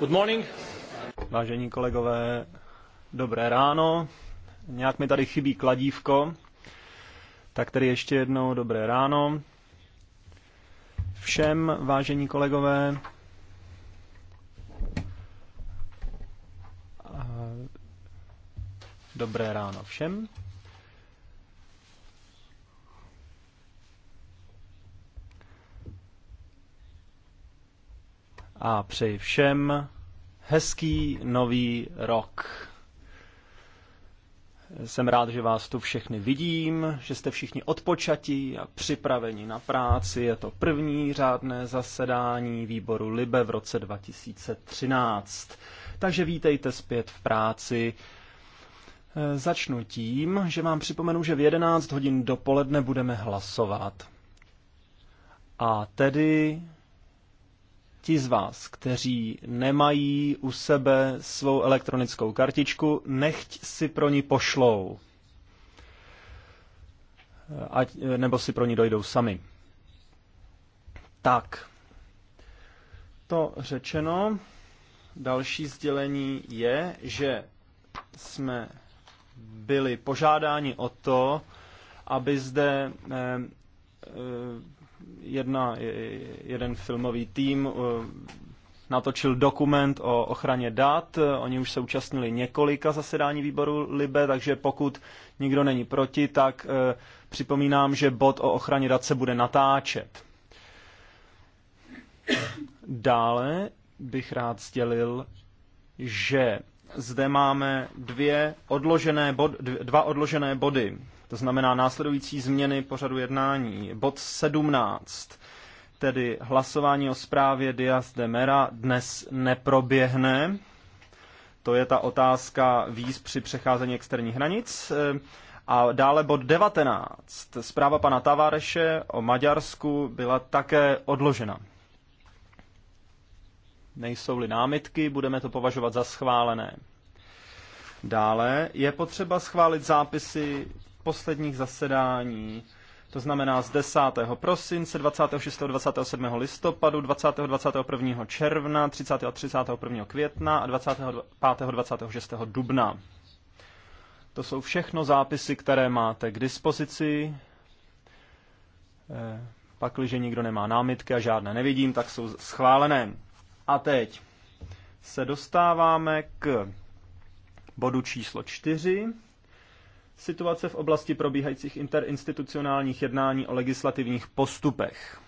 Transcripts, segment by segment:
Good morning. Vážení kolegové, dobré ráno. Nějak mi tady chybí kladívko, tak tedy ještě jednou dobré ráno. Všem, vážení kolegové, dobré ráno všem. a přeji všem hezký nový rok. Jsem rád, že vás tu všechny vidím, že jste všichni odpočatí a připraveni na práci. Je to první řádné zasedání výboru Libe v roce 2013. Takže vítejte zpět v práci. Začnu tím, že vám připomenu, že v 11 hodin dopoledne budeme hlasovat. A tedy ti z vás, kteří nemají u sebe svou elektronickou kartičku, nechť si pro ní pošlou. Ať, nebo si pro ní dojdou sami. Tak. To řečeno, další sdělení je, že jsme byli požádáni o to, aby zde eh, eh, jedna, jeden filmový tým eh, natočil dokument o ochraně dat. Eh, oni už se účastnili několika zasedání výboru LIBE, takže pokud nikdo není proti, tak eh, připomínám, že bod o ochraně dat se bude natáčet. Dále bych rád sdělil, že zde máme dvě odložené bod, dva odložené body. To znamená následující změny pořadu jednání. Bod 17, tedy hlasování o zprávě Diaz de Mera dnes neproběhne. To je ta otázka víz při přecházení externích hranic. A dále bod 19. Zpráva pana Tavareše o Maďarsku byla také odložena. Nejsou-li námitky, budeme to považovat za schválené. Dále je potřeba schválit zápisy posledních zasedání, to znamená z 10. prosince, 26. 27. listopadu, 20. 21. června, 30. 31. května a 25. 26. dubna. To jsou všechno zápisy, které máte k dispozici. Eh, Pak, když nikdo nemá námitky a žádné nevidím, tak jsou schválené. A teď se dostáváme k bodu číslo 4. Situace v oblasti probíhajících interinstitucionálních jednání o legislativních postupech.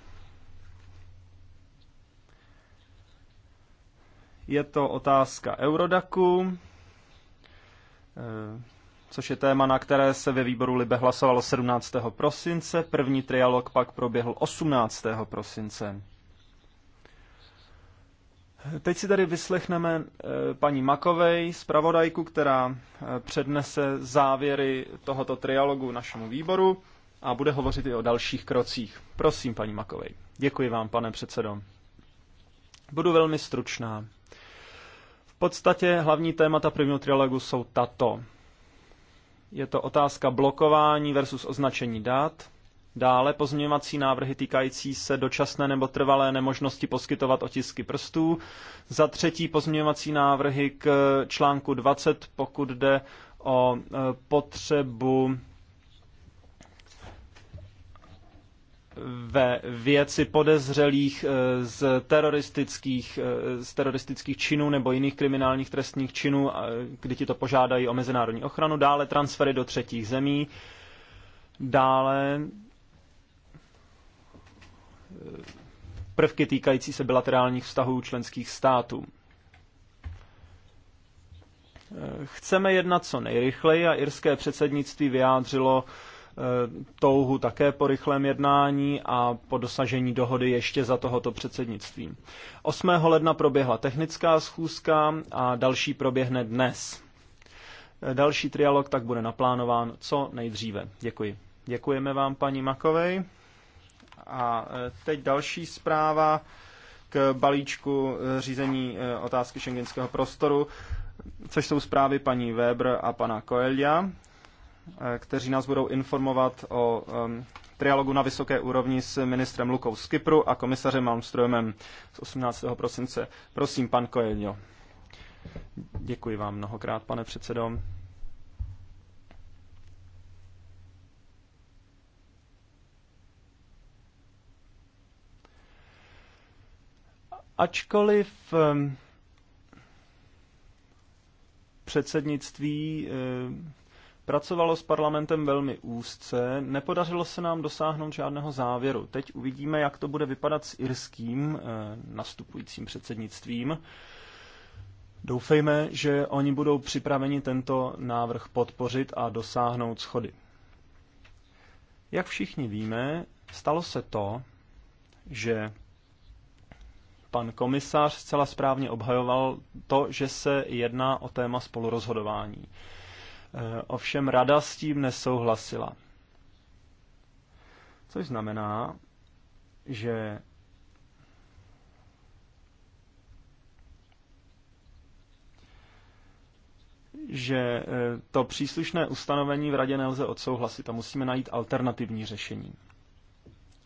Je to otázka Eurodaku, eh, což je téma, na které se ve výboru Libe hlasovalo 17. prosince. První trialog pak proběhl 18. prosince. Teď si tady vyslechneme eh, paní Makovej, zpravodajku, která eh, přednese závěry tohoto trialogu našemu výboru a bude hovořit i o dalších krocích. Prosím, paní Makovej. Děkuji vám, pane předsedo. Budu velmi stručná. V podstatě hlavní témata prvního trialogu jsou tato. Je to otázka blokování versus označení dat, Dále pozměňovací návrhy týkající se dočasné nebo trvalé nemožnosti poskytovat otisky prstů. Za třetí pozměňovací návrhy k článku 20, pokud jde o e, potřebu ve věci podezřelých e, z teroristických, e, z teroristických činů nebo jiných kriminálních trestních činů, kdy ti to požádají o mezinárodní ochranu, dále transfery do třetích zemí, dále prvky týkající se bilaterálních vztahů členských států. Chceme jednat co nejrychleji a irské předsednictví vyjádřilo eh, touhu také po rychlém jednání a po dosažení dohody ještě za tohoto předsednictví. 8. ledna proběhla technická schůzka a další proběhne dnes. Další trialog tak bude naplánován co nejdříve. Děkuji. Děkujeme vám, paní Makovej. A e, teď další zpráva k balíčku e, řízení e, otázky šengenského prostoru, což jsou zprávy paní Weber a pana Koelia, kteří nás budou informovat o trialogu na vysoké úrovni s ministrem Lukou z Kypru a komisařem Malmströmem z 18. prosince. Prosím, pan Koelio. Děkuji vám mnohokrát, pane předsedo. Ačkoliv ehm, předsednictví ehm, pracovalo s parlamentem velmi úzce, nepodařilo se nám dosáhnout žádného závěru. Teď uvidíme, jak to bude vypadat s irským ehm, nastupujícím předsednictvím. Doufejme, že oni budou připraveni tento návrh podpořit a dosáhnout schody. Jak všichni víme, stalo se to, že Pan komisář zcela správně obhajoval to, že se jedná o téma spolurozhodování. E, ovšem rada s tím nesouhlasila. Což znamená, že že e, to příslušné ustanovení v radě nelze odsouhlasit a musíme najít alternativní řešení.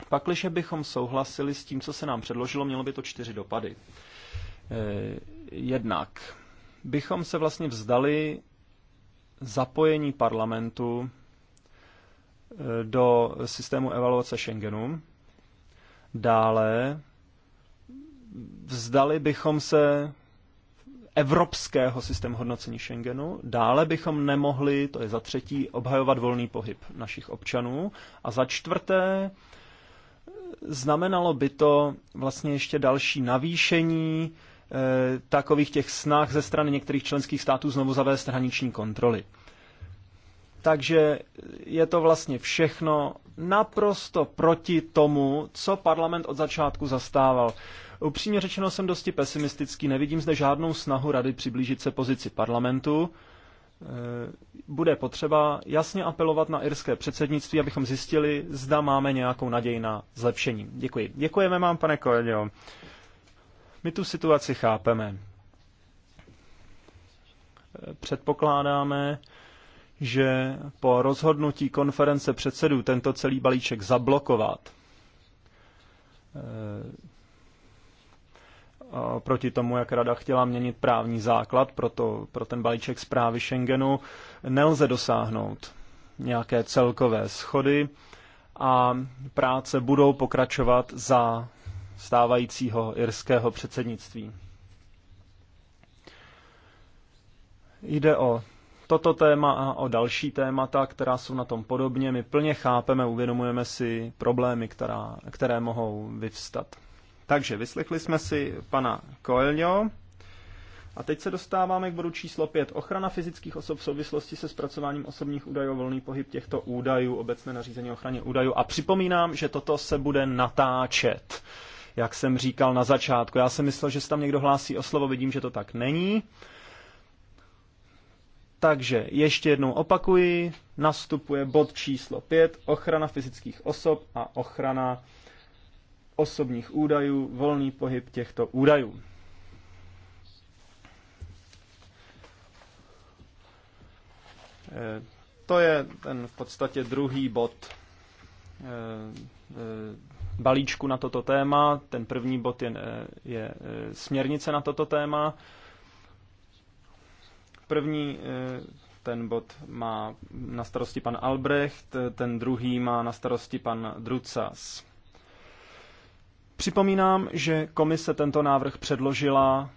Pakliže bychom souhlasili s tím, co se nám předložilo, mělo by to čtyři dopady. Eh, jednak bychom se vlastně vzdali zapojení parlamentu eh, do systému evaluace Schengenu. Dále vzdali bychom se evropského systému hodnocení Schengenu. Dále bychom nemohli, to je za třetí, obhajovat volný pohyb našich občanů. A za čtvrté znamenalo by to vlastně ještě další navýšení eh, takových těch snah ze strany některých členských států znovu zavést hraniční kontroly. Takže je to vlastně všechno naprosto proti tomu, co parlament od začátku zastával. Upřímně řečeno jsem dosti pesimistický, nevidím zde žádnou snahu rady přiblížit se pozici parlamentu bude potřeba jasně apelovat na irské předsednictví, abychom zjistili, zda máme nějakou naději na zlepšení. Děkuji. Děkujeme vám, pane Koelio. My tu situaci chápeme. Předpokládáme, že po rozhodnutí konference předsedů tento celý balíček zablokovat proti tomu, jak rada chtěla měnit právní základ pro, to, pro ten balíček zprávy Schengenu, nelze dosáhnout nějaké celkové schody a práce budou pokračovat za stávajícího irského předsednictví. Jde o toto téma a o další témata, která jsou na tom podobně. My plně chápeme, uvědomujeme si problémy, která, které mohou vyvstat. Takže vyslechli jsme si pana Coelho. A teď se dostáváme k bodu číslo 5. Ochrana fyzických osob v souvislosti se zpracováním osobních údajů, volný pohyb těchto údajů, obecné nařízení ochraně údajů. A připomínám, že toto se bude natáčet, jak jsem říkal na začátku. Já jsem myslel, že se tam někdo hlásí o slovo, vidím, že to tak není. Takže ještě jednou opakuji, nastupuje bod číslo 5, ochrana fyzických osob a ochrana osobních údajů, volný pohyb těchto údajů. Eh, to je ten v podstatě druhý bod eh, balíčku na toto téma. Ten první bod je, eh, je směrnice na toto téma. První ten bod má na starosti pan Albrecht, ten druhý má na starosti pan Drucas. Připomínám, že komise tento návrh předložila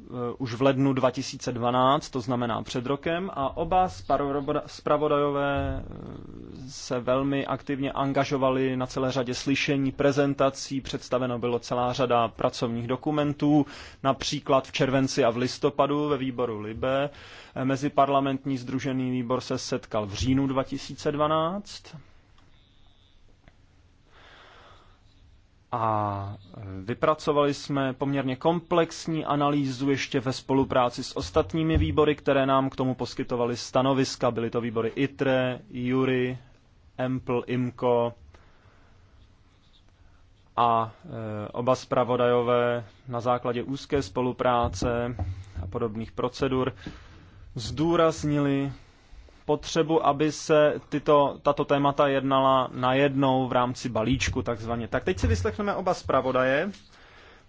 eh, už v lednu 2012, to znamená před rokem, a oba zpravodajové eh, se velmi aktivně angažovali na celé řadě slyšení, prezentací, představeno bylo celá řada pracovních dokumentů, například v červenci a v listopadu ve výboru Libe. Eh, Meziparlamentní združený výbor se setkal v říjnu 2012 a vypracovali jsme poměrně komplexní analýzu ještě ve spolupráci s ostatními výbory, které nám k tomu poskytovaly stanoviska. Byly to výbory ITRE, JURY, EMPL, IMCO a e, oba zpravodajové na základě úzké spolupráce a podobných procedur zdůraznili potřebu, aby se tyto, tato témata jednala najednou v rámci balíčku takzvaně. Tak teď si vyslechneme oba zpravodaje.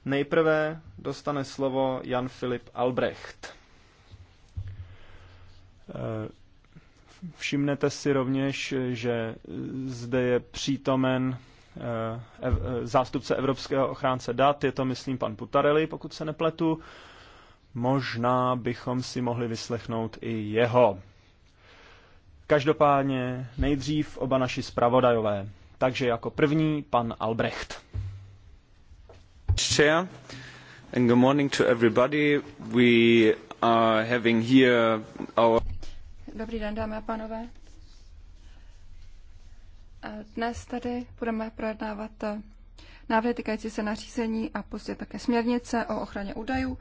Nejprve dostane slovo Jan Filip Albrecht. Všimnete si rovněž, že zde je přítomen eh, eh, zástupce Evropského ochránce dat, je to myslím pan Putarelli, pokud se nepletu. Možná bychom si mohli vyslechnout i jeho. Každopádně nejdřív oba naši zpravodajové. Takže jako první pan Albrecht. Chair and good morning to everybody. We are having here our... Dobrý den, dámy a pánové. Dnes tady budeme projednávat eh, návrhy týkající se nařízení a později také směrnice o ochraně údajů.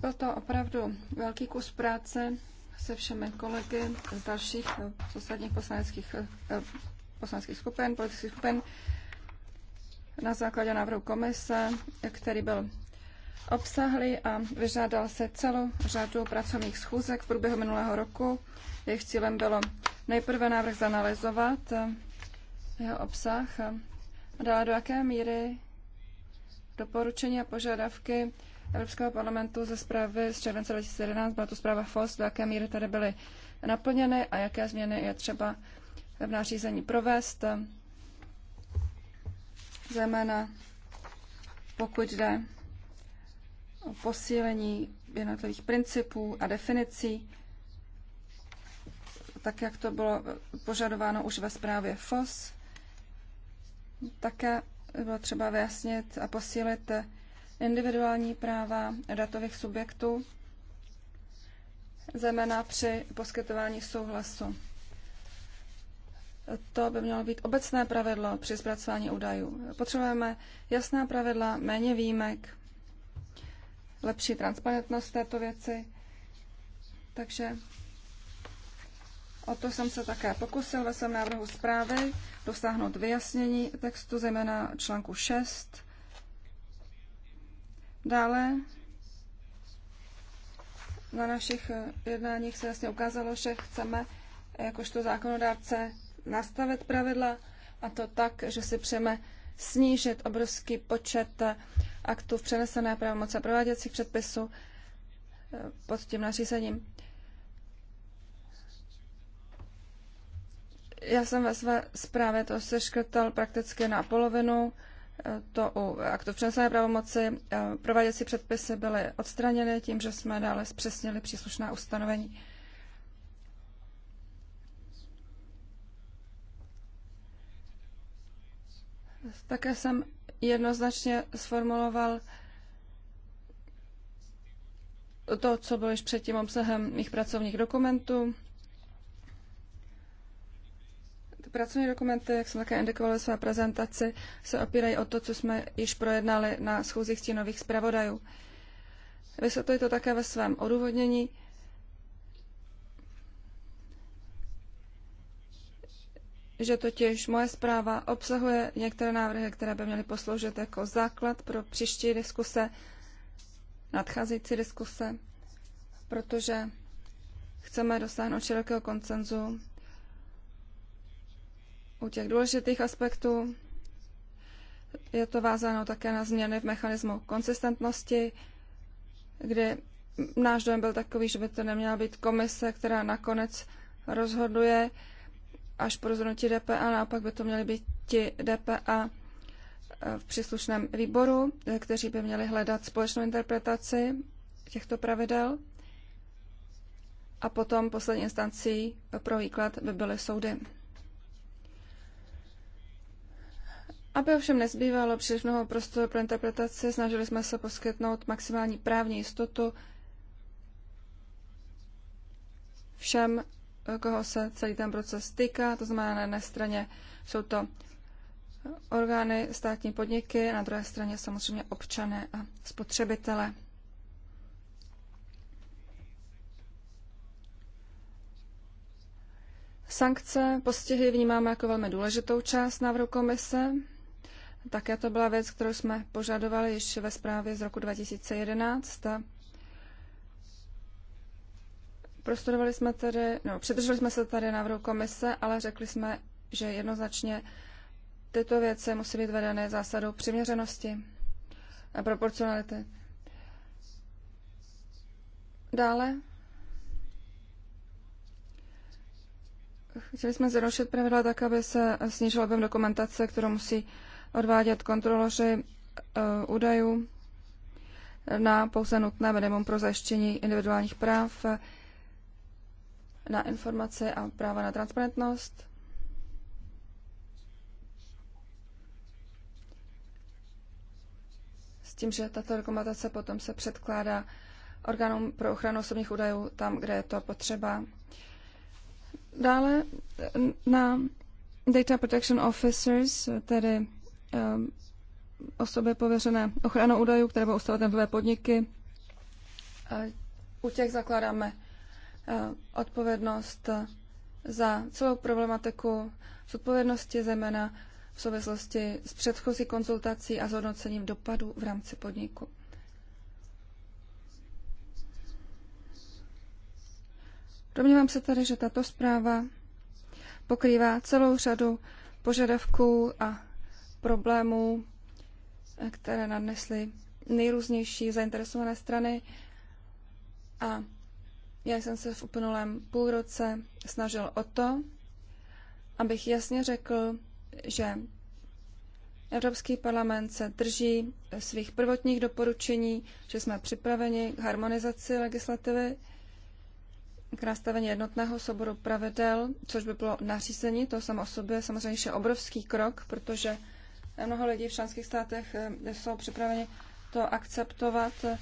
Byl to opravdu velký kus práce se všemi kolegy z dalších z eh, ostatních poslaneckých, eh, poslaneckých skupin, politických skupin na základě návrhu komise, který byl obsahlý a vyžádal se celou řadu pracovních schůzek v průběhu minulého roku. Jejich cílem bylo nejprve návrh zanalizovat, eh, jeho obsah, a dále do jaké míry doporučení a požadavky Evropského parlamentu ze zprávy z července 2011, byla to zpráva FOS, do jaké míry tady byly naplněny a jaké změny je třeba v nařízení provést, zejména pokud jde o posílení jednotlivých principů a definicí, tak jak to bylo požadováno už ve zprávě FOS. Také bylo třeba vyjasnit a posílit individuální práva datových subjektů, zejména při poskytování souhlasu. To by mělo být obecné pravidlo při zpracování údajů. Potřebujeme jasná pravidla, méně výjimek, lepší transparentnost této věci. Takže o to jsem se také pokusil ve svém návrhu zprávy dosáhnout vyjasnění textu, zejména článku 6 Dále na našich eh, jednáních se jasně ukázalo, že chceme jakožto zákonodárce nastavit pravidla a to tak, že si přejeme snížit obrovský počet eh, aktů v přenesené pravomoci a prováděcích předpisů eh, pod tím nařízením. Já jsem ve své zprávě to seškrtal prakticky na polovinu to u aktu přenesené pravomoci. Eh, prováděcí předpisy byly odstraněny tím, že jsme dále zpřesnili příslušná ustanovení. Také jsem jednoznačně sformuloval to, co bylo již předtím obsahem mých pracovních dokumentů, Pracovní dokumenty, jak jsem také indikovala své prezentaci, se opírají o to, co jsme již projednali na schůzích stínových zpravodajů. Vysvětluji to také ve svém odůvodnění. že totiž moje zpráva obsahuje některé návrhy, které by měly posloužit jako základ pro příští diskuse, nadcházející diskuse, protože chceme dosáhnout širokého koncenzu u těch důležitých aspektů. Je to vázáno také na změny v mechanismu konsistentnosti, kdy náš dojem byl takový, že by to neměla být komise, která nakonec rozhoduje až po rozhodnutí DPA, naopak by to měly být ti DPA eh, v příslušném výboru, eh, kteří by měli hledat společnou interpretaci těchto pravidel. A potom poslední instancí pro výklad by byly soudy. Aby ovšem nezbývalo příliš mnoho prostoru pro interpretaci, snažili jsme se poskytnout maximální právní jistotu všem, koho se celý ten proces týká. To znamená, na jedné straně jsou to orgány, státní podniky, na druhé straně samozřejmě občané a spotřebitele. Sankce, postihy vnímáme jako velmi důležitou část návrhu komise. Také to byla věc, kterou jsme požadovali již ve zprávě z roku 2011. Prostudovali jsme tedy, no, přidrželi jsme se tady návrhu komise, ale řekli jsme, že jednoznačně tyto věci musí být vedené zásadou přiměřenosti a proporcionality. Dále chtěli jsme zrušit pravidla tak, aby se snížil objem dokumentace, kterou musí odvádět kontroloři eh, údajů na pouze nutné minimum pro zajištění individuálních práv na informace a práva na transparentnost. S tím, že tato rekomendace potom se předkládá orgánům pro ochranu osobních údajů tam, kde je to potřeba. Dále eh, na Data Protection Officers, tedy Ehm, osoby pověřené ochranou údajů, které budou ustavovat jednotlivé podniky. U těch zakládáme eh, odpovědnost za celou problematiku z odpovědnosti, zejména v souvislosti s předchozí konzultací a zhodnocením dopadu v rámci podniku. Domnívám se tady, že tato zpráva pokrývá celou řadu požadavků a problémů, které nadnesly nejrůznější zainteresované strany. A já jsem se v uplynulém půlroce snažil o to, abych jasně řekl, že Evropský parlament se drží svých prvotních doporučení, že jsme připraveni k harmonizaci legislativy, k nastavení jednotného souboru pravidel, což by bylo nařízení, to samo o sobě samozřejmě je obrovský krok, protože mnoho lidí v členských státech eh, jsou připraveni to akceptovat, eh,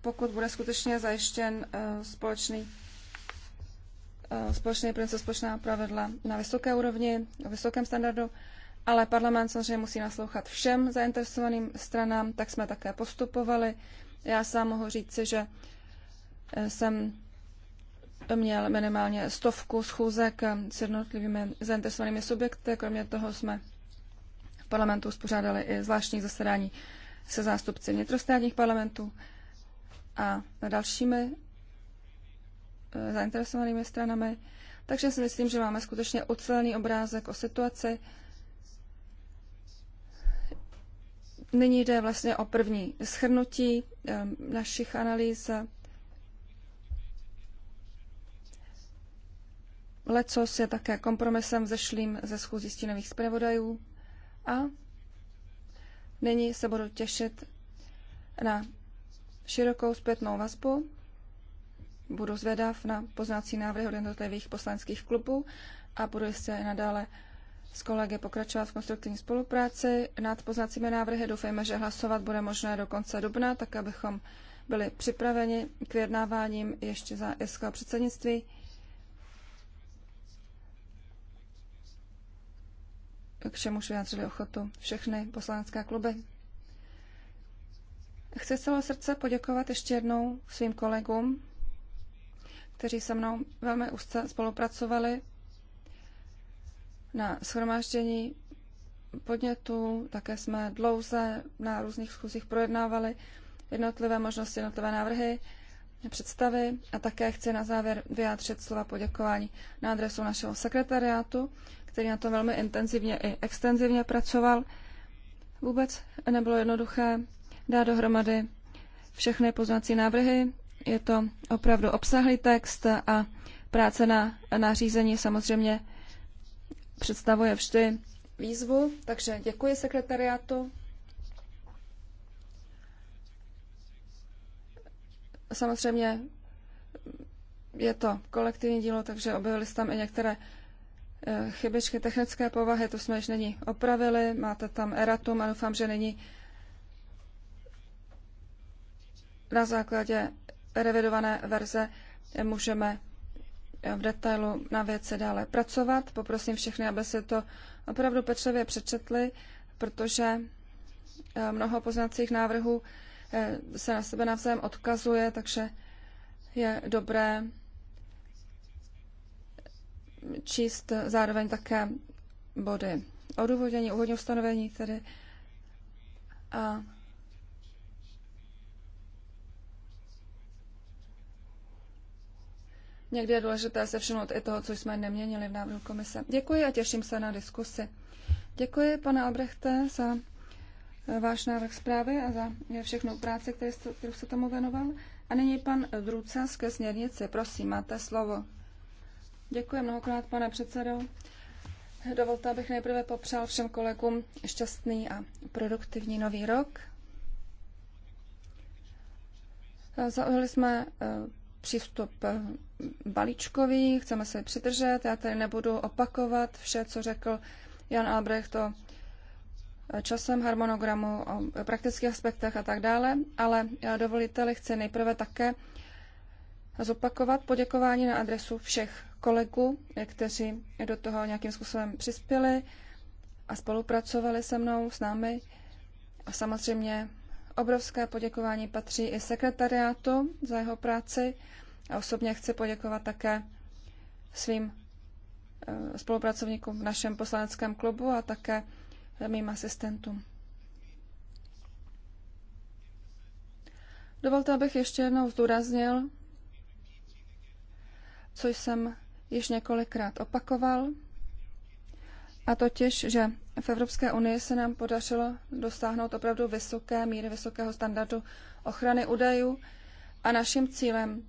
pokud bude skutečně zajištěn eh, společný společný princip, společná pravidla na vysoké úrovni, na vysokém standardu, ale parlament samozřejmě musí naslouchat všem zainteresovaným stranám, tak jsme také postupovali. Já sám mohu říci, že jsem měl minimálně stovku schůzek s jednotlivými zainteresovanými subjekty, kromě toho jsme parlamentu uspořádali i zvláštní zasedání se zástupci vnitrostátních parlamentů a dalšími eh, zainteresovanými stranami. Takže si myslím, že máme skutečně ocelený obrázek o situaci. Nyní jde vlastně o první schrnutí eh, našich analýz. Lecos je také kompromisem zešlým ze schůzí stínových zpravodajů. A nyní se budu těšit na širokou zpětnou vazbu. Budu zvědav na poznací návrhy od jednotlivých poslanských klubů a budu se nadále s kolegy pokračovat v konstruktivní spolupráci nad poznacími návrhy. Doufejme, že hlasovat bude možné do konce dubna, tak abychom byli připraveni k vyjednáváním ještě za irského předsednictví. k čemuž vyjádřili ochotu všechny poslanecké kluby. Chci celo srdce poděkovat ještě jednou svým kolegům, kteří se mnou velmi úzce spolupracovali na shromáždění podnětů. Také jsme dlouze na různých schůzích projednávali jednotlivé možnosti, jednotlivé návrhy, představy a také chci na závěr vyjádřit slova poděkování na adresu našeho sekretariátu, který na to velmi intenzivně i extenzivně pracoval. Vůbec nebylo jednoduché dát dohromady všechny poznací návrhy. Je to opravdu obsahlý text a práce na nařízení samozřejmě představuje vždy výzvu, takže děkuji sekretariátu. Samozřejmě je to kolektivní dílo, takže objevily se tam i některé Eh, chybičky technické povahy, to jsme již není opravili, máte tam eratum a doufám, že není na základě revidované verze můžeme eh, v detailu na věci dále pracovat. Poprosím všechny, aby si to opravdu pečlivě přečetli, protože eh, mnoho poznacích návrhů se na sebe navzájem odkazuje, takže je dobré číst zároveň také body odůvodnění, úvodní ustanovení tedy. A Někdy je důležité se všimnout i toho, co jsme neměnili v návrhu komise. Děkuji a těším se na diskusi. Děkuji, pane Albrechte, za váš návrh zprávy a za všechnou práci, kterou jste, kterou jste tomu věnoval. A nyní pan Drucas ke směrnici. Prosím, máte slovo. Děkuji mnohokrát, pane předsedo. Dovolte, abych nejprve popřál všem kolegům šťastný a produktivní nový rok. Zaujali jsme eh, přístup eh, balíčkový, chceme se přidržet. Já tady nebudu opakovat vše, co řekl Jan Albrecht o eh, časem harmonogramu, o praktických aspektech a tak dále, ale dovolíte-li chci nejprve také zopakovat poděkování na adresu všech kolegů, kteří do toho nějakým způsobem přispěli a spolupracovali se mnou, s námi. A samozřejmě obrovské poděkování patří i sekretariátu za jeho práci a osobně chci poděkovat také svým eh, spolupracovníkům v našem poslaneckém klubu a také mým asistentům. Dovolte, abych ještě jednou zdůraznil, co jsem již několikrát opakoval, a totiž, že v Evropské unii se nám podařilo dosáhnout opravdu vysoké míry, vysokého standardu ochrany údajů a naším cílem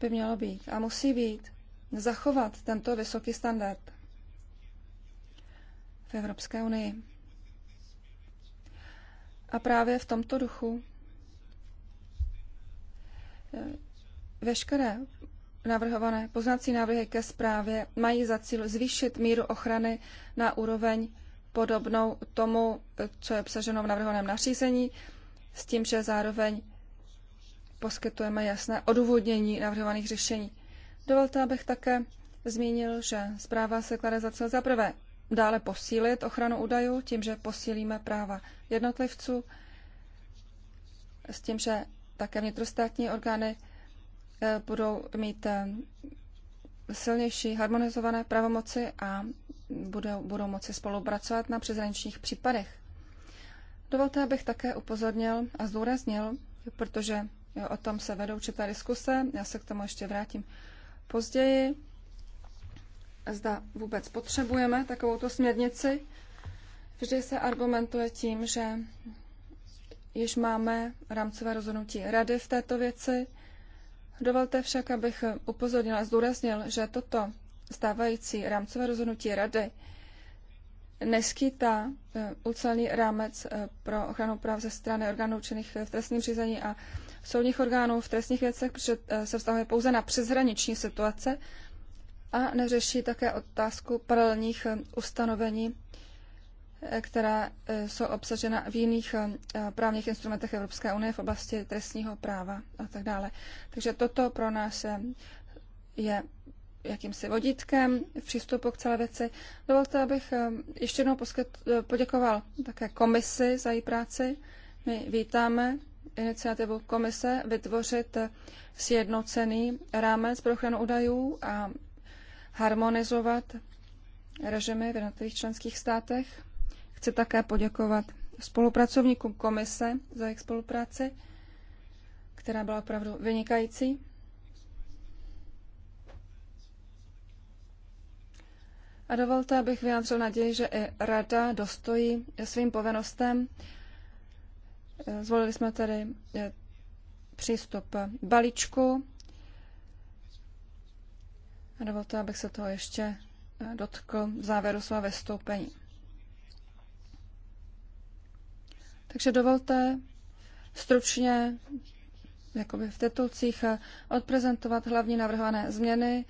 by mělo být a musí být zachovat tento vysoký standard v Evropské unii. A právě v tomto duchu eh, veškeré navrhované poznací návrhy ke zprávě mají za cíl zvýšit míru ochrany na úroveň podobnou tomu, co je obsaženo v navrhovaném nařízení, s tím, že zároveň poskytujeme jasné odůvodnění navrhovaných řešení. Dovolte, abych také zmínil, že zpráva se klade za cíl za prvé dále posílit ochranu údajů tím, že posílíme práva jednotlivců, s tím, že také vnitrostátní orgány Eh, budou mít eh, silnější harmonizované pravomoci a budou, budou moci spolupracovat na přezraničních případech. Dovolte, abych také upozornil a zdůraznil, protože o tom se vedou určité diskuse, já se k tomu ještě vrátím později, zda vůbec potřebujeme takovouto směrnici. Vždy se argumentuje tím, že již máme rámcové rozhodnutí rady v této věci, Dovolte však, abych upozornil a zdůraznil, že toto stávající rámcové rozhodnutí Rady neskýtá eh, ucelený rámec eh, pro ochranu práv ze strany orgánů učených v trestním řízení a soudních orgánů v trestních věcech, protože eh, se vztahuje pouze na přeshraniční situace a neřeší také otázku paralelních ustanovení která e, jsou obsažena v jiných e, právních instrumentech Evropské unie v oblasti trestního práva a tak dále. Takže toto pro nás je jakýmsi vodítkem v přístupu k celé věci. Dovolte, abych e, ještě jednou poděkoval také komisi za její práci. My vítáme iniciativu komise vytvořit sjednocený rámec pro ochranu údajů a harmonizovat režimy v jednotlivých členských státech. Chci také poděkovat spolupracovníkům komise za jejich spolupráci, která byla opravdu vynikající. A dovolte, abych vyjádřil naději, že i rada dostojí svým povinnostem. Zvolili jsme tedy eh, přístup balíčku. A dovolte, abych se toho ještě eh, dotkl v závěru svého vystoupení. Takže dovolte stručně jakoby v titulcích odprezentovat hlavní navrhované změny.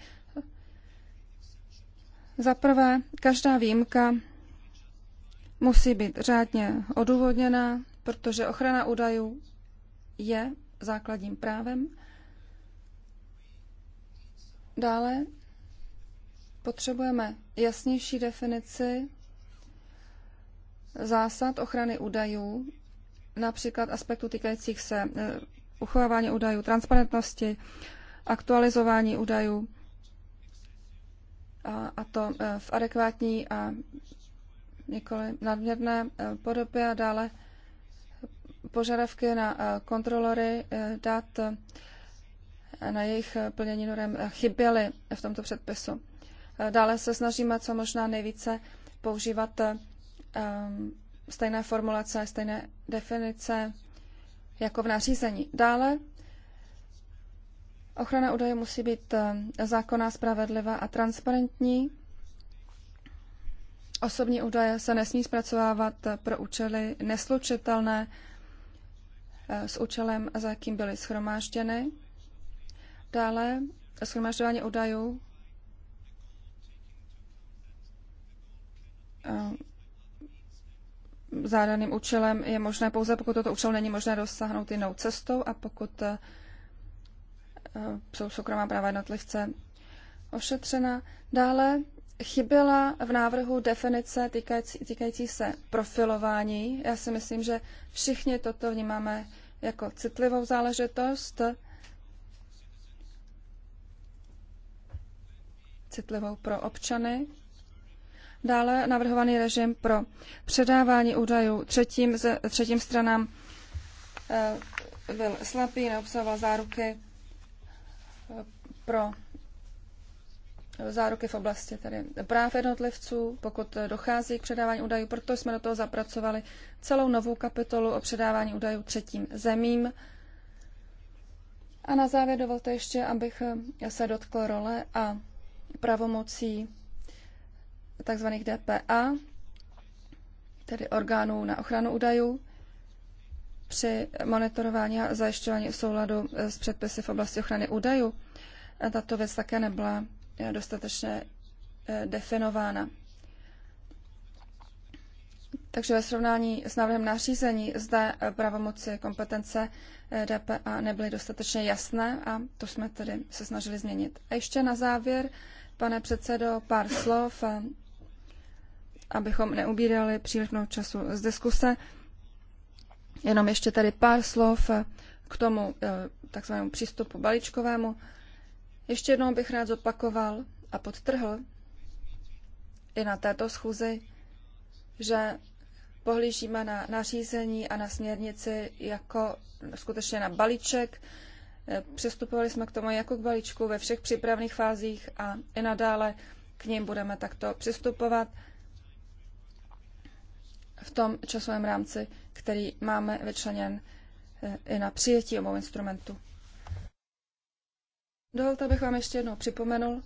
Za prvé, každá výjimka musí být řádně odůvodněná, protože ochrana údajů je základním právem. Dále potřebujeme jasnější definici zásad ochrany údajů, například aspektů týkajících se e, uchovávání údajů, transparentnosti, aktualizování údajů, a, a to e, v adekvátní a nikoli nadměrné e, podobě a dále požadavky na kontrolory dat na jejich plnění norem chyběly v tomto předpisu. Dále se snažíme co možná nejvíce používat Ehm, stejné formulace, stejné definice jako v nařízení. Dále ochrana údaje musí být eh, zákonná, spravedlivá a transparentní. Osobní údaje se nesmí zpracovávat eh, pro účely neslučitelné eh, s účelem, za jakým byly schromážděny. Dále schromažďování údajů ehm, za účelem je možné pouze, pokud toto účel není možné dosáhnout jinou cestou a pokud eh, jsou soukromá práva jednotlivce ošetřena. Dále chyběla v návrhu definice týkající, týkající se profilování. Já si myslím, že všichni toto vnímáme jako citlivou záležitost, citlivou pro občany. Dále navrhovaný režim pro předávání údajů třetím, třetím stranám eh, byl slabý, neobsahoval záruky eh, pro záruky v oblasti tedy práv jednotlivců, pokud dochází k předávání údajů, proto jsme do toho zapracovali celou novou kapitolu o předávání údajů třetím zemím. A na závěr dovolte ještě, abych se dotkl role a pravomocí tzv. DPA, tedy orgánů na ochranu údajů, při monitorování a zajišťování v souladu s předpisy v oblasti ochrany údajů. Tato věc také nebyla eh, dostatečně eh, definována. Takže ve srovnání s návrhem nařízení zde eh, pravomoci kompetence DPA nebyly dostatečně jasné a to jsme tedy se snažili změnit. A ještě na závěr, pane předsedo, pár slov abychom neubírali příliš mnoho času z diskuse. Jenom ještě tady pár slov k tomu eh, takzvanému přístupu balíčkovému. Ještě jednou bych rád zopakoval a podtrhl i na této schůzi, že pohlížíme na nařízení a na směrnici jako skutečně na balíček. Eh, přistupovali jsme k tomu jako k balíčku ve všech přípravných fázích a i nadále k ním budeme takto přistupovat v tom časovém rámci, který máme vyčleněn eh, i na přijetí obou instrumentu. Dovolte, abych vám ještě jednou připomenul,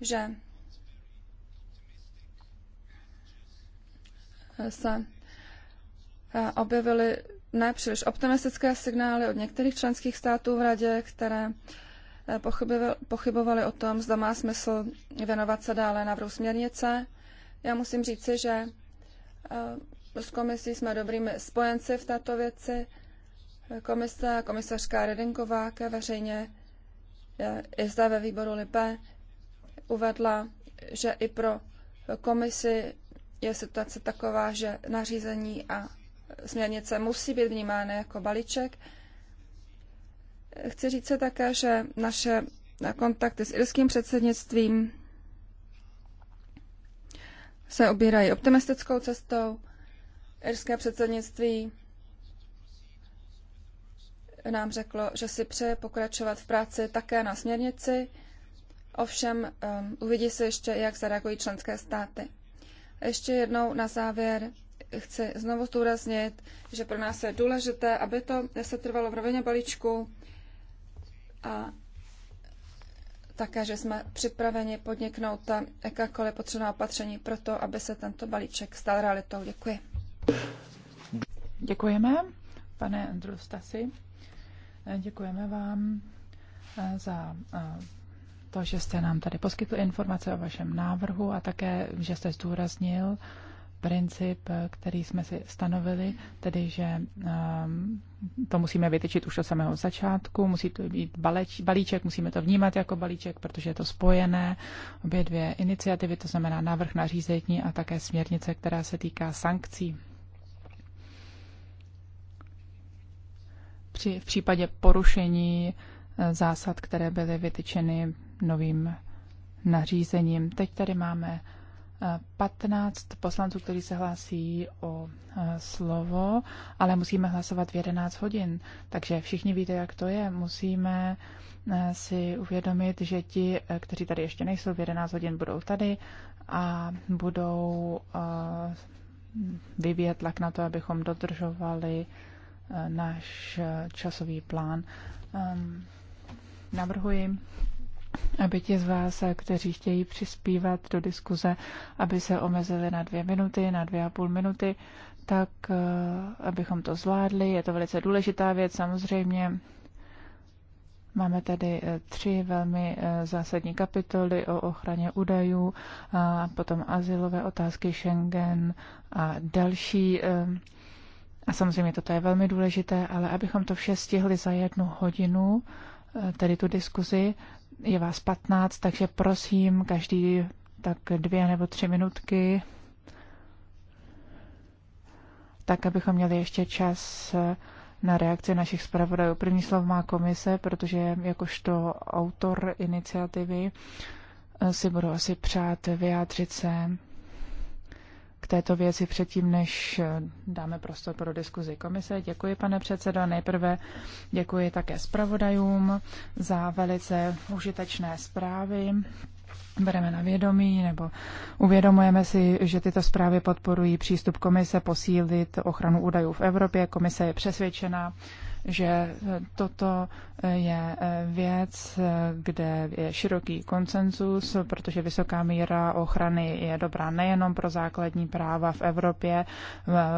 že se eh, objevily nepříliš optimistické signály od některých členských států v Radě, které eh, pochybovaly o tom, zda má smysl věnovat se dále na směrnice. Já musím říci, že Eh, s komisí jsme dobrými spojenci v této věci. Komise a komisařka Redinková ke veřejně eh, i zde ve výboru Lipe uvedla, že i pro komisi je situace taková, že nařízení a směrnice musí být vnímány jako balíček. Chci říct se také, že naše kontakty s irským předsednictvím se obírají optimistickou cestou. Irské předsednictví nám řeklo, že si přeje pokračovat v práci také na směrnici, ovšem um, uvidí se ještě, jak zareagují členské státy. Ještě jednou na závěr chci znovu zdůraznit, že pro nás je důležité, aby to se trvalo v rovině balíčku a také, že jsme připraveni podniknout jakákoliv potřebná opatření pro to, aby se tento balíček stal realitou. Děkuji. Děkujeme, pane Stasi. Děkujeme vám eh, za eh, to, že jste nám tady poskytl informace o vašem návrhu a také, že jste zdůraznil princip, eh, který jsme si stanovili, tedy že ehm, to musíme vytečit už od samého začátku, musí to být baleč, balíček, musíme to vnímat jako balíček, protože je to spojené, obě dvě iniciativy, to znamená návrh na řízení a také směrnice, která se týká sankcí. Při, v případě porušení eh, zásad, které byly vytyčeny novým nařízením. Teď tady máme 15 poslanců, kteří se hlásí o eh, slovo, ale musíme hlasovat v 11 hodin. Takže všichni víte, jak to je. Musíme eh, si uvědomit, že ti, eh, kteří tady ještě nejsou, v 11 hodin budou tady a budou vyvíjet tlak na to, abychom dodržovali náš časový plán. Ehm, navrhuji, aby ti z vás, kteří chtějí přispívat do diskuze, aby se omezili na dvě minuty, na dvě a půl minuty, tak eh, abychom to zvládli. Je to velice důležitá věc, samozřejmě. Máme tady eh, tři velmi eh, zásadní kapitoly o ochraně údajů, a potom asilové otázky Schengen a další. A samozřejmě toto je velmi důležité, ale abychom to vše stihli za jednu hodinu, tedy tu diskuzi, je vás 15, takže prosím, každý tak dvě nebo tři minutky, tak abychom měli ještě čas eh, na reakci našich zpravodajů. První slovo má komise, protože jakožto autor iniciativy eh, si budu asi přát vyjádřit se k této věci předtím, než eh, dáme prostor pro diskuzi komise. Děkuji, pane předsedo. Nejprve děkuji také zpravodajům za velice užitečné zprávy. Bereme na vědomí nebo uvědomujeme si, že tyto zprávy podporují přístup komise posílit ochranu údajů v Evropě. Komise je přesvědčena, že toto je věc, kde je široký konsenzus, protože vysoká míra ochrany je dobrá nejenom pro základní práva v Evropě,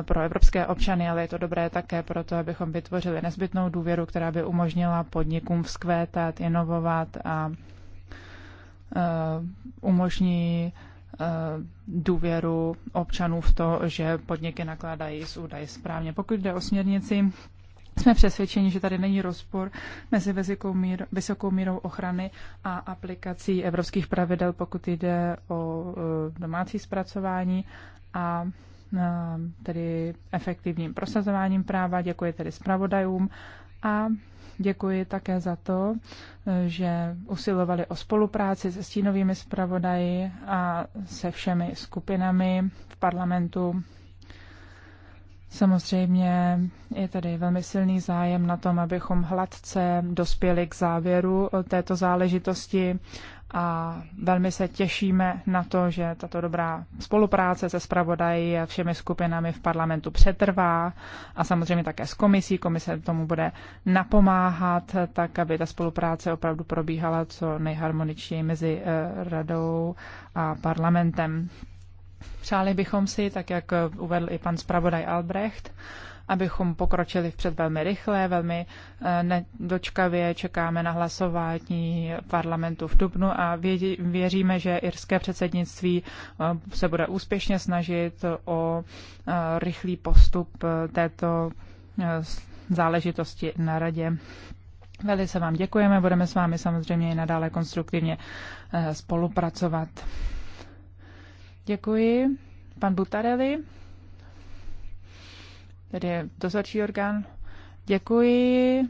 pro evropské občany, ale je to dobré také pro to, abychom vytvořili nezbytnou důvěru, která by umožnila podnikům vzkvétat, inovovat a e, umožní e, důvěru občanů v to, že podniky nakládají s údaji správně. Pokud jde o směrnici, jsme přesvědčeni, že tady není rozpor mezi vysokou mírou ochrany a aplikací evropských pravidel, pokud jde o eh, domácí zpracování a eh, tedy efektivním prosazováním práva. Děkuji tedy zpravodajům a děkuji také za to, eh, že usilovali o spolupráci se stínovými zpravodaji a se všemi skupinami v parlamentu Samozřejmě je tady velmi silný zájem na tom, abychom hladce dospěli k závěru této záležitosti a velmi se těšíme na to, že tato dobrá spolupráce se zpravodají a všemi skupinami v parlamentu přetrvá a samozřejmě také s komisí. Komise tomu bude napomáhat tak, aby ta spolupráce opravdu probíhala co nejharmoničněji mezi eh, radou a parlamentem. Přáli bychom si, tak jak uvedl i pan zpravodaj Albrecht, abychom pokročili vpřed velmi rychle, velmi eh, nedočkavě čekáme na hlasování parlamentu v Dubnu a věříme, že irské předsednictví eh, se bude úspěšně snažit o eh, rychlý postup této záležitosti na radě. Velice vám děkujeme, budeme s vámi samozřejmě i nadále konstruktivně spolupracovat. Děkuji. Pan Butarelli, tedy dozorčí orgán. Děkuji.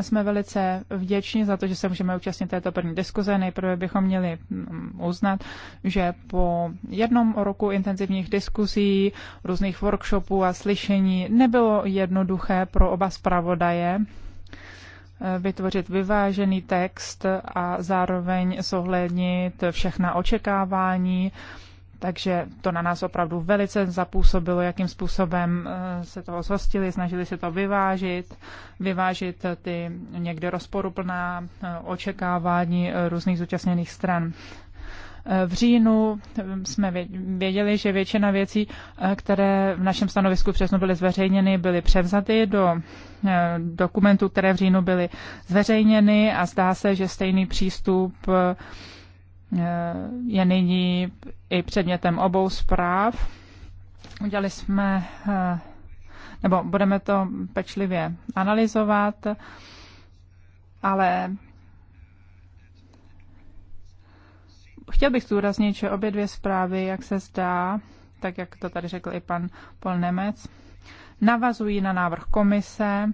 Jsme velice vděční za to, že se můžeme účastnit této první diskuze. Nejprve bychom měli mm, uznat, že po jednom roku intenzivních diskuzí, různých workshopů a slyšení nebylo jednoduché pro oba zpravodaje eh, vytvořit vyvážený text a zároveň zohlednit všechna očekávání takže to na nás opravdu velice zapůsobilo, jakým způsobem eh, se toho zhostili, snažili se to vyvážit, vyvážit ty někde rozporuplná eh, očekávání eh, různých zúčastněných stran. V říjnu jsme věděli, že většina věcí, které v našem stanovisku přesně byly zveřejněny, byly převzaty do dokumentů, které v říjnu byly zveřejněny a zdá se, že stejný přístup je nyní i předmětem obou zpráv. Udělali jsme, eh, nebo budeme to pečlivě analyzovat, ale chtěl bych zdůraznit, že obě dvě zprávy, jak se zdá, tak jak to tady řekl i pan Pol Nemec, navazují na návrh komise.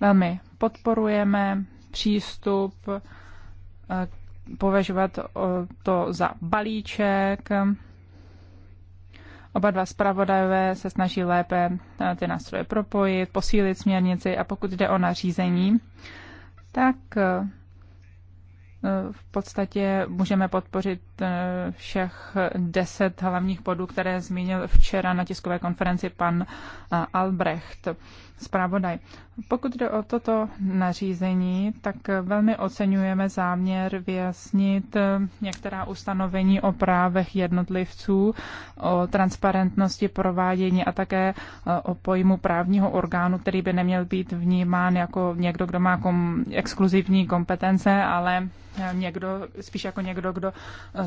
Velmi podporujeme přístup, eh, považovat eh, to za balíček. Oba dva zpravodajové se snaží lépe eh, ty nástroje propojit, posílit směrnici a pokud jde o nařízení, tak v podstatě můžeme podpořit Eh, všech deset hlavních bodů, které zmínil včera na tiskové konferenci pan eh, Albrecht, zpravodaj. Pokud jde o toto nařízení, tak velmi oceňujeme záměr vyjasnit eh, některá ustanovení o právech jednotlivců, o transparentnosti provádění a také o pojmu právního orgánu, který by neměl být vnímán jako někdo, kdo má kom- exkluzivní kompetence, ale někdo, spíš jako někdo, kdo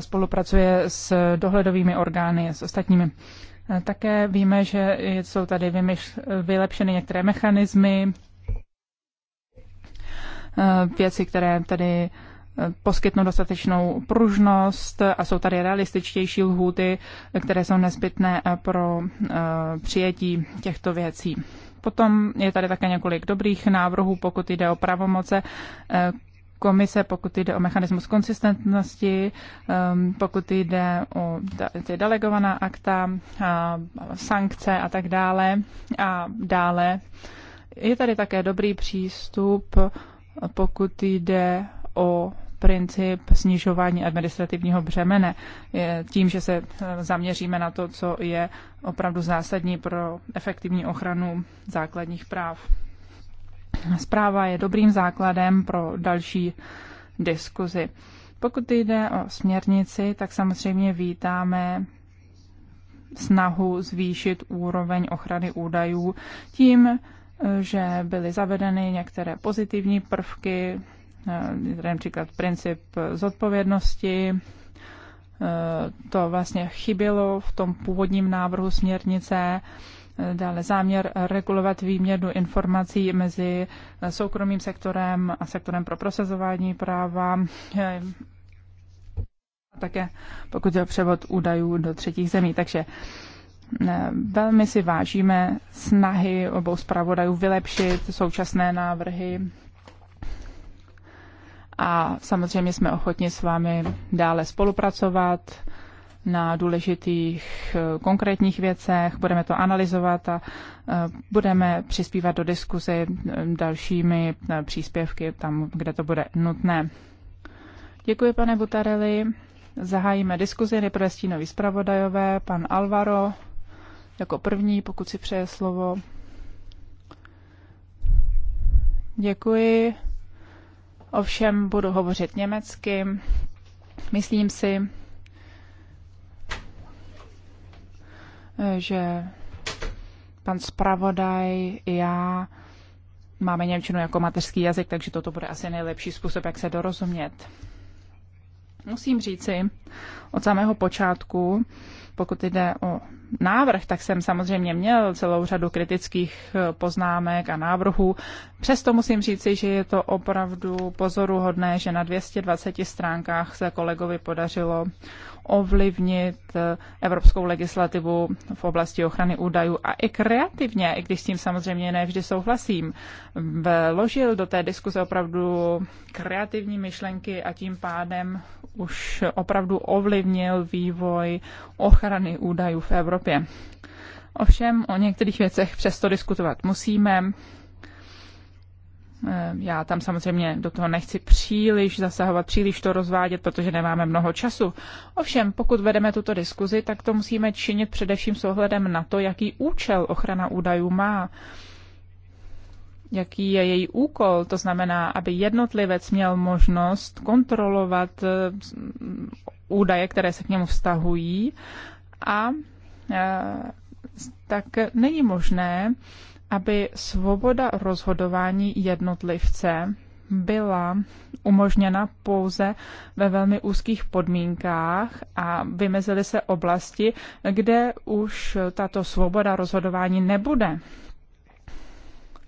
spolupracuje s dohledovými orgány, s ostatními. Eh, také víme, že jsou tady vylepšeny některé mechanismy, eh, věci, které tady eh, poskytnou dostatečnou pružnost a jsou tady realističtější lhůty, které jsou nezbytné pro přijetí těchto věcí. Potom je tady také několik dobrých návrhů, pokud jde o pravomoce komise, pokud jde o mechanismus konsistentnosti, um, pokud jde o ty delegovaná akta, sankce a tak dále. A dále je tady také dobrý přístup, pokud jde o princip snižování administrativního břemene, tím, že se e, zaměříme na to, co je opravdu zásadní pro efektivní ochranu základních práv. Zpráva je dobrým základem pro další diskuzi. Pokud jde o směrnici, tak samozřejmě vítáme snahu zvýšit úroveň ochrany údajů tím, že byly zavedeny některé pozitivní prvky, eh, například princip zodpovědnosti. Eh, to vlastně chybělo v tom původním návrhu směrnice dále záměr regulovat výměnu informací mezi soukromým sektorem a sektorem pro prosazování práva, také pokud je převod údajů do třetích zemí. Takže eh, velmi si vážíme snahy obou zpravodajů vylepšit současné návrhy a samozřejmě jsme ochotni s vámi dále spolupracovat na důležitých eh, konkrétních věcech, budeme to analyzovat a eh, budeme přispívat do diskuzi eh, dalšími příspěvky tam, kde to bude nutné. Děkuji, pane Butarelli. Zahájíme diskuzi. Nejprve stínový zpravodajové, pan Alvaro jako první, pokud si přeje slovo. Děkuji. Ovšem budu hovořit německy. Myslím si, že pan zpravodaj i já máme Němčinu jako mateřský jazyk, takže toto bude asi nejlepší způsob, jak se dorozumět. Musím říci, od samého počátku, pokud jde o návrh, tak jsem samozřejmě měl celou řadu kritických eh, poznámek a návrhů. Přesto musím říci, že je to opravdu pozoruhodné, že na 220 stránkách se kolegovi podařilo ovlivnit eh, evropskou legislativu v oblasti ochrany údajů a i kreativně, i když s tím samozřejmě ne vždy souhlasím, vložil do té diskuze opravdu kreativní myšlenky a tím pádem už opravdu ovlivnil vývoj ochrany údajů v Evropě. Ovšem o některých věcech přesto diskutovat musíme. Eh, já tam samozřejmě do toho nechci příliš zasahovat, příliš to rozvádět, protože nemáme mnoho času. Ovšem, pokud vedeme tuto diskuzi, tak to musíme činit především s ohledem na to, jaký účel ochrana údajů má jaký je její úkol, to znamená, aby jednotlivec měl možnost kontrolovat eh, údaje, které se k němu vztahují a eh, tak není možné, aby svoboda rozhodování jednotlivce byla umožněna pouze ve velmi úzkých podmínkách a vymezily se oblasti, kde už tato svoboda rozhodování nebude.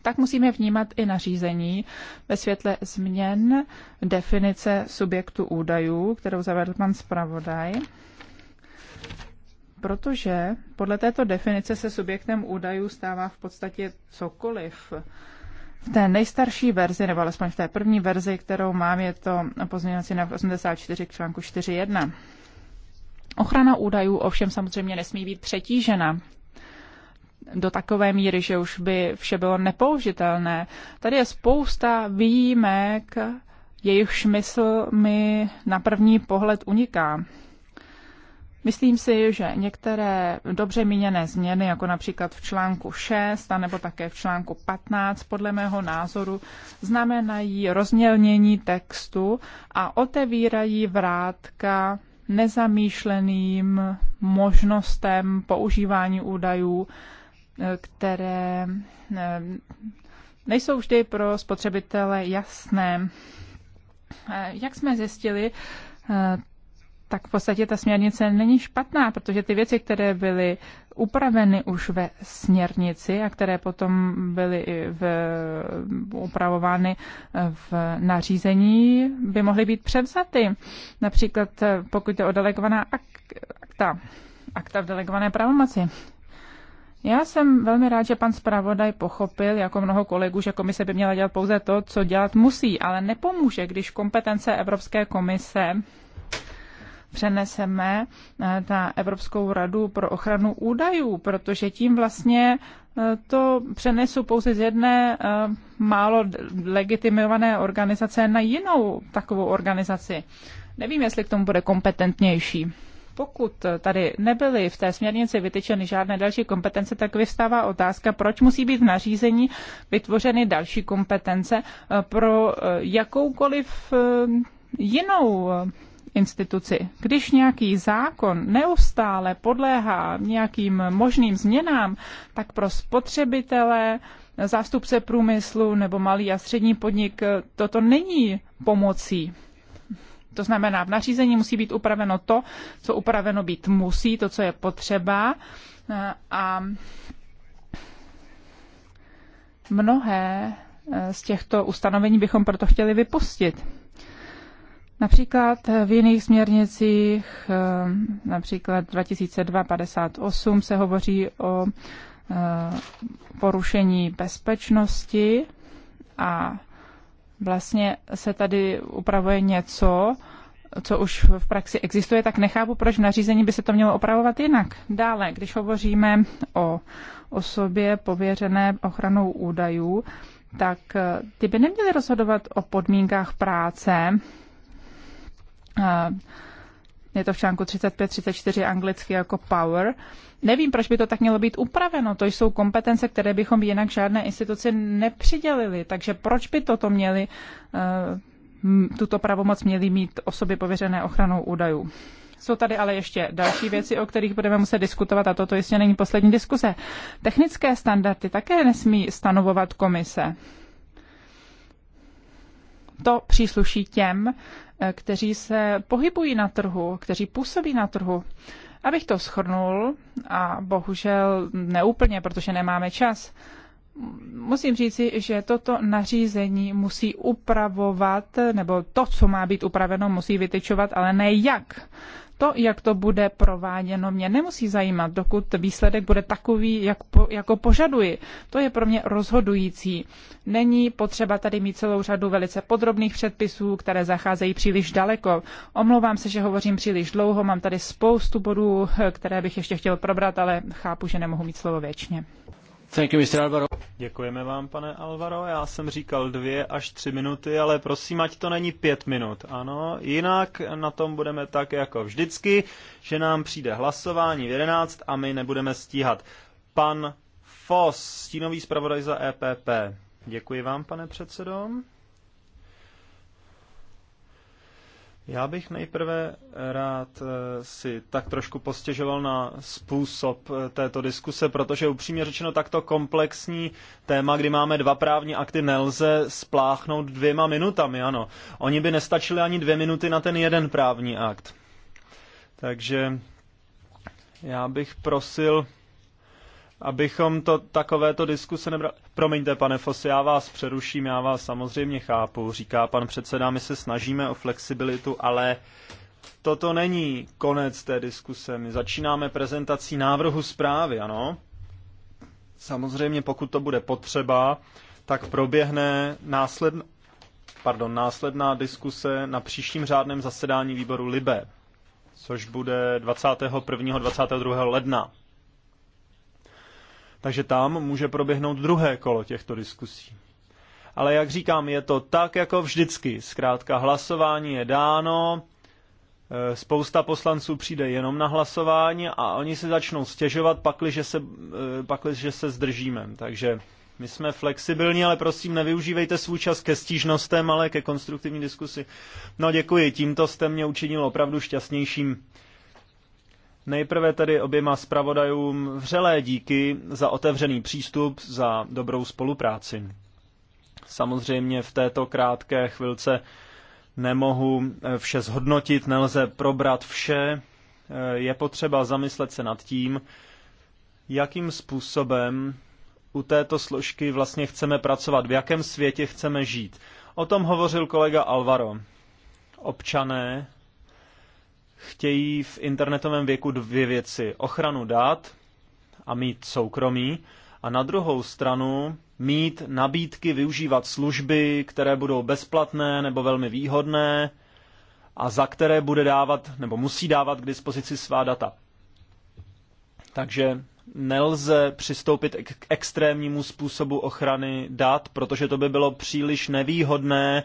Tak musíme vnímat i nařízení ve světle změn definice subjektu údajů, kterou zavedl pan zpravodaj protože podle této definice se subjektem údajů stává v podstatě cokoliv. V té nejstarší verzi, nebo alespoň v té první verzi, kterou mám, je to pozměňovací na 84 k článku 4.1. Ochrana údajů ovšem samozřejmě nesmí být přetížena do takové míry, že už by vše bylo nepoužitelné. Tady je spousta výjimek, jejich smysl mi na první pohled uniká. Myslím si, že některé dobře míněné změny, jako například v článku 6 a nebo také v článku 15, podle mého názoru, znamenají rozmělnění textu a otevírají vrátka nezamýšleným možnostem používání údajů, eh, které eh, nejsou vždy pro spotřebitele jasné. Eh, jak jsme zjistili, tak v podstatě ta směrnice není špatná, protože ty věci, které byly upraveny už ve směrnici a které potom byly v, upravovány v nařízení, by mohly být převzaty. Například eh, pokud je o delegovaná akta, akta v delegované pravomoci. Já jsem velmi rád, že pan zpravodaj pochopil, jako mnoho kolegů, že komise by měla dělat pouze to, co dělat musí, ale nepomůže, když kompetence Evropské komise přeneseme eh, na Evropskou radu pro ochranu údajů, protože tím vlastně eh, to přenesu pouze z jedné eh, málo legitimované organizace na jinou takovou organizaci. Nevím, jestli k tomu bude kompetentnější. Pokud tady nebyly v té směrnici vytyčeny žádné další kompetence, tak vystává otázka, proč musí být v nařízení vytvořeny další kompetence pro jakoukoliv jinou instituci. Když nějaký zákon neustále podléhá nějakým možným změnám, tak pro spotřebitele, zástupce průmyslu nebo malý a střední podnik toto není pomocí. To znamená, v nařízení musí být upraveno to, co upraveno být musí, to, co je potřeba. A mnohé z těchto ustanovení bychom proto chtěli vypustit. Například eh, v jiných směrnicích, eh, například 2258, se hovoří o eh, porušení bezpečnosti a vlastně se tady upravuje něco, co už v praxi existuje, tak nechápu, proč v nařízení by se to mělo opravovat jinak. Dále, když hovoříme o osobě pověřené ochranou údajů, tak ty by neměly rozhodovat o podmínkách práce je to v článku 35-34 anglicky jako power. Nevím, proč by to tak mělo být upraveno. To jsou kompetence, které bychom jinak žádné instituci nepřidělili. Takže proč by toto měli, eh, tuto pravomoc měly mít osoby pověřené ochranou údajů? Jsou tady ale ještě další věci, o kterých budeme muset diskutovat a toto jistě není poslední diskuse. Technické standardy také nesmí stanovovat komise. To přísluší těm, Eh, kteří se pohybují na trhu, kteří působí na trhu. Abych to schrnul, a bohužel neúplně, protože nemáme čas, musím říci, že toto nařízení musí upravovat, nebo to, co má být upraveno, musí vytyčovat, ale ne jak. To, jak to bude prováděno, mě nemusí zajímat, dokud výsledek bude takový, jak po, jako požaduji. To je pro mě rozhodující. Není potřeba tady mít celou řadu velice podrobných předpisů, které zacházejí příliš daleko. Omlouvám se, že hovořím příliš dlouho, mám tady spoustu bodů, eh, které bych ještě chtěl probrat, ale chápu, že nemohu mít slovo věčně. Děkujeme vám, pane Alvaro. Já jsem říkal dvě až tři minuty, ale prosím, ať to není pět minut. Ano, jinak na tom budeme tak jako vždycky, že nám přijde hlasování v jedenáct a my nebudeme stíhat. Pan Foss, stínový zpravodaj za EPP. Děkuji vám, pane předsedo. Já bych nejprve rád eh, si tak trošku postěžoval na způsob eh, této diskuse, protože upřímně řečeno takto komplexní téma, kdy máme dva právní akty, nelze spláchnout dvěma minutami, ano. Oni by nestačili ani dvě minuty na ten jeden právní akt. Takže já bych prosil abychom to takovéto diskuse nebrali. Promiňte, pane Fosy, já vás přeruším, já vás samozřejmě chápu, říká pan předseda, my se snažíme o flexibilitu, ale toto není konec té diskuse. My začínáme prezentací návrhu zprávy, ano? Samozřejmě, pokud to bude potřeba, tak proběhne následná, pardon, následná diskuse na příštím řádném zasedání výboru LIBE, což bude 21. 22. ledna takže tam může proběhnout druhé kolo těchto diskusí. Ale jak říkám, je to tak jako vždycky. Zkrátka hlasování je dáno, eh, spousta poslanců přijde jenom na hlasování a oni se začnou stěžovat, pakliže se, eh, pakliže se zdržíme. Takže my jsme flexibilní, ale prosím, nevyužívejte svůj čas ke stížnostem, ale ke konstruktivní diskusi. No děkuji, tímto jste mě učinil opravdu šťastnějším. Nejprve tedy oběma zpravodajům vřelé díky za otevřený přístup, za dobrou spolupráci. Samozřejmě v této krátké chvilce nemohu eh, vše zhodnotit, nelze probrat vše. Eh, je potřeba zamyslet se nad tím, jakým způsobem u této složky vlastně chceme pracovat, v jakém světě chceme žít. O tom hovořil kolega Alvaro. Občané chtějí v internetovém věku dvě věci. Ochranu dát a mít soukromí a na druhou stranu mít nabídky využívat služby, které budou bezplatné nebo velmi výhodné a za které bude dávat nebo musí dávat k dispozici svá data. Takže nelze přistoupit k extrémnímu způsobu ochrany dat, protože to by bylo příliš nevýhodné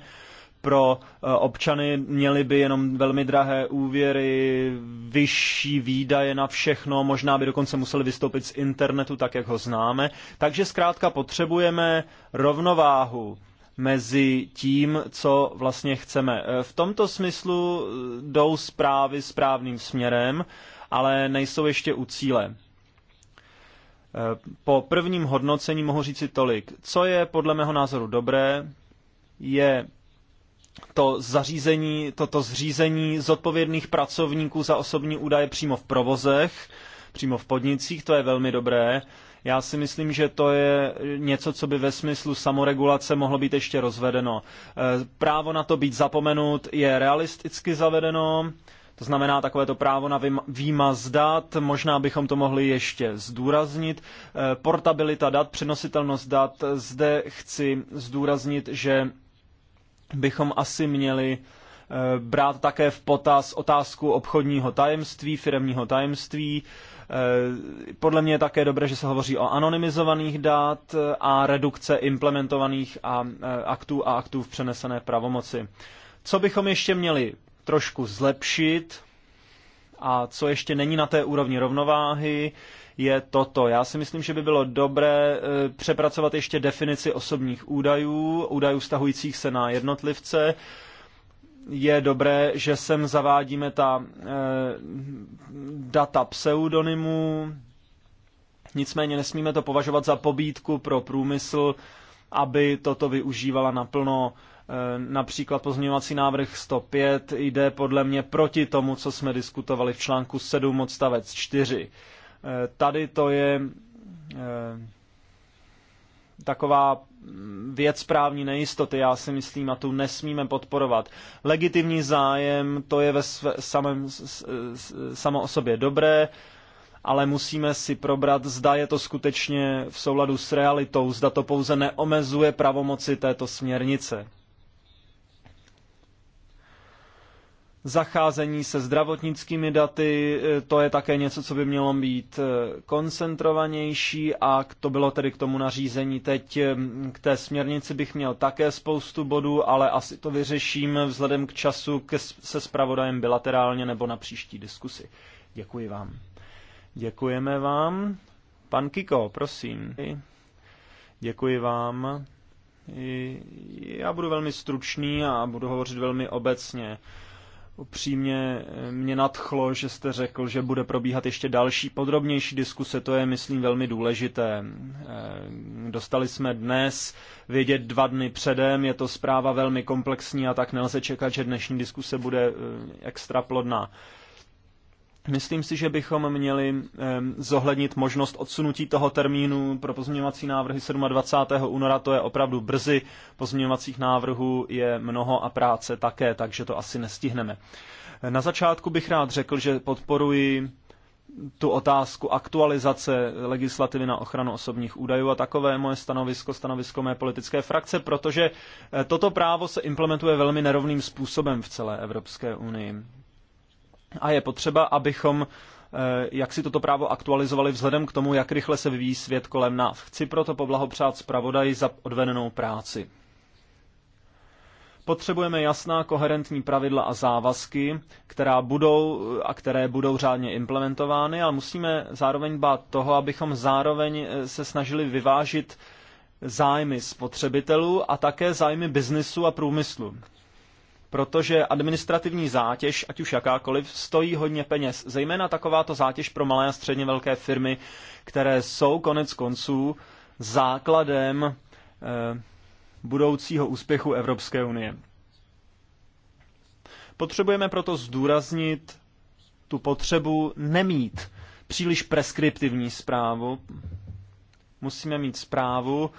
pro eh, občany, měli by jenom velmi drahé úvěry, vyšší výdaje na všechno, možná by dokonce museli vystoupit z internetu, tak jak ho známe. Takže zkrátka potřebujeme rovnováhu mezi tím, co vlastně chceme. Eh, v tomto smyslu eh, jdou zprávy správným směrem, ale nejsou ještě u cíle. Po prvním hodnocení mohu říci tolik. Co je podle mého názoru dobré, je to zařízení, toto zřízení zodpovědných pracovníků za osobní údaje přímo v provozech, přímo v podnicích, to je velmi dobré. Já si myslím, že to je něco, co by ve smyslu samoregulace mohlo být ještě rozvedeno. E, právo na to být zapomenut je realisticky zavedeno, to znamená takové to právo na výmaz dat, možná bychom to mohli ještě zdůraznit. E, portabilita dat, přenositelnost dat, zde chci zdůraznit, že bychom asi měli eh, brát také v potaz otázku obchodního tajemství, firemního tajemství. Eh, podle mě je také dobré, že se hovoří o anonymizovaných dát eh, a redukce implementovaných a aktů a aktů v přenesené pravomoci. Co bychom ještě měli trošku zlepšit a co ještě není na té úrovni rovnováhy, je toto. Já si myslím, že by bylo dobré e, přepracovat ještě definici osobních údajů, údajů stahujících se na jednotlivce. Je dobré, že sem zavádíme ta e, data pseudonymů, nicméně nesmíme to považovat za pobídku pro průmysl, aby toto využívala naplno. E, například pozměňovací návrh 105 jde podle mě proti tomu, co jsme diskutovali v článku 7 odstavec 4. Eh, tady to je eh, taková věc právní nejistoty, já si myslím, a tu nesmíme podporovat. Legitimní zájem, to je ve své, samém, samo o sobě dobré, ale musíme si probrat, zda je to skutečně v souladu s realitou, zda to pouze neomezuje pravomoci této směrnice. zacházení se zdravotnickými daty, e, to je také něco, co by mělo být e, koncentrovanější a to bylo tedy k tomu nařízení. Teď e, k té směrnici bych měl také spoustu bodů, ale asi to vyřeším vzhledem k času se spravodajem bilaterálně nebo na příští diskusi. Děkuji vám. Děkujeme vám. Pan Kiko, prosím. Děkuji vám. Já budu velmi stručný a budu hovořit velmi obecně upřímně eh, mě nadchlo, že jste řekl, že bude probíhat ještě další podrobnější diskuse, to je, myslím, velmi důležité. Eh, dostali jsme dnes vědět dva dny předem, je to zpráva velmi komplexní a tak nelze čekat, že dnešní diskuse bude eh, extra plodná. Myslím si, že bychom měli zohlednit možnost odsunutí toho termínu pro pozměňovací návrhy 27. února, to je opravdu brzy, pozměňovacích návrhů je mnoho a práce také, takže to asi nestihneme. Na začátku bych rád řekl, že podporuji tu otázku aktualizace legislativy na ochranu osobních údajů a takové moje stanovisko, stanovisko mé politické frakce, protože eh, toto právo se implementuje velmi nerovným způsobem v celé Evropské unii a je potřeba, abychom eh, jak si toto právo aktualizovali vzhledem k tomu, jak rychle se vyvíjí svět kolem nás. Chci proto poblahopřát zpravodaji za odvedenou práci. Potřebujeme jasná, koherentní pravidla a závazky, která budou a které budou řádně implementovány, ale musíme zároveň bát toho, abychom zároveň eh, se snažili vyvážit zájmy spotřebitelů a také zájmy biznisu a průmyslu protože administrativní zátěž, ať už jakákoliv, stojí hodně peněz. Zejména takováto zátěž pro malé a středně velké firmy, které jsou konec konců základem eh, budoucího úspěchu Evropské unie. Potřebujeme proto zdůraznit tu potřebu nemít příliš preskriptivní zprávu. Musíme mít zprávu,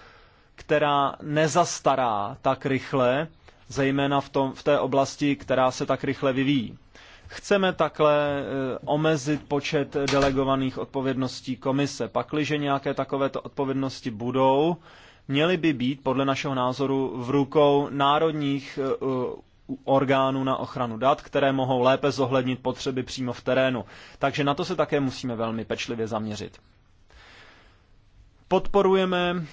která nezastará tak rychle, zejména v, tom, v té oblasti, která se tak rychle vyvíjí. Chceme takhle e, omezit počet delegovaných odpovědností komise. Pakliže nějaké takovéto odpovědnosti budou, měly by být podle našeho názoru v rukou národních e, orgánů na ochranu dat, které mohou lépe zohlednit potřeby přímo v terénu. Takže na to se také musíme velmi pečlivě zaměřit. Podporujeme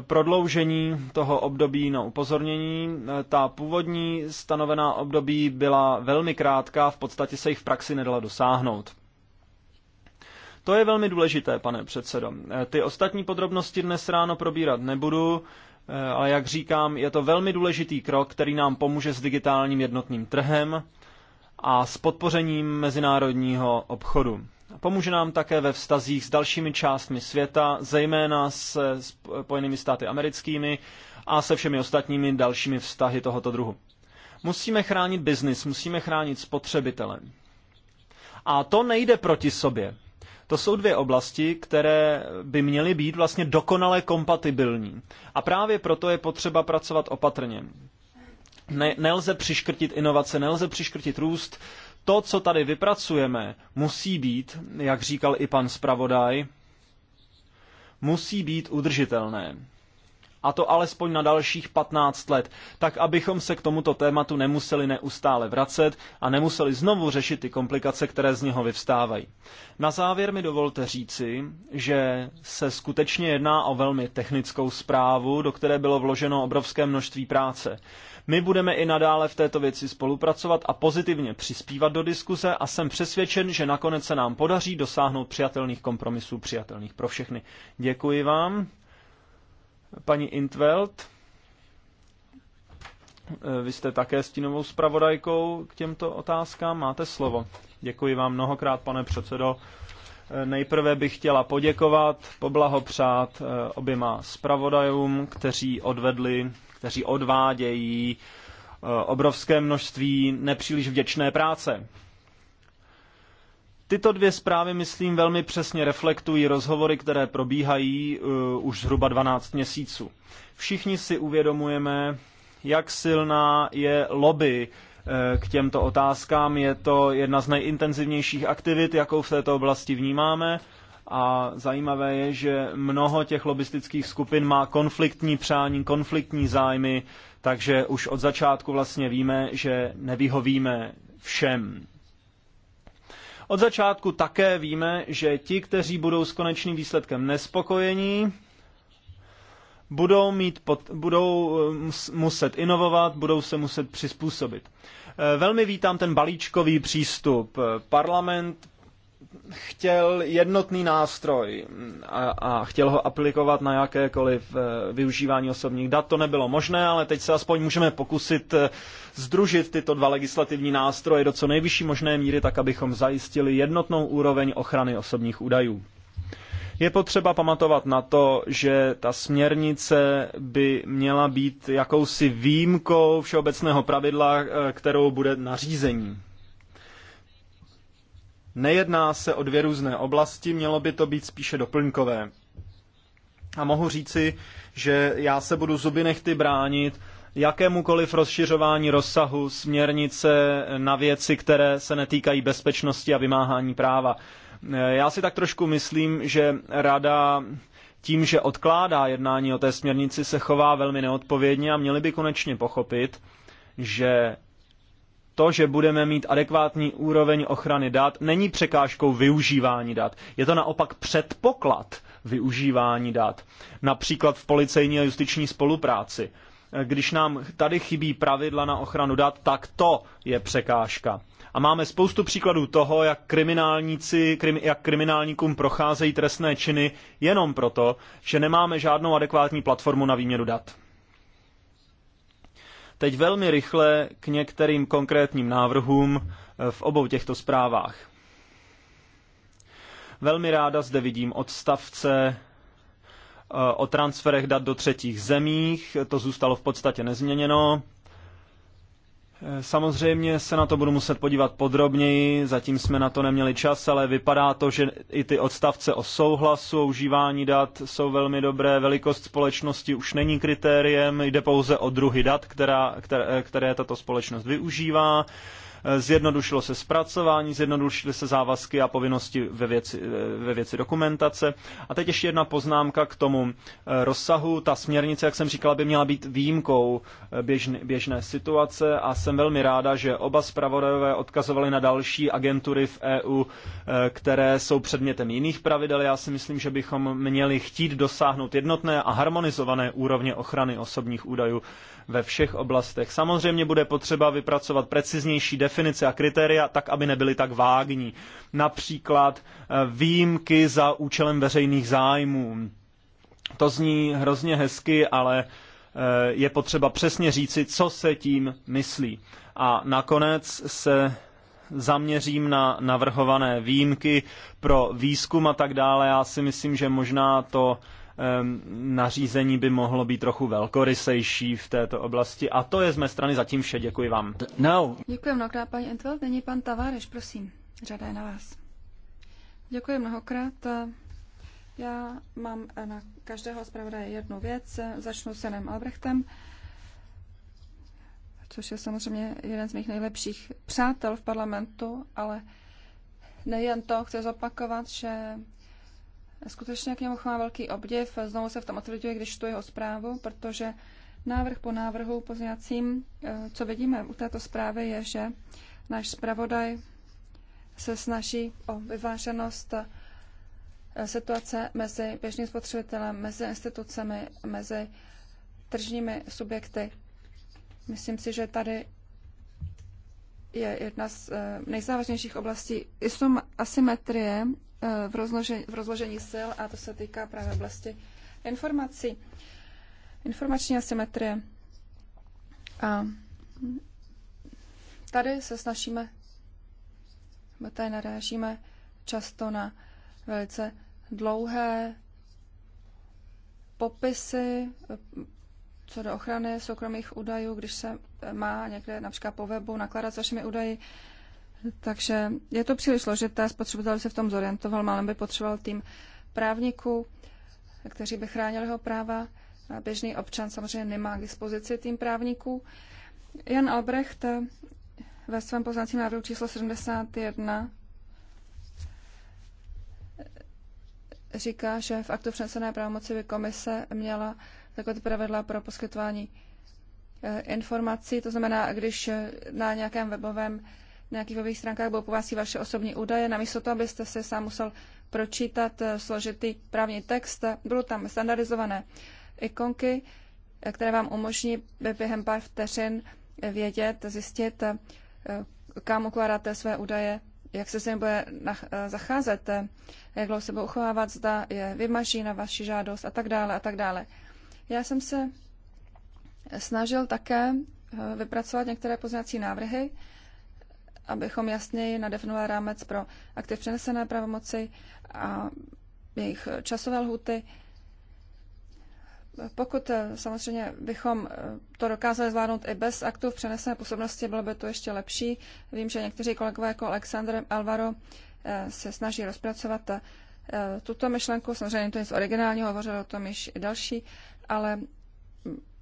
prodloužení toho období na upozornění. Ta původní stanovená období byla velmi krátká, v podstatě se jich v praxi nedala dosáhnout. To je velmi důležité, pane předsedo. Ty ostatní podrobnosti dnes ráno probírat nebudu, ale jak říkám, je to velmi důležitý krok, který nám pomůže s digitálním jednotným trhem a s podpořením mezinárodního obchodu. Pomůže nám také ve vztazích s dalšími částmi světa, zejména s Spojenými státy americkými a se všemi ostatními dalšími vztahy tohoto druhu. Musíme chránit biznis, musíme chránit spotřebitele. A to nejde proti sobě. To jsou dvě oblasti, které by měly být vlastně dokonale kompatibilní. A právě proto je potřeba pracovat opatrně. Ne, nelze přiškrtit inovace, nelze přiškrtit růst, to, co tady vypracujeme, musí být, jak říkal i pan zpravodaj, musí být udržitelné. A to alespoň na dalších 15 let, tak abychom se k tomuto tématu nemuseli neustále vracet a nemuseli znovu řešit ty komplikace, které z něho vyvstávají. Na závěr mi dovolte říci, že se skutečně jedná o velmi technickou zprávu, do které bylo vloženo obrovské množství práce. My budeme i nadále v této věci spolupracovat a pozitivně přispívat do diskuze a jsem přesvědčen, že nakonec se nám podaří dosáhnout přijatelných kompromisů, přijatelných pro všechny. Děkuji vám. Paní Intveld, vy jste také stínovou zpravodajkou k těmto otázkám, máte slovo. Děkuji vám mnohokrát, pane předsedo. Nejprve bych chtěla poděkovat, poblahopřát eh, oběma zpravodajům, kteří odvedli, kteří odvádějí eh, obrovské množství nepříliš vděčné práce. Tyto dvě zprávy, myslím, velmi přesně reflektují rozhovory, které probíhají eh, už zhruba 12 měsíců. Všichni si uvědomujeme, jak silná je lobby k těmto otázkám. Je to jedna z nejintenzivnějších aktivit, jakou v této oblasti vnímáme. A zajímavé je, že mnoho těch lobistických skupin má konfliktní přání, konfliktní zájmy, takže už od začátku vlastně víme, že nevyhovíme všem. Od začátku také víme, že ti, kteří budou s konečným výsledkem nespokojení, budou, mít pot, budou eh, muset inovovat, budou se muset přizpůsobit. Eh, velmi vítám ten balíčkový přístup. Eh, parlament chtěl jednotný nástroj mm, a, a chtěl ho aplikovat na jakékoliv využívání osobních dat. To nebylo možné, ale teď se aspoň můžeme pokusit združit tyto dva legislativní nástroje do co nejvyšší možné míry, tak abychom zajistili jednotnou úroveň ochrany osobních údajů. Je potřeba pamatovat na to, že ta směrnice by měla být jakousi výjimkou všeobecného pravidla, eh, kterou bude nařízení. Nejedná se o dvě různé oblasti, mělo by to být spíše doplňkové. A mohu říci, že já se budu zuby nechty bránit jakémukoliv rozšiřování rozsahu směrnice na věci, které se netýkají bezpečnosti a vymáhání práva. Eh, já si tak trošku myslím, že rada tím, že odkládá jednání o té směrnici, se chová velmi neodpovědně a měli by konečně pochopit, že to, že budeme mít adekvátní úroveň ochrany dat, není překážkou využívání dat. Je to naopak předpoklad využívání dat. Například v policejní a justiční spolupráci. Eh, když nám tady chybí pravidla na ochranu dat, tak to je překážka. A máme spoustu příkladů toho, jak kriminálníci, krim, jak kriminálníkům procházejí trestné činy jenom proto, že nemáme žádnou adekvátní platformu na výměnu dat. Teď velmi rychle k některým konkrétním návrhům eh, v obou těchto zprávách. Velmi ráda zde vidím odstavce eh, o transferech dat do třetích zemích. To zůstalo v podstatě nezměněno. Eh, samozřejmě se na to budu muset podívat podrobněji, zatím jsme na to neměli čas, ale vypadá to, že i ty odstavce o souhlasu, o užívání dat jsou velmi dobré, velikost společnosti už není kritériem, jde pouze o druhy dat, která, které, které tato společnost využívá zjednodušilo se zpracování, zjednodušily se závazky a povinnosti ve věci, ve věci dokumentace. A teď ještě jedna poznámka k tomu eh, rozsahu. Ta směrnice, jak jsem říkala, by měla být výjimkou eh, běžné, běžné situace a jsem velmi ráda, že oba zpravodajové odkazovali na další agentury v EU, eh, které jsou předmětem jiných pravidel. Já si myslím, že bychom měli chtít dosáhnout jednotné a harmonizované úrovně ochrany osobních údajů ve všech oblastech. Samozřejmě bude potřeba vypracovat preciznější definice a kritéria, tak aby nebyly tak vágní. Například eh, výjimky za účelem veřejných zájmů. To zní hrozně hezky, ale eh, je potřeba přesně říci, co se tím myslí. A nakonec se zaměřím na navrhované výjimky pro výzkum a tak dále. Já si myslím, že možná to nařízení by mohlo být trochu velkorysejší v této oblasti. A to je z mé strany zatím vše. Děkuji vám. No. Děkuji mnohokrát, paní Entveld. Není pan Taváreš, prosím. Řada je na vás. Děkuji mnohokrát. Já mám na každého zpravodaje jednu věc. Začnu s Janem Albrechtem, což je samozřejmě jeden z mých nejlepších přátel v parlamentu, ale nejen to, chci zopakovat, že Skutečně k němu chovám velký obdiv. Znovu se v tom otvrduji, když tu jeho zprávu, protože návrh po návrhu pozněcím, eh, co vidíme u této zprávy, je, že náš zpravodaj se snaží o vyváženost eh, situace mezi běžným spotřebitelem, mezi institucemi, mezi tržními subjekty. Myslím si, že tady je jedna z eh, nejzávažnějších oblastí jsou asymetrie eh, v rozložení, v rozložení sil a to se týká právě oblasti informací. Informační asymetrie. A tady se snažíme, nebo tady narážíme často na velice dlouhé popisy co do ochrany soukromých údajů, když se eh, má někde například po webu nakládat s vašimi údaji. Takže je to příliš složité, spotřebitel se v tom zorientoval, málem by potřeboval tým právníků, kteří by chránili jeho práva. Běžný občan samozřejmě nemá k dispozici tým právníků. Jan Albrecht eh, ve svém poznacím návrhu číslo 71 eh, říká, že v aktu přenesené pravomoci by komise měla takové pravidla pro poskytování eh, informací, to znamená, když eh, na nějakém webovém nějakých webových stránkách budou po vás vaše osobní údaje, namísto toho, abyste si sám musel pročítat eh, složitý právní text, budou tam standardizované ikonky, které vám umožní během pár vteřin vědět, zjistit, kam ukládáte své údaje, jak se s nimi bude zacházet, jak dlouho se bude uchovávat, zda je vymaží na vaši žádost a tak dále a tak dále. Já jsem se snažil také eh, vypracovat některé poznací návrhy, abychom jasněji nadefinovali rámec pro aktiv přenesené pravomoci a jejich časové lhuty. Pokud eh, samozřejmě bychom eh, to dokázali zvládnout i bez aktů v přenesené působnosti, bylo by to ještě lepší. Vím, že někteří kolegové jako Alexander Alvaro se snaží rozpracovat tuto myšlenku. Samozřejmě to nic originálního, hovořili o tom již i další, ale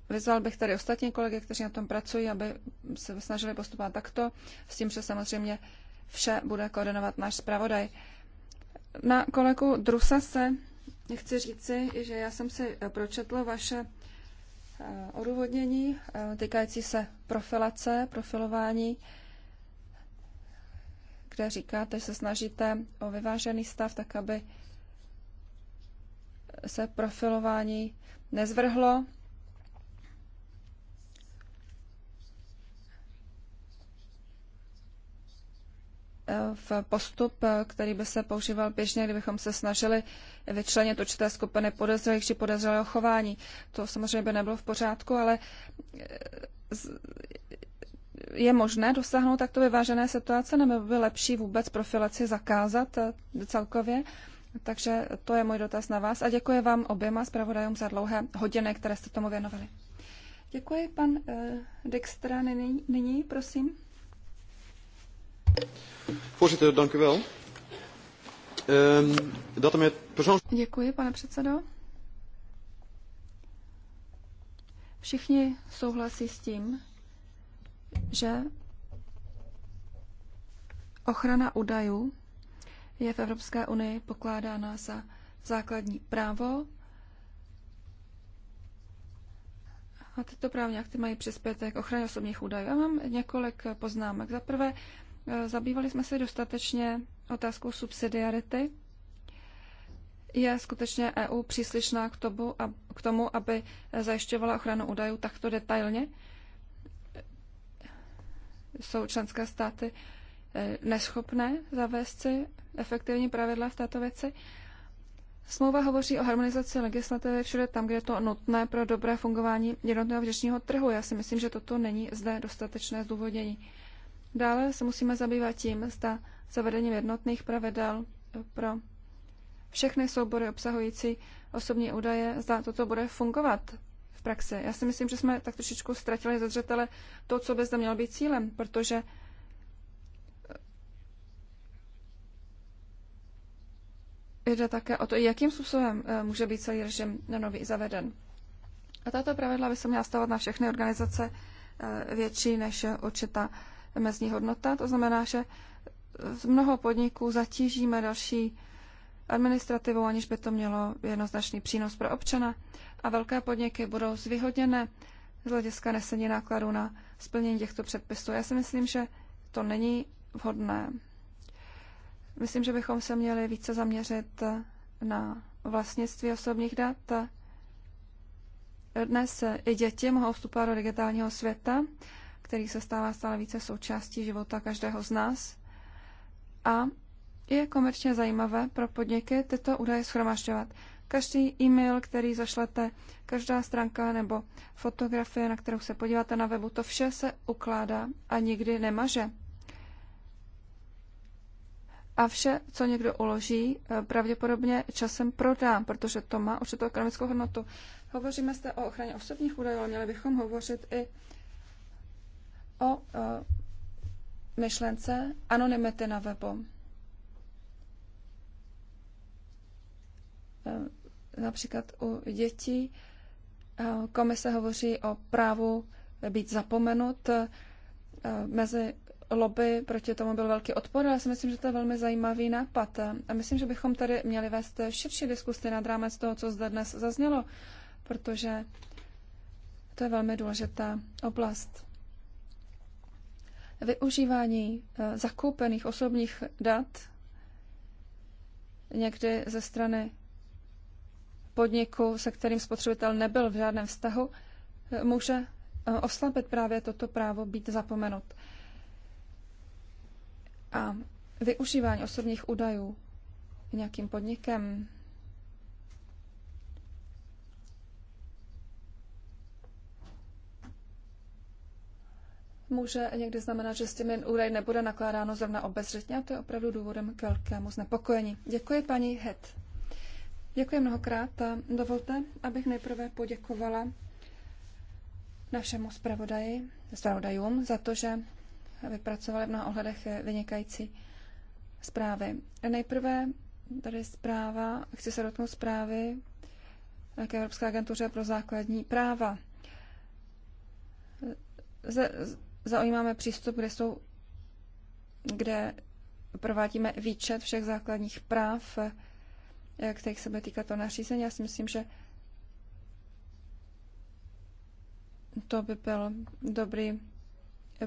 vyzval bych tady ostatní kolegy, kteří na tom pracují, aby se snažili postupovat takto, s tím, že samozřejmě vše bude koordinovat náš zpravodaj. Na kolegu se, chci říci, že já jsem si pročetla vaše eh, odůvodnění eh, týkající se profilace, profilování, kde říkáte, že se snažíte o vyvážený stav, tak aby se profilování nezvrhlo. v postup, který by se používal běžně, kdybychom se snažili vyčlenit určité skupiny podezřelých či podezřelého chování. To samozřejmě by nebylo v pořádku, ale e, je možné dosáhnout takto vyvážené situace, nebo by lepší vůbec profilaci zakázat e, celkově? Takže to je můj dotaz na vás a děkuji vám oběma zpravodajům za dlouhé hodiny, které jste tomu věnovali. Děkuji, pan uh, eh, Dextra, nyní, nyní, prosím. Voorzitter, děkuji vel. Um, ehm, dat er Děkuji, pane předsedo. Všichni souhlasí s tím, že ochrana údajů je v Evropské unii pokládána za základní právo. A tyto právní akty mají přispět k ochraně osobních údajů. Já mám několik poznámek. Za prvé, zabývali jsme se dostatečně otázkou subsidiarity. Je skutečně EU příslišná k tomu, k tomu aby zajišťovala ochranu údajů takto detailně? Jsou členské státy Eh, neschopné zavést si efektivní pravidla v této věci. Smlouva hovoří o harmonizaci legislativy všude tam, kde je to nutné pro dobré fungování jednotného vnitřního trhu. Já si myslím, že toto není zde dostatečné zdůvodnění. Dále se musíme zabývat tím, zda zavedením jednotných pravidel pro všechny soubory obsahující osobní údaje, zda toto bude fungovat v praxi. Já si myslím, že jsme tak trošičku ztratili ze zřetele to, co by zde mělo být cílem, protože Jde také o to, jakým způsobem eh, může být celý režim nový zaveden. A tato pravidla by se měla stavovat na všechny organizace eh, větší než určitá mezní hodnota. To znamená, že eh, z mnoho podniků zatížíme další administrativou, aniž by to mělo jednoznačný přínos pro občana. A velké podniky budou zvýhodněné z hlediska nesení nákladů na splnění těchto předpisů. Já si myslím, že to není vhodné. Myslím, že bychom se měli více zaměřit na vlastnictví osobních dat. Dnes i děti mohou vstupovat do digitálního světa, který se stává stále více součástí života každého z nás. A je komerčně zajímavé pro podniky tyto údaje schromažďovat. Každý e-mail, který zašlete, každá stránka nebo fotografie, na kterou se podíváte na webu, to vše se ukládá a nikdy nemaže a vše, co někdo uloží, eh, pravděpodobně časem prodá, protože to má určitou ekonomickou hodnotu. Hovoříme zde o ochraně osobních údajů, ale měli bychom hovořit i o eh, myšlence anonymity na webu. Eh, například u dětí komise hovoří o právu být zapomenut mezi lobby proti tomu byl velký odpor, ale já si myslím, že to je velmi zajímavý nápad. A myslím, že bychom tady měli vést širší diskusy nad rámec toho, co zde dnes zaznělo, protože to je velmi důležitá oblast. Využívání eh, zakoupených osobních dat někdy ze strany podniku, se kterým spotřebitel nebyl v žádném vztahu, eh, může eh, oslabit právě toto právo být zapomenut. A využívání osobních údajů nějakým podnikem může někdy znamenat, že s těmi údaji nebude nakládáno zrovna obezřetně a to je opravdu důvodem k velkému znepokojení. Děkuji paní Het. Děkuji mnohokrát. a Dovolte, abych nejprve poděkovala našemu zpravodaji, zpravodajům za to, že vypracovali v mnoha ohledech vynikající zprávy. Nejprve tady zpráva, chci se dotknout zprávy k Evropské agentuře pro základní práva. Zaujímáme přístup, kde jsou, kde provádíme výčet všech základních práv, kterých se bude týkat to nařízení. Já si myslím, že to by byl dobrý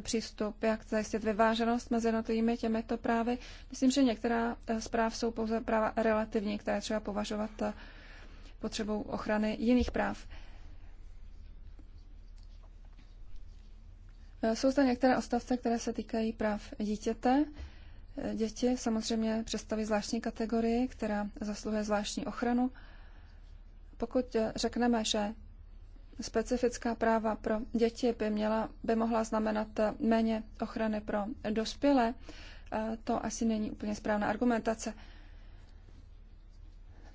přístup, jak zajistit vyváženost mezi jednotlivými těmito právy. Myslím, že některá eh, z práv jsou pouze práva relativní, které třeba považovat eh, potřebou ochrany jiných práv. Eh, jsou zde některé odstavce, které se týkají práv dítěte. Děti samozřejmě představí zvláštní kategorii, která zasluhuje zvláštní ochranu. Pokud řekneme, že specifická práva pro děti by, měla, by mohla znamenat méně ochrany pro dospělé, to asi není úplně správná argumentace.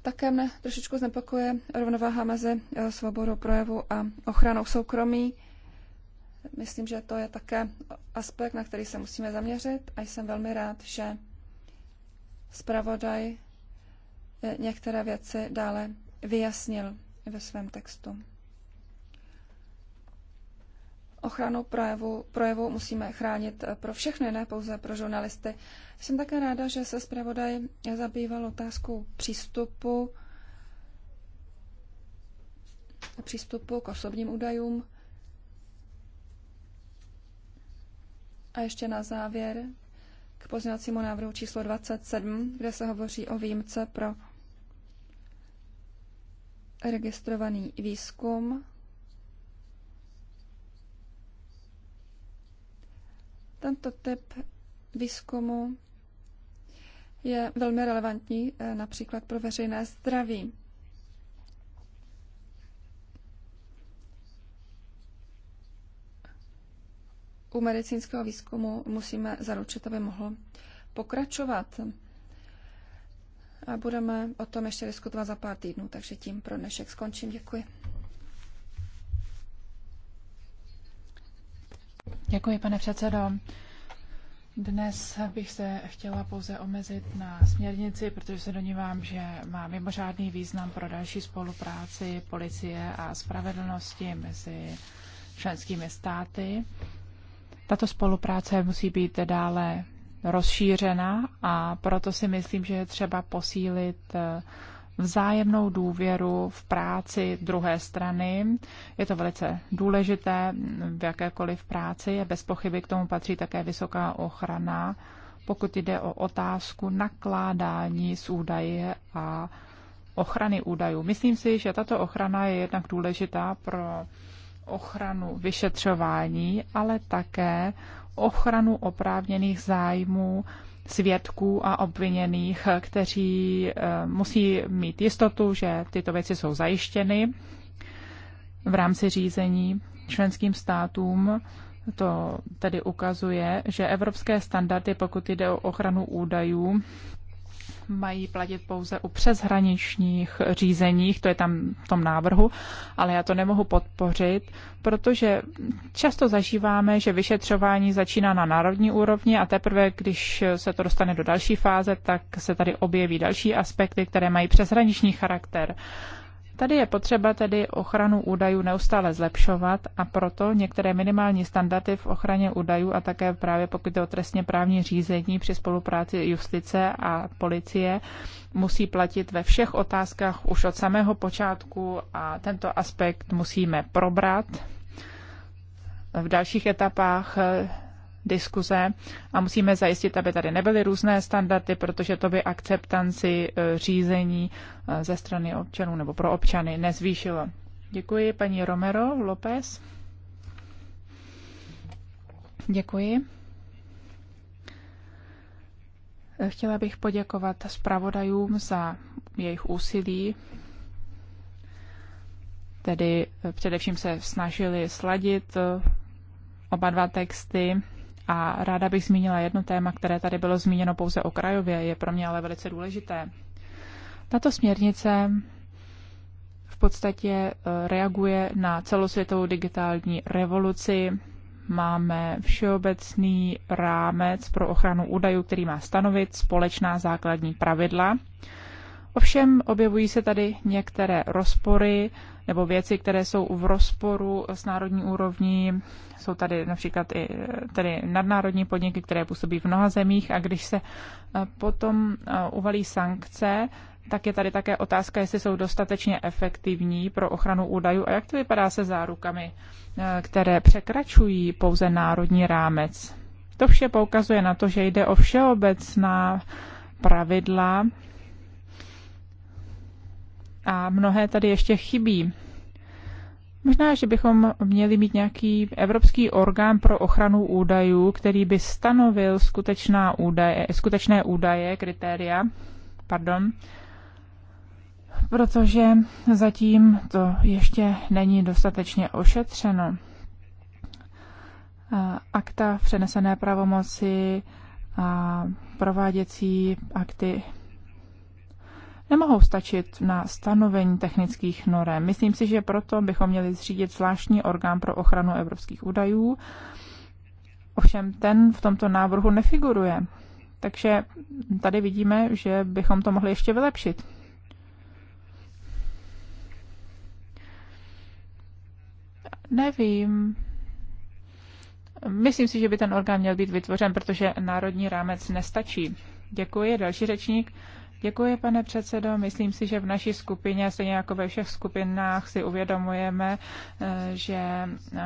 Také mne trošičku znepokuje rovnováha mezi eh, svobodou projevu a ochranou soukromí. Myslím, že to je také aspekt, na který se musíme zaměřit a jsem velmi rád, že zpravodaj eh, některé věci dále vyjasnil ve svém textu ochranu projevu, projevu musíme chránit eh, pro všechny, ne pouze pro žurnalisty. Jsem také ráda, že se zpravodaj zabýval otázkou přístupu přístupu k osobním údajům. A ještě na závěr k pozměňovacímu návrhu číslo 27, kde se hovoří o výjimce pro registrovaný výzkum Tento typ výzkumu je velmi relevantní eh, například pro veřejné zdraví. U medicínského výzkumu musíme zaručit, aby mohl pokračovat. A budeme o tom ještě diskutovat za pár týdnů, takže tím pro dnešek skončím. Děkuji. Děkuji, pane předsedo. Dnes bych se chtěla pouze omezit na směrnici, protože se donívám, že má mimořádný význam pro další spolupráci policie a spravedlnosti mezi členskými státy. Tato spolupráce musí být dále rozšířena a proto si myslím, že je třeba posílit vzájemnou důvěru v práci druhé strany. Je to velice důležité v jakékoliv práci. Je bez pochyby k tomu patří také vysoká ochrana, pokud jde o otázku nakládání s údaje a ochrany údajů. Myslím si, že tato ochrana je jednak důležitá pro ochranu vyšetřování, ale také ochranu oprávněných zájmů svědků a obviněných, kteří eh, musí mít jistotu, že tyto věci jsou zajištěny v rámci řízení členským státům. To tedy ukazuje, že evropské standardy, pokud jde o ochranu údajů, mají platit pouze u přeshraničních řízeních, to je tam v tom návrhu, ale já to nemohu podpořit, protože často zažíváme, že vyšetřování začíná na národní úrovni a teprve, když se to dostane do další fáze, tak se tady objeví další aspekty, které mají přeshraniční charakter. Tady je potřeba tedy ochranu údajů neustále zlepšovat a proto některé minimální standardy v ochraně údajů a také právě pokud je o trestně právní řízení při spolupráci justice a policie musí platit ve všech otázkách už od samého počátku a tento aspekt musíme probrat. V dalších etapách diskuze a musíme zajistit, aby tady nebyly různé standardy, protože to by akceptanci e, řízení e, ze strany občanů nebo pro občany nezvýšilo. Děkuji paní Romero López. Děkuji. Chtěla bych poděkovat zpravodajům za jejich úsilí. Tedy e, především se snažili sladit oba dva texty a ráda bych zmínila jedno téma, které tady bylo zmíněno pouze okrajově, je pro mě ale velice důležité. Tato směrnice v podstatě e, reaguje na celosvětovou digitální revoluci. Máme všeobecný rámec pro ochranu údajů, který má stanovit společná základní pravidla Ovšem objevují se tady některé rozpory nebo věci, které jsou v rozporu s národní úrovní. Jsou tady například i tady nadnárodní podniky, které působí v mnoha zemích a když se eh, potom eh, uvalí sankce, tak je tady také otázka, jestli jsou dostatečně efektivní pro ochranu údajů a jak to vypadá se zárukami, eh, které překračují pouze národní rámec. To vše poukazuje na to, že jde o všeobecná pravidla a mnohé tady ještě chybí. Možná, že bychom měli mít nějaký evropský orgán pro ochranu údajů, který by stanovil skutečná údaje, skutečné údaje, kritéria, pardon, protože zatím to ještě není dostatečně ošetřeno. Akta v přenesené pravomoci a prováděcí akty nemohou stačit na stanovení technických norem. Myslím si, že proto bychom měli zřídit zvláštní orgán pro ochranu evropských údajů. Ovšem ten v tomto návrhu nefiguruje. Takže tady vidíme, že bychom to mohli ještě vylepšit. Nevím. Myslím si, že by ten orgán měl být vytvořen, protože národní rámec nestačí. Děkuji. Další řečník. Děkuji, pane předsedo. Myslím si, že v naší skupině, stejně jako ve všech skupinách, si uvědomujeme, eh, že eh,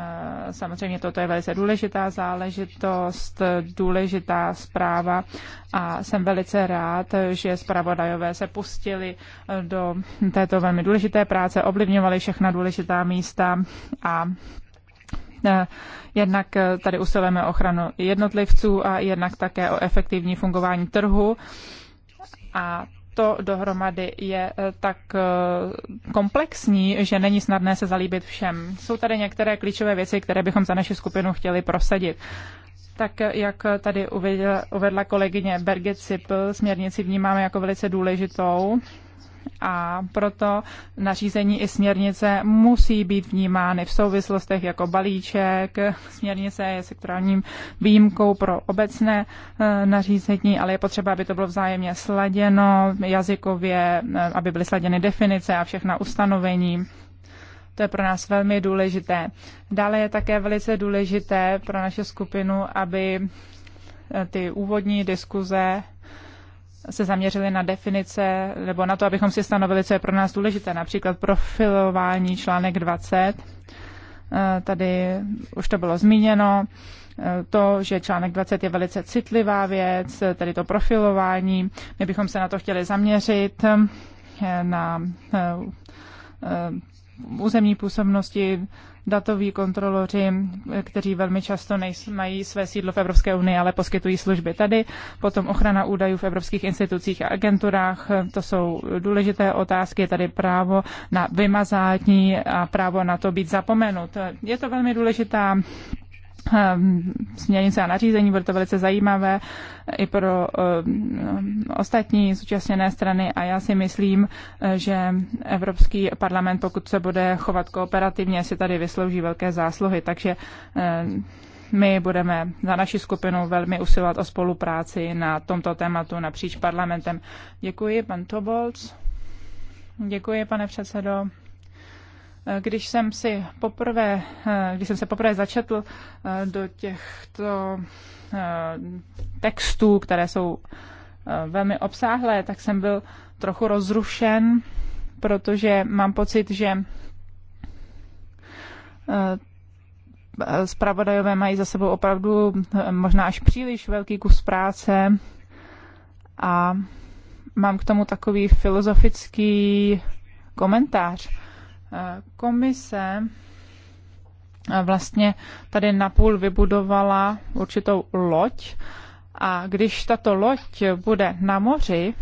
samozřejmě toto je velice důležitá záležitost, důležitá zpráva a jsem velice rád, že zpravodajové se pustili eh, do této velmi důležité práce, ovlivňovali všechna důležitá místa a Jednak tady usilujeme ochranu jednotlivců a jednak také o efektivní fungování trhu a to dohromady je eh, tak eh, komplexní, že není snadné se zalíbit všem. Jsou tady některé klíčové věci, které bychom za naši skupinu chtěli prosadit. Tak eh, jak tady uvedla, kolegyně Birgit Sipl, směrnici vnímáme jako velice důležitou a proto nařízení i směrnice musí být vnímány v souvislostech jako balíček. Směrnice je sektorálním výjimkou pro obecné eh, nařízení, ale je potřeba, aby to bylo vzájemně sladěno jazykově, eh, aby byly sladěny definice a všechna ustanovení. To je pro nás velmi důležité. Dále je také velice důležité pro naše skupinu, aby eh, ty úvodní diskuze se zaměřili na definice nebo na to, abychom si stanovili, co je pro nás důležité, například profilování článek 20. Eh, tady už to bylo zmíněno, eh, to, že článek 20 je velice citlivá věc, tedy to profilování. My bychom se na to chtěli zaměřit, eh, na územní působnosti datoví kontroloři, kteří velmi často mají své sídlo v Evropské unii, ale poskytují služby tady. Potom ochrana údajů v evropských institucích a agenturách, to jsou důležité otázky. Je tady právo na vymazání a právo na to být zapomenut. Je to velmi důležitá Ehm, směrnice a nařízení, bude to velice zajímavé i pro ehm, ehm, ostatní zúčastněné strany a já si myslím, eh, že Evropský parlament, pokud se bude chovat kooperativně, si tady vyslouží velké zásluhy, takže my budeme za naši skupinu velmi usilovat o spolupráci na tomto tématu napříč parlamentem. Děkuji, pan Tobolc. Děkuji, pane předsedo. Když jsem, si poprvé, když jsem se poprvé začetl eh, do těchto eh, textů, které jsou eh, velmi obsáhlé, tak jsem byl trochu rozrušen, protože mám pocit, že zpravodajové mají za sebou opravdu možná až příliš velký kus práce a mám k tomu takový filozofický komentář. Komise vlastně tady napůl vybudovala určitou loď a když tato loď bude na moři,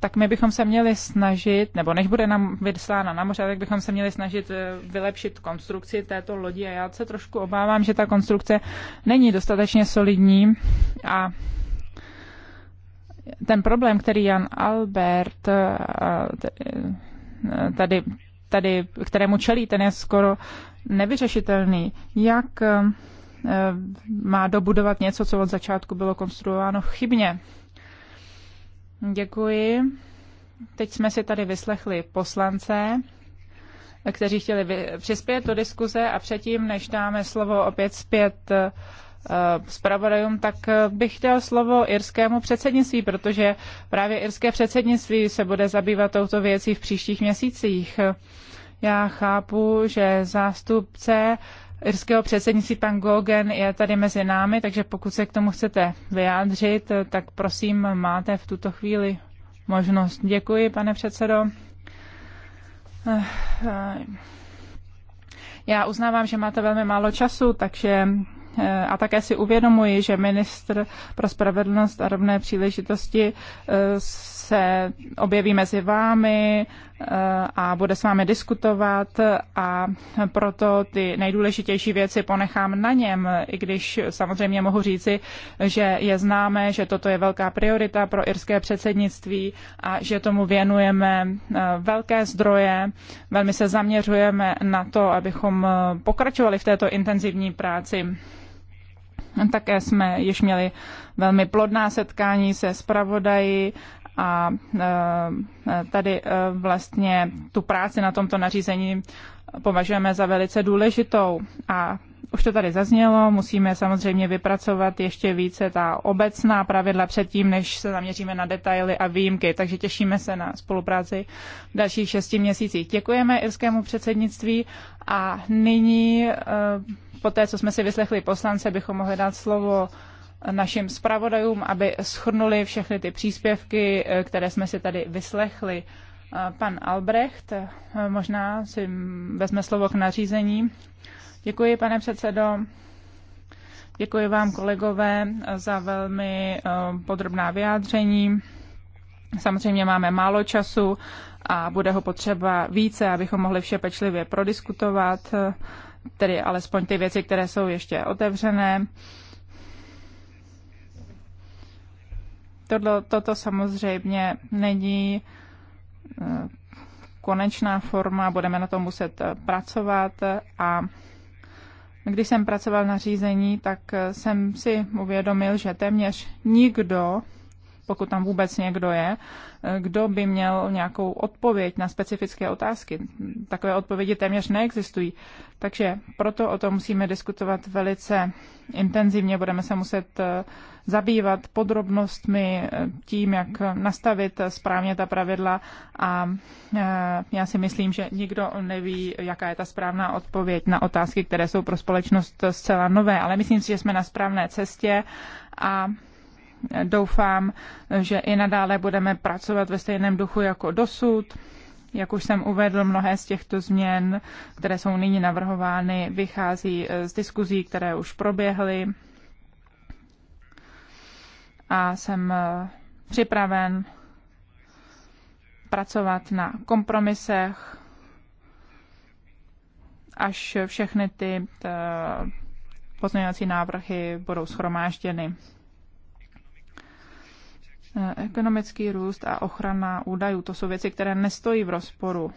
tak my bychom se měli snažit, nebo než bude nám vyslána na moře, tak bychom se měli snažit eh, vylepšit konstrukci této lodi a já se trošku obávám, že ta konstrukce není dostatečně solidní a ten problém, který Jan Albert eh, tady, tady, kterému čelí, ten je skoro nevyřešitelný. Jak eh, má dobudovat něco, co od začátku bylo konstruováno chybně? Děkuji. Teď jsme si tady vyslechli poslance, kteří chtěli přispět do diskuze a předtím, než dáme slovo opět zpět eh, Eh, zpravodajům, tak eh, bych dal slovo irskému předsednictví, protože právě irské předsednictví se bude zabývat touto věcí v příštích měsících. Já chápu, že zástupce irského předsednictví pan Gogen je tady mezi námi, takže pokud se k tomu chcete vyjádřit, tak prosím, máte v tuto chvíli možnost. Děkuji, pane předsedo. Eh, já uznávám, že máte velmi málo času, takže Eh, a také si uvědomuji, že ministr pro spravedlnost a rovné příležitosti eh, se objeví mezi vámi eh, a bude s vámi diskutovat a proto ty nejdůležitější věci ponechám na něm, i když samozřejmě mohu říci, že je známé, že toto je velká priorita pro irské předsednictví a že tomu věnujeme velké zdroje. Velmi se zaměřujeme na to, abychom pokračovali v této intenzivní práci. Také jsme již měli velmi plodná setkání se zpravodají a e, e, tady e, vlastně tu práci na tomto nařízení považujeme za velice důležitou a už to tady zaznělo, musíme samozřejmě vypracovat ještě více ta obecná pravidla předtím, než se zaměříme na detaily a výjimky, takže těšíme se na spolupráci v dalších šesti měsících. Děkujeme irskému předsednictví a nyní poté, co jsme si vyslechli poslance, bychom mohli dát slovo našim zpravodajům, aby schrnuli všechny ty příspěvky, eh, které jsme si tady vyslechli. Eh, pan Albrecht eh, možná si vezme slovo k nařízení. Děkuji, pane předsedo. Děkuji vám, kolegové, za velmi podrobná vyjádření. Samozřejmě máme málo času a bude ho potřeba více, abychom mohli vše pečlivě prodiskutovat tedy alespoň ty věci, které jsou ještě otevřené. Toto, toto samozřejmě není eh, konečná forma, budeme na tom muset eh, pracovat a když jsem pracoval na řízení, tak eh, jsem si uvědomil, že téměř nikdo pokud tam vůbec někdo je, eh, kdo by měl nějakou odpověď na specifické otázky. Takové odpovědi téměř neexistují. Takže proto o tom musíme diskutovat velice intenzivně. Budeme se muset eh, zabývat podrobnostmi, eh, tím, jak nastavit správně ta pravidla a já si myslím, že nikdo neví, jaká je ta správná odpověď na otázky, které jsou pro společnost zcela nové, ale myslím si, že jsme na správné cestě a doufám, že i nadále budeme pracovat ve stejném duchu jako dosud. Jak už jsem uvedl, mnohé z těchto změn, které jsou nyní navrhovány, vychází eh, z diskuzí, které už proběhly. A jsem eh, připraven pracovat na kompromisech, až všechny ty eh, pozměňovací návrhy budou schromážděny. Eh, ekonomický růst a ochrana údajů, to jsou věci, které nestojí v rozporu.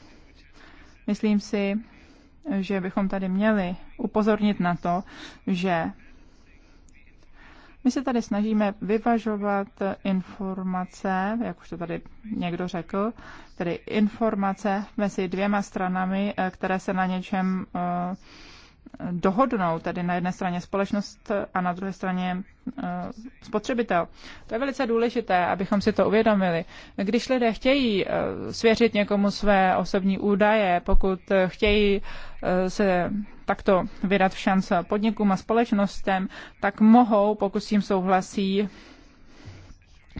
Myslím si, že bychom tady měli upozornit na to, že my se tady snažíme vyvažovat informace, jak už to tady někdo řekl, tedy informace mezi dvěma stranami, eh, které se na něčem eh, dohodnout, tedy na jedné straně společnost a na druhé straně eh, spotřebitel. To je velice důležité, abychom si to uvědomili. Když lidé chtějí eh, svěřit někomu své osobní údaje, pokud eh, chtějí se takto vydat v šance podnikům a společnostem, tak mohou, pokud s tím souhlasí,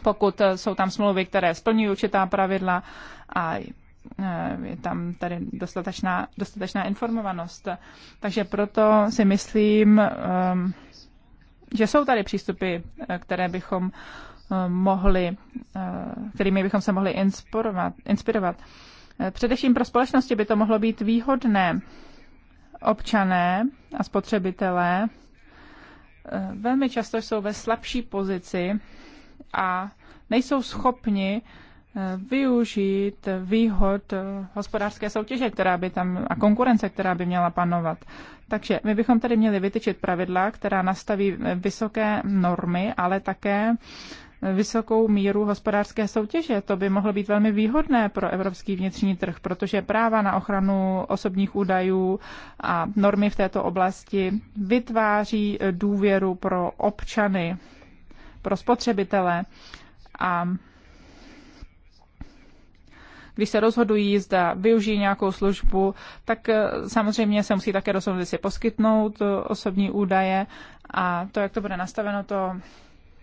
pokud jsou tam smlouvy, které splňují určitá pravidla a Eh, je tam tady dostatečná, dostatečná informovanost. Takže proto si myslím, ehm, že jsou tady přístupy, eh, které bychom eh, mohli, kterými bychom se mohli inspirovat. inspirovat. Především pro společnosti by to mohlo být výhodné. Občané a spotřebitelé velmi často jsou ve slabší pozici a nejsou schopni využít výhod eh, hospodářské soutěže, která by tam a konkurence, která by měla panovat. Takže my bychom tady měli vytyčit pravidla, která nastaví vysoké normy, ale také vysokou míru hospodářské soutěže. To by mohlo být velmi výhodné pro evropský vnitřní trh, protože práva na ochranu osobních údajů a normy v této oblasti vytváří důvěru pro občany, pro spotřebitele a když se rozhodují, zda využijí nějakou službu, tak eh, samozřejmě se musí také rozhodnout, jestli poskytnout eh, osobní údaje a to, jak to bude nastaveno, to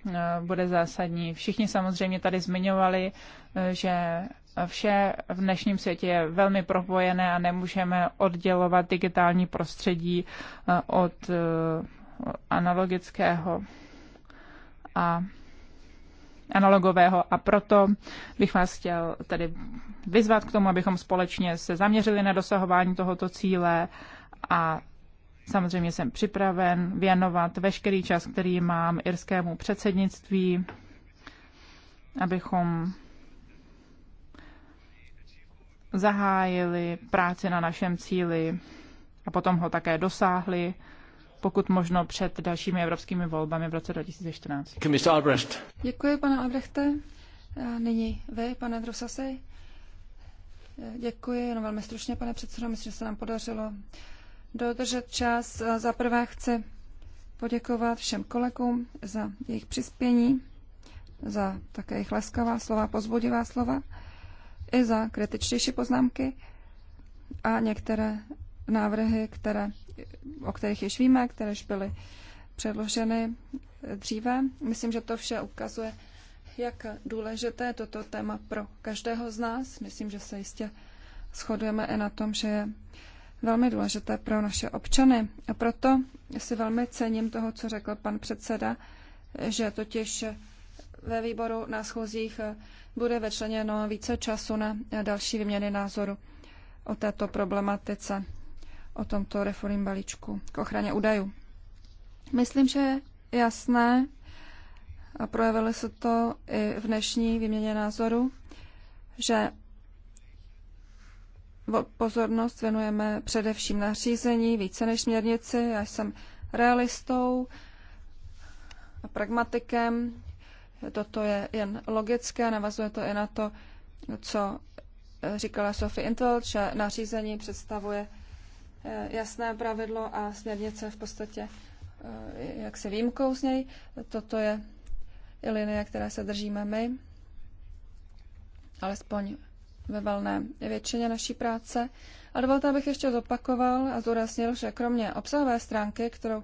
eh, bude zásadní. Všichni samozřejmě tady zmiňovali, že vše v dnešním světě je velmi propojené a nemůžeme oddělovat digitální prostředí od analogického a analogového a proto bych vás chtěl tady vyzvat k tomu, abychom společně se zaměřili na dosahování tohoto cíle a samozřejmě jsem připraven věnovat veškerý čas, který mám irskému předsednictví, abychom zahájili práci na našem cíli a potom ho také dosáhli, pokud možno před dalšími evropskými volbami v roce 2014. Děkuji, pane Albrechte. Nyní vy, pane Drosasej. Děkuji, jenom velmi stručně, pane předsedo. Myslím, že se nám podařilo dodržet čas. Za prvé chci poděkovat všem kolegům za jejich přispění, za také jejich laskavá slova, pozbudivá slova, i za kritičtější poznámky a některé návrhy, které, o kterých již víme, kteréž byly předloženy dříve. Myslím, že to vše ukazuje jak důležité je toto téma pro každého z nás. Myslím, že se jistě shodujeme i na tom, že je velmi důležité pro naše občany. A proto si velmi cením toho, co řekl pan předseda, že totiž ve výboru na schůzích bude večleněno více času na další vyměny názoru o této problematice, o tomto reformním balíčku k ochraně údajů. Myslím, že je jasné, a projevilo se to i v dnešní výměně názoru, že pozornost věnujeme především nařízení více než směrnici. Já jsem realistou a pragmatikem. Toto je jen logické, navazuje to i na to, co eh, říkala Sophie Intel, že nařízení představuje eh, jasné pravidlo a směrnice v podstatě eh, jak se výjimkou z něj. Toto je i linie, které se držíme my, alespoň ve velné většině naší práce. A dovolte, abych ještě zopakoval a zúraznil, že kromě obsahové stránky, kterou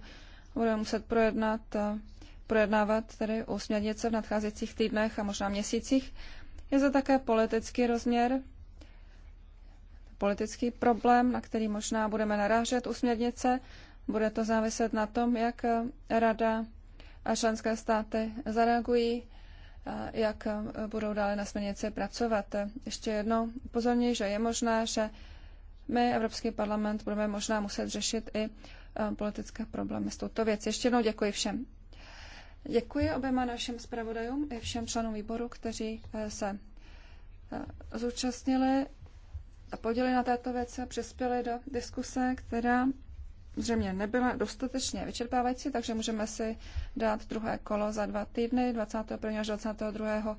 budeme muset projednat, eh, projednávat tedy u směrnice v nadcházejících týdnech a možná měsících, je to také politický rozměr, politický problém, na který možná budeme narážet u směrnice. Bude to záviset na tom, jak eh, rada a členské státy zareagují, jak e, budou dále na směrnici pracovat. Ještě jednou upozorňuji, že je možné, že my, Evropský parlament, budeme možná muset řešit i e, politické problémy s touto věcí. Ještě jednou děkuji všem. Děkuji oběma našim zpravodajům i všem členům výboru, kteří e, se zúčastnili a podělili na této věci a přispěli do diskuse, která zřejmě nebyla dostatečně vyčerpávající, takže můžeme si dát druhé kolo za dva týdny, 21. až 22.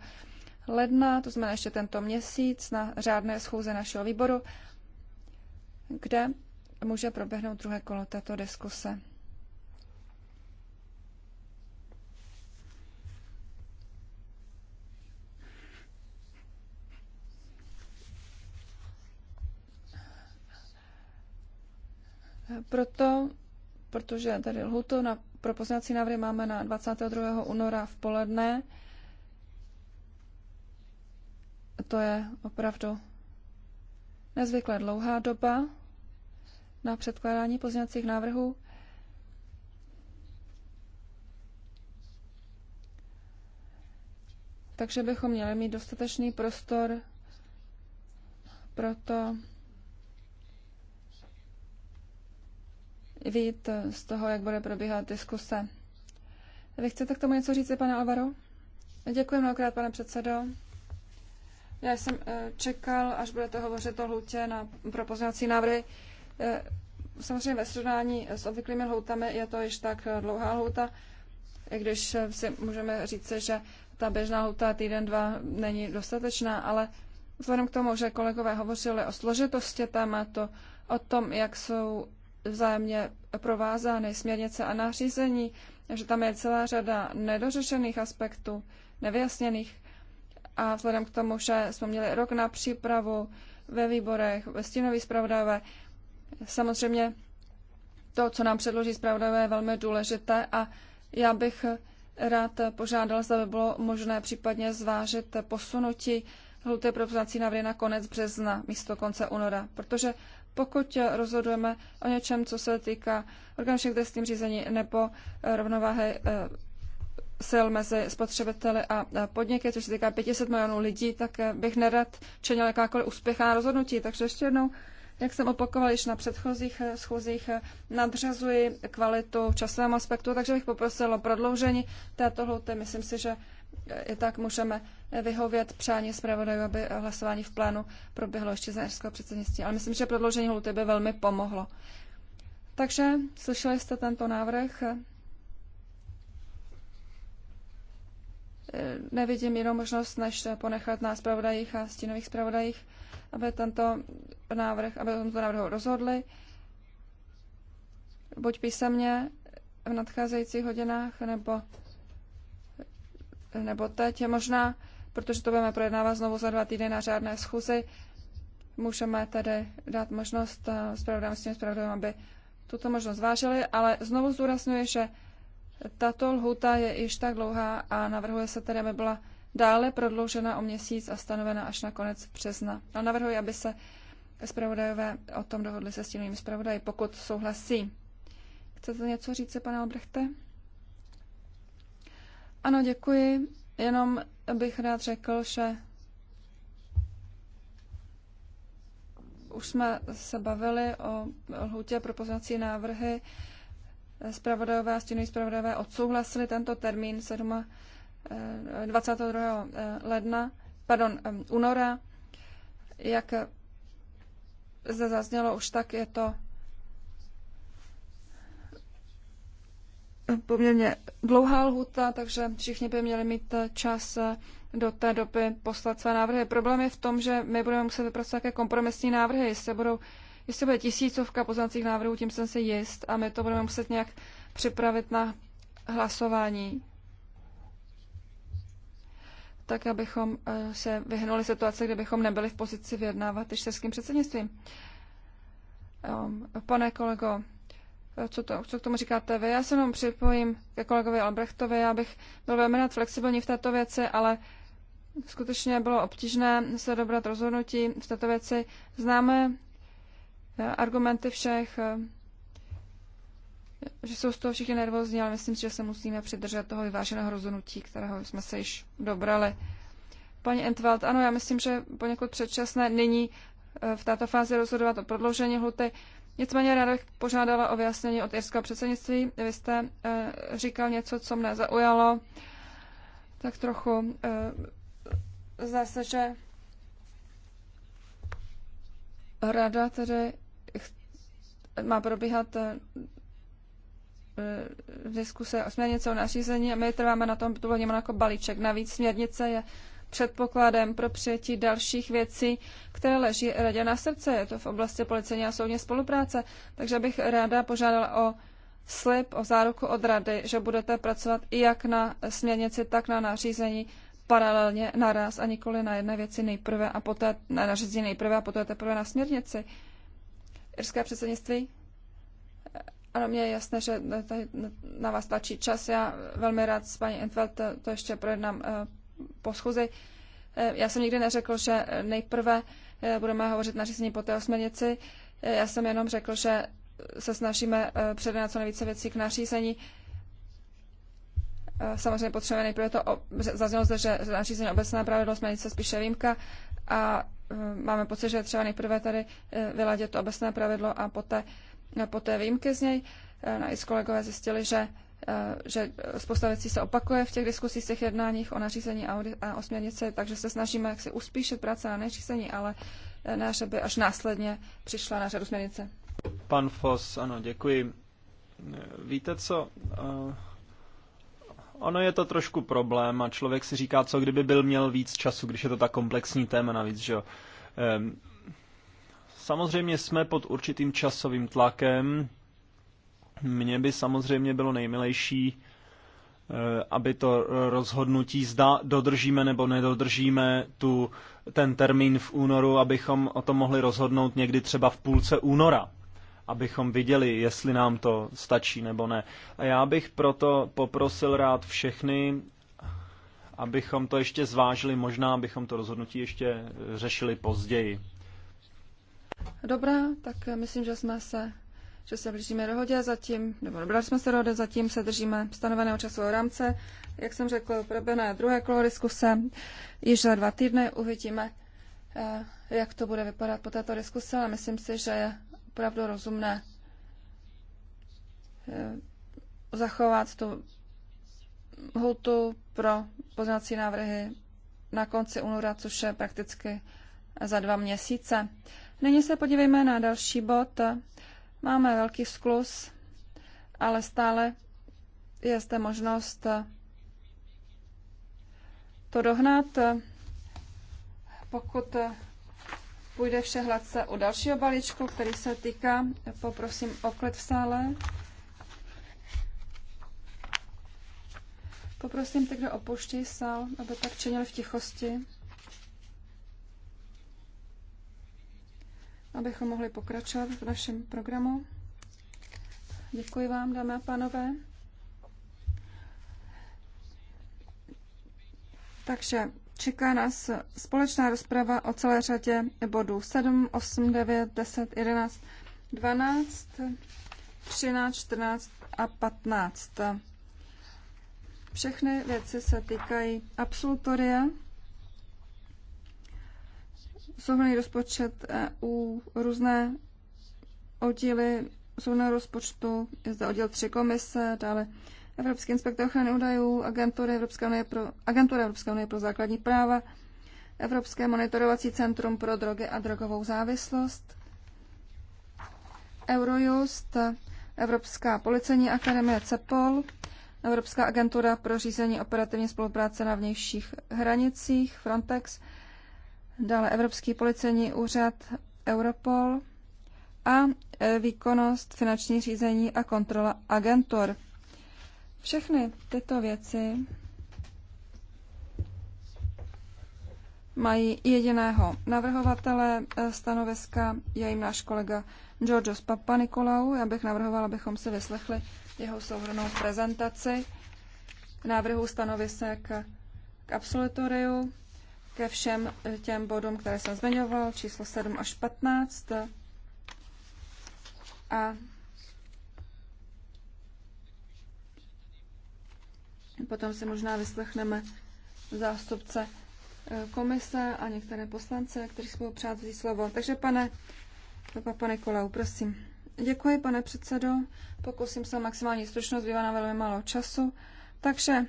ledna, to znamená ještě tento měsíc, na řádné schůze našeho výboru, kde může proběhnout druhé kolo této diskuse. Proto, protože tady lhutu na, pro poznací návrhy máme na 22. února v poledne, to je opravdu nezvykle dlouhá doba na předkládání pozněcích návrhů. Takže bychom měli mít dostatečný prostor pro to, vít z toho, jak bude probíhat diskuse. Vy chcete k tomu něco říct, pane Alvaro? Děkuji mnohokrát, pane předsedo. Já jsem eh, čekal, až budete hovořit o lhůtě na propozňovací návrhy. Eh, samozřejmě ve srovnání s obvyklými lhoutami je to již tak eh, dlouhá lhouta, i když si můžeme říct, že ta běžná lhouta týden, dva není dostatečná, ale vzhledem k tomu, že kolegové hovořili o složitosti tématu, o tom, jak jsou vzájemně provázány směrnice a nařízení, že tam je celá řada nedořešených aspektů, nevyjasněných. A vzhledem k tomu, že jsme měli rok na přípravu ve výborech, ve stínových zpravodajové, samozřejmě to, co nám předloží zpravodajové, je velmi důležité a já bych rád požádal, zda by bylo možné případně zvážit posunutí hluté propozací návrhy na konec března místo konce února, protože pokud rozhodujeme o něčem, co se týká organizačních trestním řízení nebo rovnováhy eh, sil mezi spotřebiteli a eh, podniky, což se týká 500 milionů lidí, tak eh, bych nerad činil jakákoliv úspěchá rozhodnutí. Takže ještě jednou, jak jsem opakoval již na předchozích schůzích, nadřazuji kvalitu časovému aspektu, takže bych poprosil o prodloužení této hluty. Myslím si, že i tak můžeme vyhovět přání zpravodajů, aby hlasování v plénu proběhlo ještě za irského předsednictví. Ale myslím, že prodloužení hluty by velmi pomohlo. Takže slyšeli jste tento návrh. Nevidím jinou možnost, než ponechat na zpravodajích a stínových zpravodajích, aby tento návrh, aby tento návrhu rozhodli. Buď písemně v nadcházejících hodinách, nebo nebo teď je možná, protože to budeme projednávat znovu za dva týdny na řádné schůzi, můžeme tedy dát možnost eh, zpravodám s tím zpravodám, aby tuto možnost vážili, ale znovu zdůrazňuji, že tato lhuta je již tak dlouhá a navrhuje se tedy, aby byla dále prodloužena o měsíc a stanovena až na konec března. A navrhuji, aby se zpravodajové o tom dohodli se stínovými zpravodaji, pokud souhlasí. Chcete něco říct, pane Albrechte? Ano, děkuji. Jenom bych rád řekl, že už jsme se bavili o lhutě pro poznací návrhy. Spravodajové a stínoví spravodajové odsouhlasili tento termín 7, 22. Eh, eh, ledna, pardon, eh, února. Jak zde zaznělo už tak, je to poměrně dlouhá lhuta, takže všichni by měli mít čas do té doby poslat své návrhy. Problém je v tom, že my budeme muset vypracovat také kompromisní návrhy. Jestli, budou, jestli bude tisícovka poznacích návrhů, tím jsem si jist a my to budeme muset nějak připravit na hlasování. Tak, abychom eh, se vyhnuli situaci, kde bychom nebyli v pozici vyjednávat ještě s kým předsednictvím. Ehm, pane kolego, co, to, co k tomu říkáte vy. Já se jenom připojím ke kolegovi Albrechtovi. Já bych byl velmi rád flexibilní v této věci, ale skutečně bylo obtížné se dobrat rozhodnutí v této věci. Známe eh, argumenty všech, eh, že jsou z toho všichni nervózní, ale myslím si, že se musíme přidržet toho vyváženého rozhodnutí, kterého jsme se již dobrali. Paní Entwald, ano, já myslím, že poněkud předčasné nyní eh, v této fázi rozhodovat o prodloužení hluty. Nicméně ráda bych požádala o vyjasnění od irského předsednictví. Vy jste uh, říkal něco, co mne zaujalo. Tak trochu uh, zdá se, že rada tedy má probíhat eh, diskuse o směrnice o nařízení a my trváme na tom, to bylo jako balíček. Navíc směrnice je předpokladem pro přijetí dalších věcí, které leží radě na srdce. Je to v oblasti policení a soudní spolupráce. Takže bych ráda požádala o slib, o záruku od rady, že budete pracovat i jak na směrnici, tak na nařízení paralelně naraz a nikoli na jedné věci nejprve a poté na nařízení nejprve a poté teprve na směrnici. Irské předsednictví? Ano, mě je jasné, že na vás tlačí čas. Já velmi rád s paní Entveld to ještě projednám eh, po schůzi. Eh, já jsem nikdy neřekl, že nejprve eh, budeme hovořit nařízení po té osměnici. Eh, já jsem jenom řekl, že se snažíme předat co nejvíce věcí k nařízení. Samozřejmě potřebujeme nejprve to, zaznělo zde, že nařízení obecná pravidlo směrnice spíše výjimka a máme pocit, že třeba nejprve tady vyladit to obecné pravidlo a poté, no, poté výjimky z něj. No, I kolegové zjistili, že Eh, že spousta věcí se opakuje v těch diskusích, těch jednáních o nařízení a o směrnice, takže se snažíme jaksi uspíšit práce na nařízení, ale eh, ne, že by až následně přišla na řadu směrnice. Pan Fos, ano, děkuji. Víte co, eh, ono je to trošku problém a člověk si říká, co kdyby byl měl víc času, když je to tak komplexní téma navíc, že jo. Ehm, samozřejmě jsme pod určitým časovým tlakem, mně by samozřejmě bylo nejmilejší, eh, aby to rozhodnutí, zda dodržíme nebo nedodržíme tu, ten termín v únoru, abychom o tom mohli rozhodnout někdy třeba v půlce února, abychom viděli, jestli nám to stačí nebo ne. A já bych proto poprosil rád všechny, abychom to ještě zvážili, možná abychom to rozhodnutí ještě eh, řešili později. Dobrá, tak myslím, že jsme se že se blížíme dohodě zatím, nebo dobrali jsme se dohodě, zatím se držíme stanoveného časového rámce. Jak jsem řekl, proběhne druhé kolo diskuse již za dva týdny. Uvidíme, eh, jak to bude vypadat po této diskuse, ale myslím si, že je opravdu rozumné eh, zachovat tu hutu pro poznací návrhy na konci února, což je prakticky za dva měsíce. Nyní se podívejme na další bod. Máme velký sklus, ale stále je zde možnost eh, to dohnat. Eh, pokud eh, půjde vše hladce u dalšího balíčku, který se týká, poprosím o klid v sále. Poprosím ty, kdo opuští sál, aby tak činili v tichosti. abychom mohli pokračovat v našem programu. Děkuji vám, dámy a pánové. Takže čeká nás společná rozprava o celé řadě bodů 7, 8, 9, 10, 11, 12, 13, 14 a 15. Všechny věci se týkají absolutoria souhrný rozpočet EU, různé oddíly souhrného rozpočtu, je zde oddíl tři komise, dále Evropský inspektor ochrany údajů, agentury Evropské unie pro, agentura Evropské unie pro základní práva, Evropské monitorovací centrum pro drogy a drogovou závislost, Eurojust, Evropská policejní akademie CEPOL, Evropská agentura pro řízení operativní spolupráce na vnějších hranicích Frontex, dále Evropský policejní úřad Europol a e, výkonnost finanční řízení a kontrola agentur. Všechny tyto věci mají jediného navrhovatele e, stanoviska, je jim náš kolega Georgios Papanikolaou. Já bych navrhoval, abychom si vyslechli jeho souhrnou prezentaci návrhu stanovisek k absolutoriu ke všem e, těm bodům, které jsem zmiňoval, číslo 7 až 15. A potom si možná vyslechneme zástupce e, komise a některé poslance, kteří si budou přát vzít slovo. Takže pane Papa Kolau, prosím. Děkuji, pane předsedo. Pokusím se maximální stručnost, bývá na velmi málo času. Takže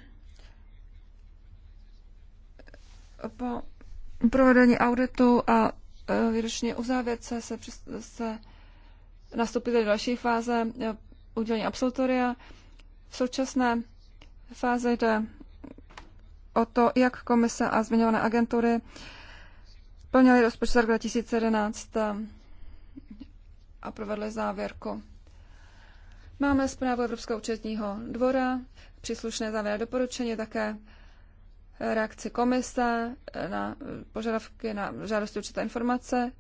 po provedení auditu a e, výroční uzávěrce se, se nastoupí do další fáze e, udělení absolutoria. V současné fáze jde o to, jak komise a zmiňované agentury plnily rozpočet 2011 e, a provedly závěrku. Máme zprávu Evropského účetního dvora, příslušné závěr doporučení, také reakci komise eh, na eh, požadavky na žádosti určité informace.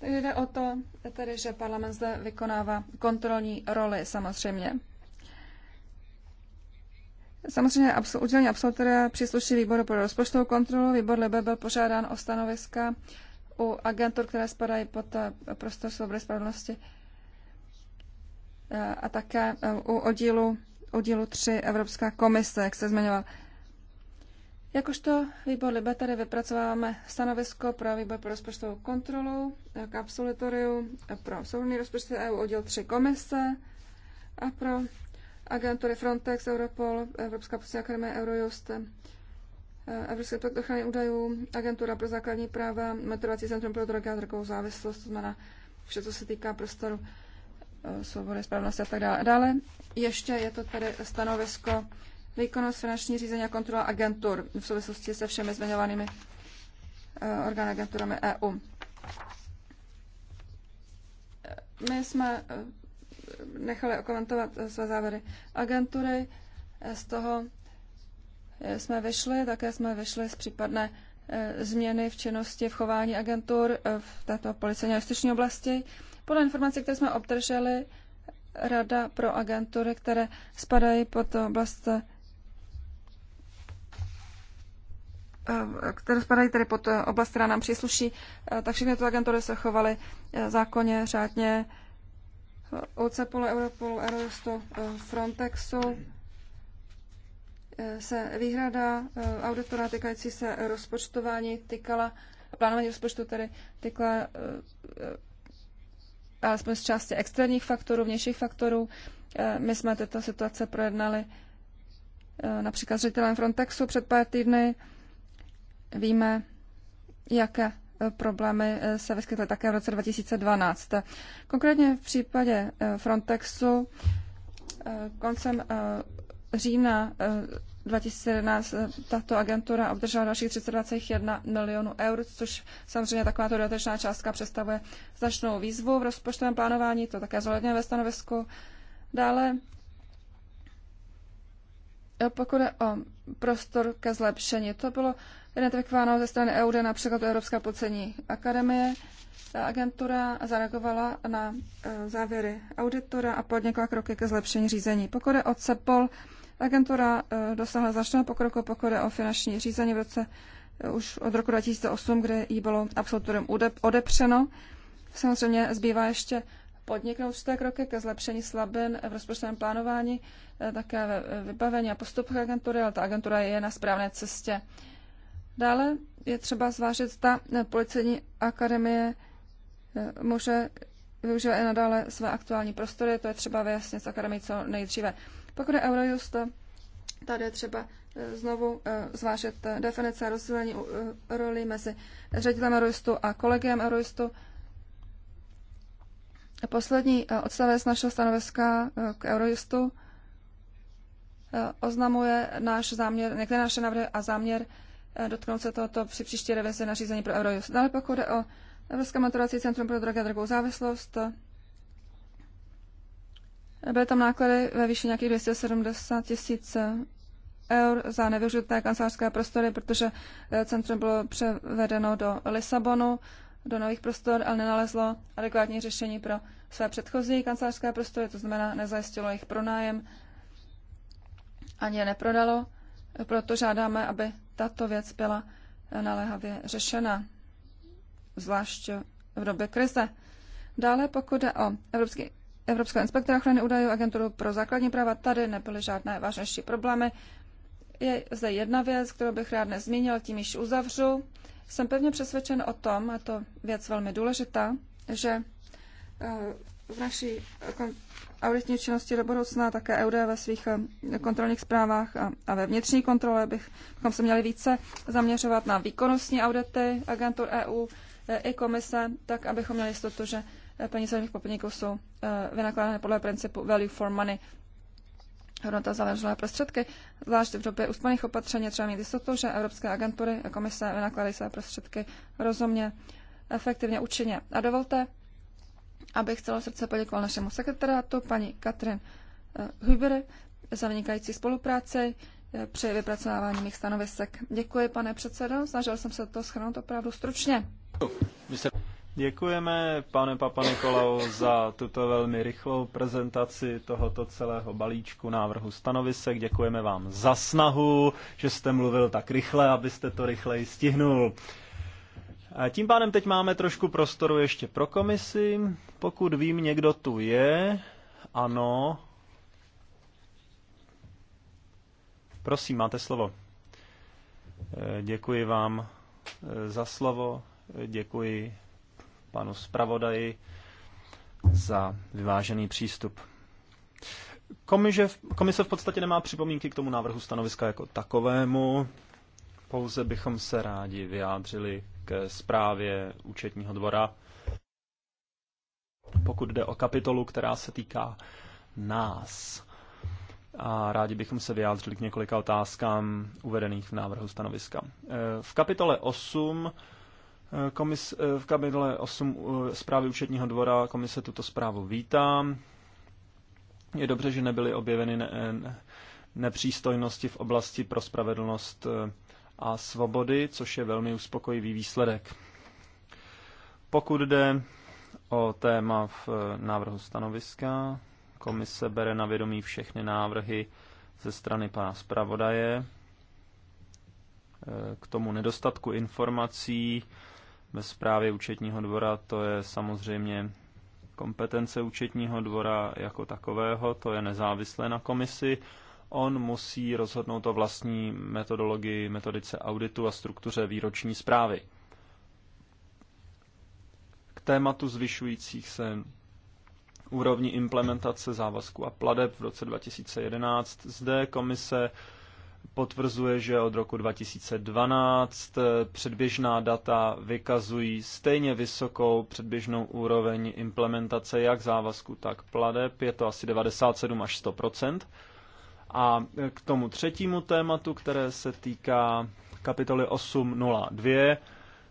Takže jde o to, tedy, že parlament zde vykonává kontrolní roli samozřejmě. Samozřejmě udělení absolutoria přísluší výboru pro rozpočtovou kontrolu. Výbor Libe byl požádán o stanoviska u agentur, které spadají pod eh, prostor svobody spravedlnosti a také u oddílu oddílu 3 Evropská komise, jak se zmiňoval. Jakožto výbor Libe tady vypracováváme stanovisko pro výbor pro rozpočtovou kontrolu kapsulatoriu pro souhrný rozpočet EU oddíl 3 komise a pro agentury Frontex, Europol, Evropská poslední akademie Eurojust, Evropské projekt ochrany údajů, Agentura pro základní práva, Metodovací centrum pro drogy a drogovou závislost, to znamená vše, co se týká prostoru svobody, správnosti a tak dále. Dále ještě je to tady stanovisko výkonnost finanční řízení a kontrola agentur v souvislosti se všemi zmiňovanými eh, orgány agenturami EU. My jsme eh, nechali okomentovat eh, své závěry agentury, z toho jsme vyšli, také jsme vyšli z případné změny v činnosti, v chování agentur v této policejně justiční oblasti. Podle informací, které jsme obdrželi, Rada pro agentury, které spadají pod oblast eh, které spadají tedy pod oblast, která nám přísluší, eh, tak všechny ty agentury se chovaly eh, zákonně, řádně od CEPOLu, Europolu, Eurostu, Frontexu se výhrada auditora týkající se rozpočtování týkala, plánování rozpočtu tedy týkala alespoň z části externích faktorů, vnějších faktorů. Eh, my jsme tyto situace projednali eh, například s ředitelem Frontexu před pár týdny. Víme, jaké eh, problémy se vyskytly také v roce 2012. Konkrétně v případě Frontexu koncem října 2011 tato agentura obdržela dalších 321 milionů eur, což samozřejmě takováto dodatečná částka představuje značnou výzvu v rozpočtovém plánování, to také zohledňuje ve stanovisku. Dále, pokud je o prostor ke zlepšení, to bylo identifikováno ze strany EUD, například Evropská policejní akademie. Ta agentura zareagovala na e, závěry auditora a podnikla kroky ke zlepšení řízení. Pokud je o CEPOL, Agentura eh, dosáhla značného pokroku, pokud je o finanční řízení v roce eh, už od roku 2008, kde jí bylo absolutorium odepřeno. Samozřejmě zbývá ještě podniknout určité kroky ke zlepšení slabin v rozpočtovém plánování, eh, také ve vybavení a postupech agentury, ale ta agentura je na správné cestě. Dále je třeba zvážit, zda policejní akademie může využívat i nadále své aktuální prostory, to je třeba vyjasnit s akademií co nejdříve. Pokud je Eurojust, tady je třeba eh, znovu eh, zvážit eh, definice a rozdělení roli mezi ředitelem Eurojustu a kolegiem Eurojustu. Poslední odstavec našeho stanoviska k Eurojustu oznamuje náš záměr, některé naše návrhy a záměr dotknout se tohoto při příští revizi nařízení pro Eurojust. Dále pokud je o Evropské monitorovací centrum pro drogy a drogovou závislost, Byly tam náklady ve výši nějakých 270 tisíc eur za nevyužité kancelářské prostory, protože eh, centrum bylo převedeno do Lisabonu, do nových prostor, ale nenalezlo adekvátní řešení pro své předchozí kancelářské prostory, to znamená nezajistilo jejich pronájem ani je neprodalo. Proto žádáme, aby tato věc byla eh, naléhavě řešena, zvlášť v době krize. Dále, pokud jde o Evropský Evropského inspektora ochrany údajů, agenturu pro základní práva, tady nebyly žádné vážnější problémy. Je zde jedna věc, kterou bych rád nezmínil, tím již uzavřu. Jsem pevně přesvědčen o tom, a to věc velmi důležitá, že eh, v naší auditní činnosti do budoucna také EUD ve svých eh, kontrolních zprávách a, ve vnitřní kontrole bychom se měli více zaměřovat na výkonnostní audity agentur EU eh, i komise, tak abychom měli jistotu, že peníze daňových poplatníků jsou eh, vynakládány podle principu value for money, hodnota za vynaložené prostředky. Zvlášť v době úspěšných opatření třeba mít jistotu, že evropské agentury a komise vynakládají své prostředky rozumně, efektivně, účinně. A dovolte, abych celou srdce poděkoval našemu sekretariátu, paní Katrin eh, Huber, za vynikající spolupráci eh, při vypracovávání mých stanovisek. Děkuji, pane předsedo. Snažil jsem se to schrnout opravdu stručně. Děkujeme, pane Papa Nikolau, za tuto velmi rychlou prezentaci tohoto celého balíčku návrhu stanovisek. Děkujeme vám za snahu, že jste mluvil tak rychle, abyste to rychleji stihnul. A tím pádem teď máme trošku prostoru ještě pro komisi. Pokud vím, někdo tu je. Ano. Prosím, máte slovo. Eh, děkuji vám eh, za slovo. Eh, děkuji panu zpravodaji za vyvážený přístup. Komiže, komise v podstatě nemá připomínky k tomu návrhu stanoviska jako takovému, pouze bychom se rádi vyjádřili k zprávě účetního dvora. Pokud jde o kapitolu, která se týká nás, a rádi bychom se vyjádřili k několika otázkám uvedených v návrhu stanoviska. E, v kapitole 8 Komis, v kapitole 8 zprávy účetního dvora komise tuto zprávu vítá. Je dobře, že nebyly objeveny ne, ne, nepřístojnosti v oblasti pro spravedlnost e, a svobody, což je velmi uspokojivý výsledek. Pokud jde o téma v e, návrhu stanoviska, komise bere na vědomí všechny návrhy ze strany pana zpravodaje e, k tomu nedostatku informací, ve zprávě účetního dvora, to je samozřejmě kompetence účetního dvora jako takového, to je nezávislé na komisi. On musí rozhodnout o vlastní metodologii, metodice auditu a struktuře výroční zprávy. K tématu zvyšujících se úrovni implementace závazku a pladeb v roce 2011 zde komise potvrzuje, že od roku 2012 eh, předběžná data vykazují stejně vysokou předběžnou úroveň implementace jak závazku, tak pladeb. Je to asi 97 až 100 A eh, k tomu třetímu tématu, které se týká kapitoly 8.02,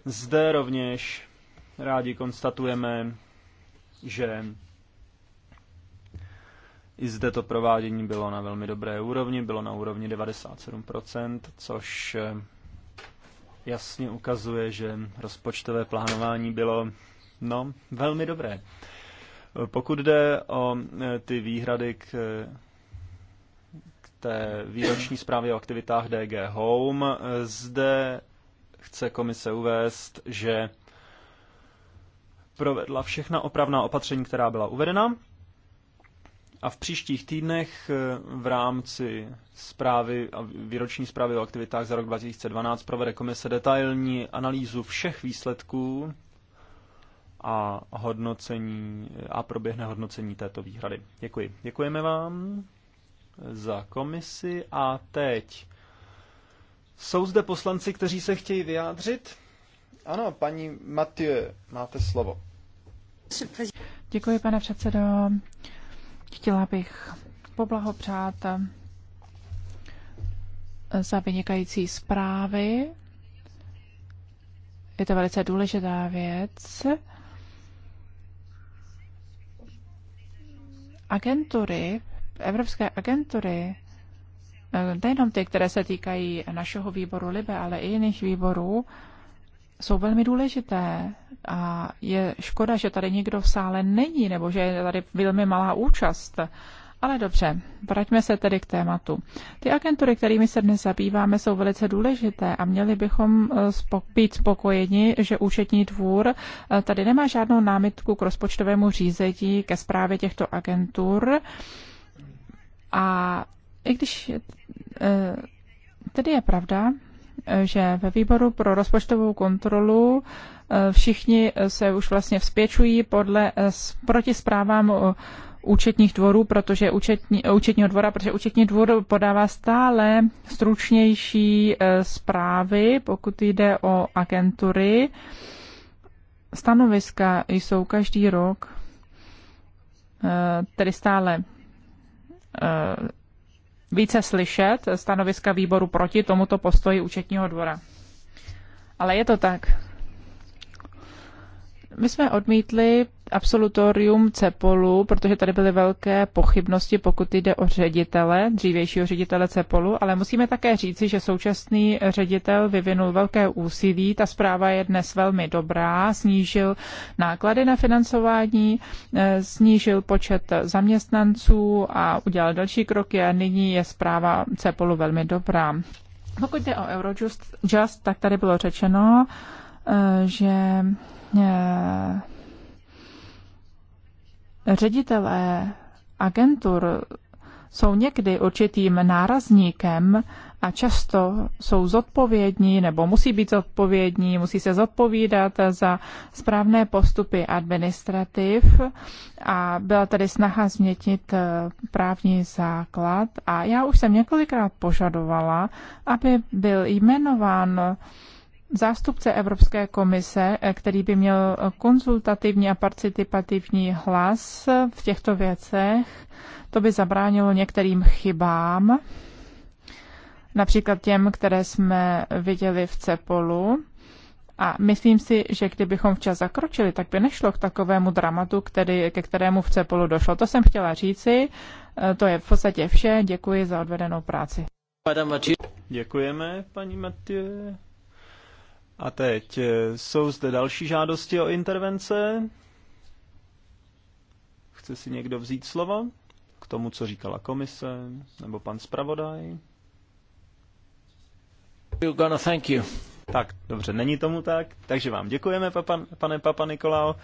zde rovněž rádi konstatujeme, že i zde to provádění bylo na velmi dobré úrovni, bylo na úrovni 97%, což eh, jasně ukazuje, že rozpočtové plánování bylo no, velmi dobré. Eh, pokud jde o eh, ty výhrady k, k té výroční zprávě o aktivitách DG Home, zde chce komise uvést, že provedla všechna opravná opatření, která byla uvedena a v příštích týdnech eh, v rámci zprávy a výroční zprávy o aktivitách za rok 2012 provede komise detailní analýzu všech výsledků a hodnocení a proběhne hodnocení této výhrady. Děkuji. Děkujeme vám za komisi a teď jsou zde poslanci, kteří se chtějí vyjádřit? Ano, paní Matěje, máte slovo. Děkuji, pane předsedo. Chtěla bych poblahopřát eh, za vynikající zprávy. Je to velice důležitá věc. Agentury, evropské agentury, eh, nejenom ty, které se týkají našeho výboru Libe, ale i jiných výborů, jsou velmi důležité a je škoda, že tady nikdo v sále není, nebo že je tady velmi malá účast. Ale dobře, vraťme se tedy k tématu. Ty agentury, kterými se dnes zabýváme, jsou velice důležité a měli bychom eh, být spokojeni, že účetní dvůr eh, tady nemá žádnou námitku k rozpočtovému řízení, ke zprávě těchto agentur. A i když eh, tedy je pravda, že ve výboru pro rozpočtovou kontrolu eh, všichni eh, se už vlastně vzpěčují podle eh, proti zprávám účetních dvorů, protože účetní, účetního dvora, protože účetní dvor podává stále stručnější zprávy, pokud jde o agentury. Stanoviska jsou každý rok tedy stále více slyšet stanoviska výboru proti tomuto postoji účetního dvora. Ale je to tak. My jsme odmítli absolutorium CEPOLu, protože tady byly velké pochybnosti, pokud jde o ředitele, dřívějšího ředitele CEPOLu, ale musíme také říci, že současný ředitel vyvinul velké úsilí. Ta zpráva je dnes velmi dobrá, snížil náklady na financování, eh, snížil počet zaměstnanců a udělal další kroky a nyní je zpráva CEPOLu velmi dobrá. Pokud jde o Eurojust, just, tak tady bylo řečeno, eh, že eh, ředitelé agentur jsou někdy určitým nárazníkem a často jsou zodpovědní nebo musí být zodpovědní, musí se zodpovídat za správné postupy administrativ a byla tady snaha změnit eh, právní základ a já už jsem několikrát požadovala, aby byl jmenován zástupce Evropské komise, eh, který by měl eh, konzultativní a participativní hlas v těchto věcech. To by zabránilo některým chybám, například těm, které jsme viděli v Cepolu. A myslím si, že kdybychom včas zakročili, tak by nešlo k takovému dramatu, který, ke kterému v Cepolu došlo. To jsem chtěla říci. Eh, to je v podstatě vše. Děkuji za odvedenou práci. Děkujeme, paní Matěje. A teď eh, jsou zde další žádosti o intervence. Chce si někdo vzít slovo k tomu, co říkala komise nebo pan zpravodaj? thank you. Tak, dobře, není tomu tak. Takže vám děkujeme, papa, pane Papa Nikolao.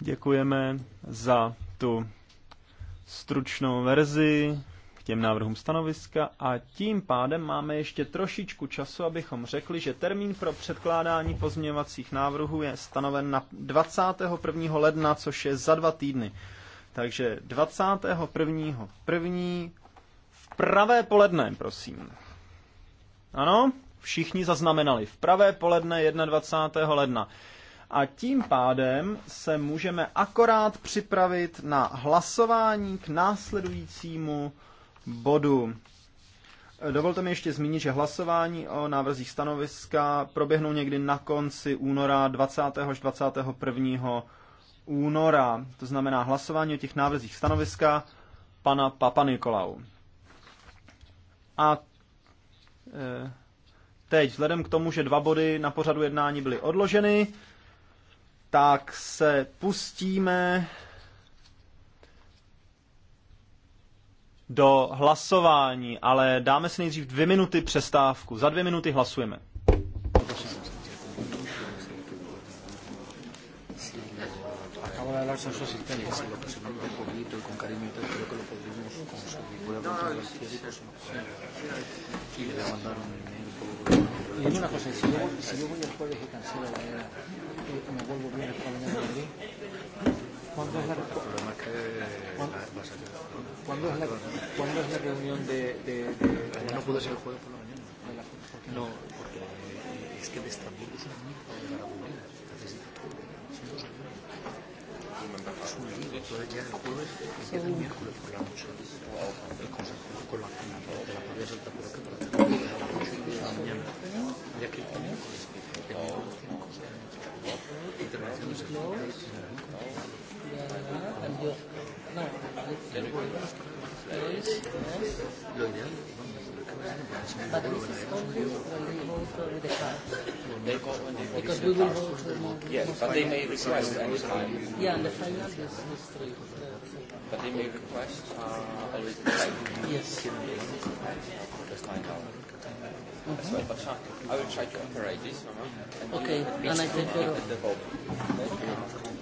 Děkujeme za tu stručnou verzi těm návrhům stanoviska a tím pádem máme ještě trošičku času, abychom řekli, že termín pro předkládání pozměňovacích návrhů je stanoven na 21. ledna, což je za dva týdny. Takže 21. první v pravé poledne, prosím. Ano, všichni zaznamenali. V pravé poledne 21. ledna a tím pádem se můžeme akorát připravit na hlasování k následujícímu Bodu. Dovolte mi ještě zmínit, že hlasování o návrzích stanoviska proběhnou někdy na konci února 20. až 21. února. To znamená hlasování o těch návrzích stanoviska pana Papa Nikolau. A e, teď, vzhledem k tomu, že dva body na pořadu jednání byly odloženy, tak se pustíme do hlasování, ale dáme si nejdřív dvě minuty přestávku. Za dvě minuty hlasujeme. Acabo de hablar su se lo un poquito y con cariño y tal, creo que lo podríamos conseguir. Voy a Y le voy a mandar un email. Y dime una cosa, si yo, si yo voy el jueves y cancelo la era, ¿me vuelvo bien el jueves Madrid? es la respuesta? ¿Cuándo, es la, ¿Cuándo es la reunión de...? de, de, de no pudo ser el jueves por la mañana. No, porque eh, es que de es un mito de garabulina. Necesita todo. Es un lío. Entonces ya el jueves y el miércoles por la noche. El consejo con la de la Pabia Santa Cruz que para la noche de la mañana. Ya que el miércoles. El miércoles tiene ¿no? Intervenciones en But this is only when they vote with the card. They go, when they vote because we will vote with Yes, but they may request any time. Yeah, and the final is this three. But they may request uh, always the time. Yes. Just find out. That's why, but uh, I will try to operate this. Okay, and I take care of it.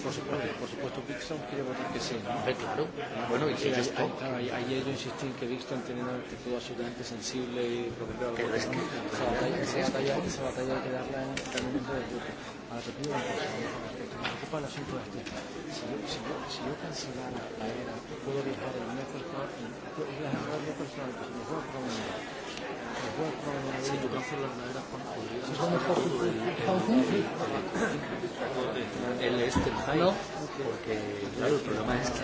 por supuesto, por supuesto Dixon quiere votar que sí, ¿no? claro. Bueno, y si yo estoy... Ahí, hay yo insistí en que Dixon tiene una actitud absolutamente sensible y propiedad. Pero es que... ¿no? Esa batalla, esa batalla, esa batalla hay que darla en el momento del grupo. Ahora te pido una cosa, me ¿no? preocupa el asunto este. Si yo, si yo, si yo cancelara la era, puedo viajar el miércoles, puedo viajar el miércoles, el jueves por la mañana. El jueves por la mañana. Si yo cancelo la era, sono pochi punti. Él porque claro, el problema es que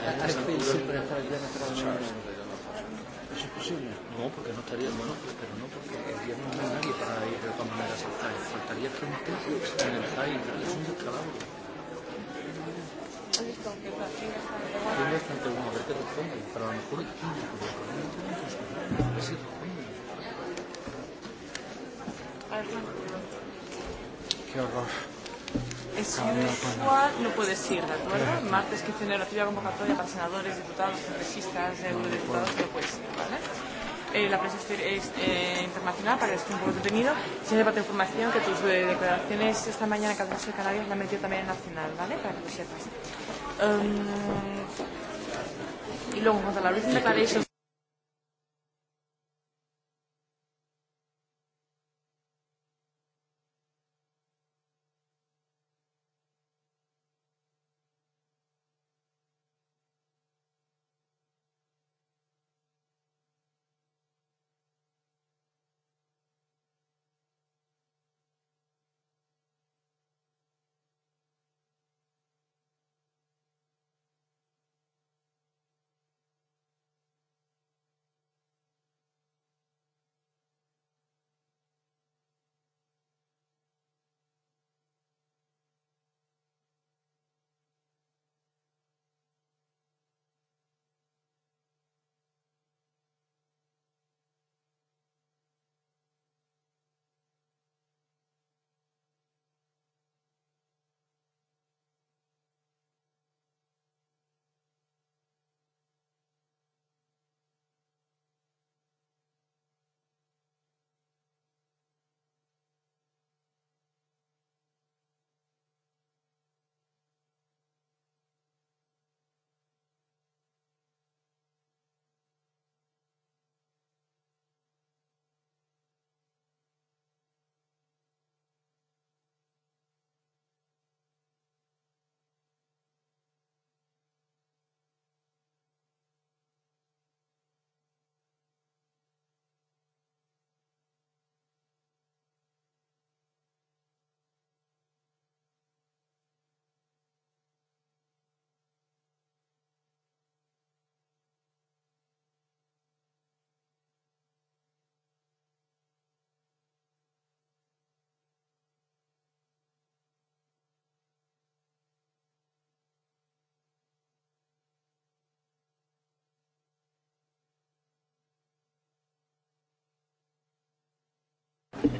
¿Es imposible? No, porque no estaría, bueno, pero no porque el día no hay nadie para ir de todas maneras al país. Faltaría gente en el país, es un descalabro. Tiene bastante bueno, a ver qué responden, pero a lo mejor es público, pero no tienen que a ver si responden si Es usual, no puedes ir, ¿de acuerdo? martes 15 de enero la convocatoria para senadores, diputados, congresistas, no eurodiputados, no puedes ir, ¿vale? eh, la prensa es, eh, internacional para que esté un poco detenido. se ha llevado información que tus eh, declaraciones esta mañana que has hecho en Canarias la han metido también en Nacional, ¿vale? Para que lo sepas. Um, y luego, en cuanto a la recent declaration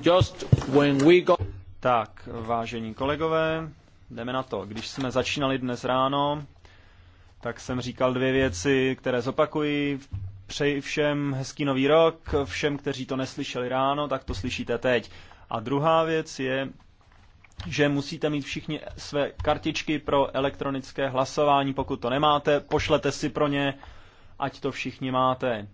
Just when we go... Tak, vážení kolegové, jdeme na to. Když jsme začínali dnes ráno, tak jsem říkal dvě věci, které zopakuji. Přeji všem hezký nový rok, všem, kteří to neslyšeli ráno, tak to slyšíte teď. A druhá věc je, že musíte mít všichni své kartičky pro elektronické hlasování. Pokud to nemáte, pošlete si pro ně, ať to všichni máte.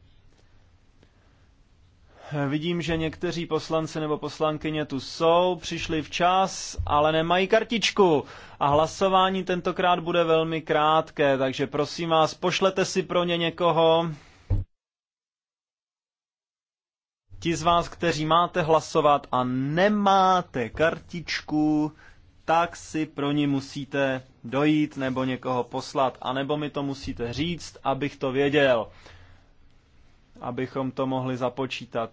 Vidím, že někteří poslanci nebo poslankyně tu jsou, přišli včas, ale nemají kartičku. A hlasování tentokrát bude velmi krátké, takže prosím vás, pošlete si pro ně někoho. Ti z vás, kteří máte hlasovat a nemáte kartičku, tak si pro ní musíte dojít nebo někoho poslat, anebo mi to musíte říct, abych to věděl abychom to mohli započítat,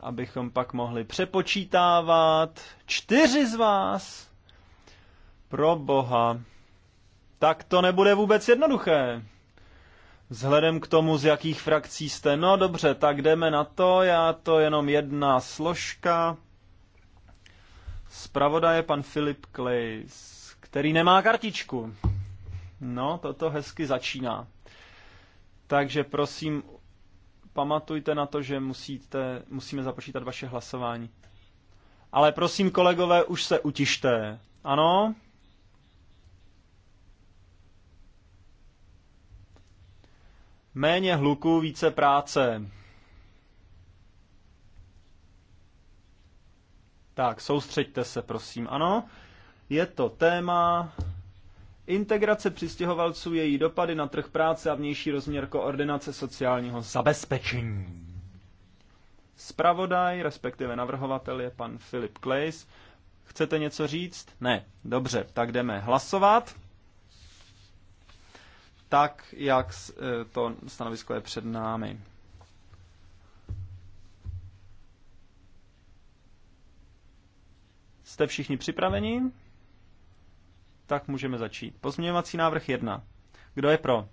abychom pak mohli přepočítávat. Čtyři z vás! Pro boha. Tak to nebude vůbec jednoduché. Vzhledem k tomu, z jakých frakcí jste. No dobře, tak jdeme na to. Já to jenom jedna složka. Zpravoda je pan Filip Klejs, který nemá kartičku. No, toto hezky začíná. Takže prosím, pamatujte na to, že musíte, musíme započítat vaše hlasování. Ale prosím, kolegové, už se utište. Ano? Méně hluku, více práce. Tak, soustřeďte se, prosím. Ano, je to téma Integrace přistěhovalců, její dopady na trh práce a vnější rozměr koordinace sociálního zabezpečení. Spravodaj, respektive navrhovatel je pan Filip Klejs. Chcete něco říct? Ne. Dobře, tak jdeme hlasovat. Tak, jak e, to stanovisko je před námi. Jste všichni připraveni? Tak můžeme začít. Pozměňovací návrh 1. Kdo je pro?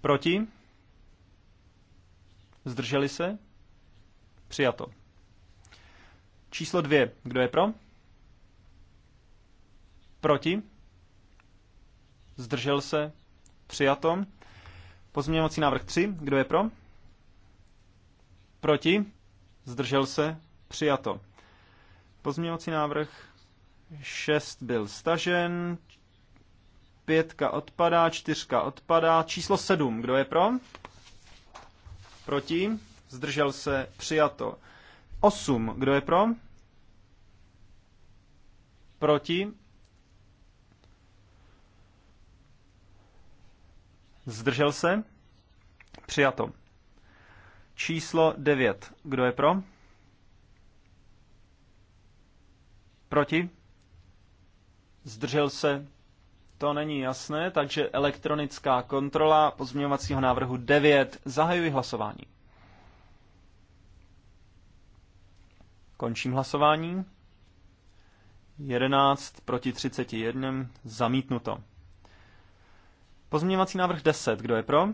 Proti? Zdrželi se? Přijato. Číslo 2. Kdo je pro? Proti? Zdržel se? Přijato. Pozměňovací návrh 3. Kdo je pro? Proti? Zdržel se? Přijato. Pozměňovací návrh 6 byl stažen, pětka odpadá, čtyřka odpadá, číslo 7, kdo je pro? Proti? Zdržel se, přijato. 8, kdo je pro? Proti? Zdržel se? Přijato. Číslo 9, kdo je pro? Proti? Zdržel se? To není jasné, takže elektronická kontrola pozměňovacího návrhu 9. Zahajuji hlasování. Končím hlasování. 11 proti 31, zamítnuto. Pozměňovací návrh 10, kdo je pro?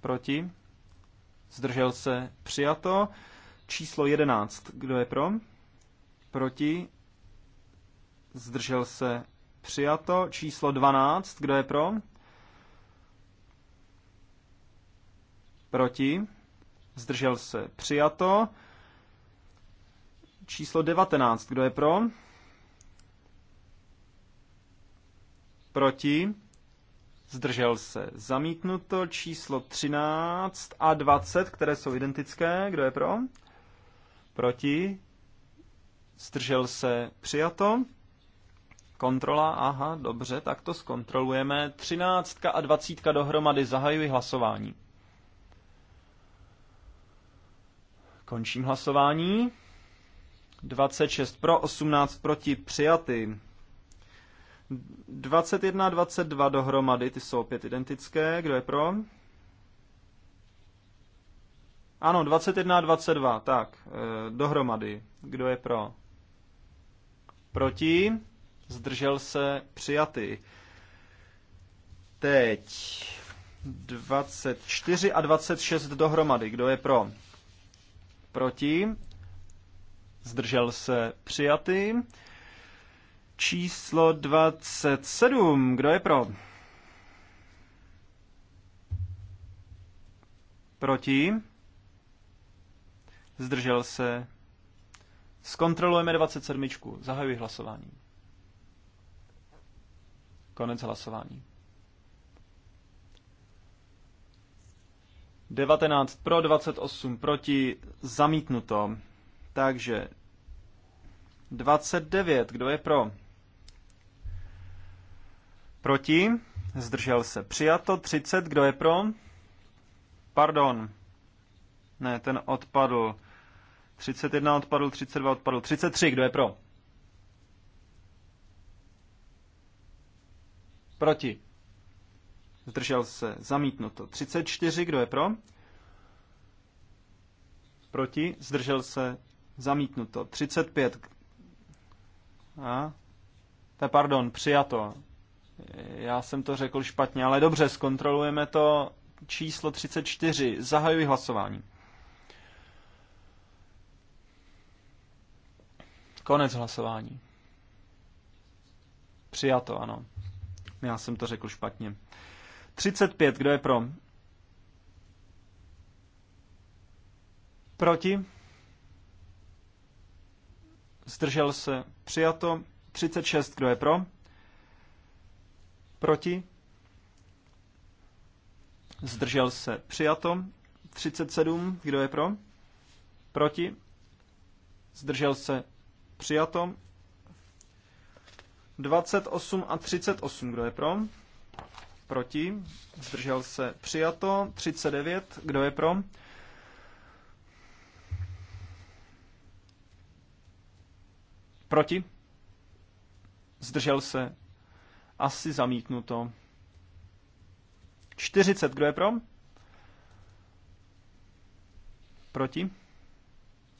Proti? Zdržel se, přijato. Číslo 11, kdo je pro? Proti? Zdržel se přijato. Číslo 12, kdo je pro? Proti? Zdržel se přijato. Číslo 19, kdo je pro? Proti? Zdržel se zamítnuto. Číslo 13 a 20, které jsou identické, kdo je pro? Proti? zdržel se, přijato. Kontrola, aha, dobře, tak to zkontrolujeme. Třináctka a dvacítka dohromady, zahajuji hlasování. Končím hlasování. 26 pro, 18 proti, přijaty. 21 a 22 dohromady, ty jsou opět identické. Kdo je pro? Ano, 21 a 22, tak, eh, dohromady. Kdo je pro? Proti? Zdržel se přijatý. Teď 24 a 26 dohromady. Kdo je pro? Proti? Zdržel se přijatý. Číslo 27. Kdo je pro? Proti? Zdržel se Zkontrolujeme 27. Zahajuji hlasování. Konec hlasování. 19 pro, 28 proti, zamítnuto. Takže 29, kdo je pro? Proti, zdržel se. Přijato, 30, kdo je pro? Pardon. Ne, ten odpadl. 31 odpadl, 32 odpadl, 33, kdo je pro? Proti. Zdržel se. Zamítnuto. 34, kdo je pro? Proti. Zdržel se. Zamítnuto. 35. A? To eh, pardon, přijato. Já jsem to řekl špatně, ale dobře, zkontrolujeme to. Číslo 34. Zahajuji hlasování. Konec hlasování. Přijato, ano. Já jsem to řekl špatně. 35, kdo je pro? Proti? Zdržel se. Přijato. 36, kdo je pro? Proti? Zdržel se. Přijato. 37, kdo je pro? Proti? Zdržel se. Přijato. 28 a 38, kdo je pro? Proti. Zdržel se. Přijato. 39, kdo je pro? Proti. Zdržel se. Asi zamítnuto. 40, kdo je pro? Proti.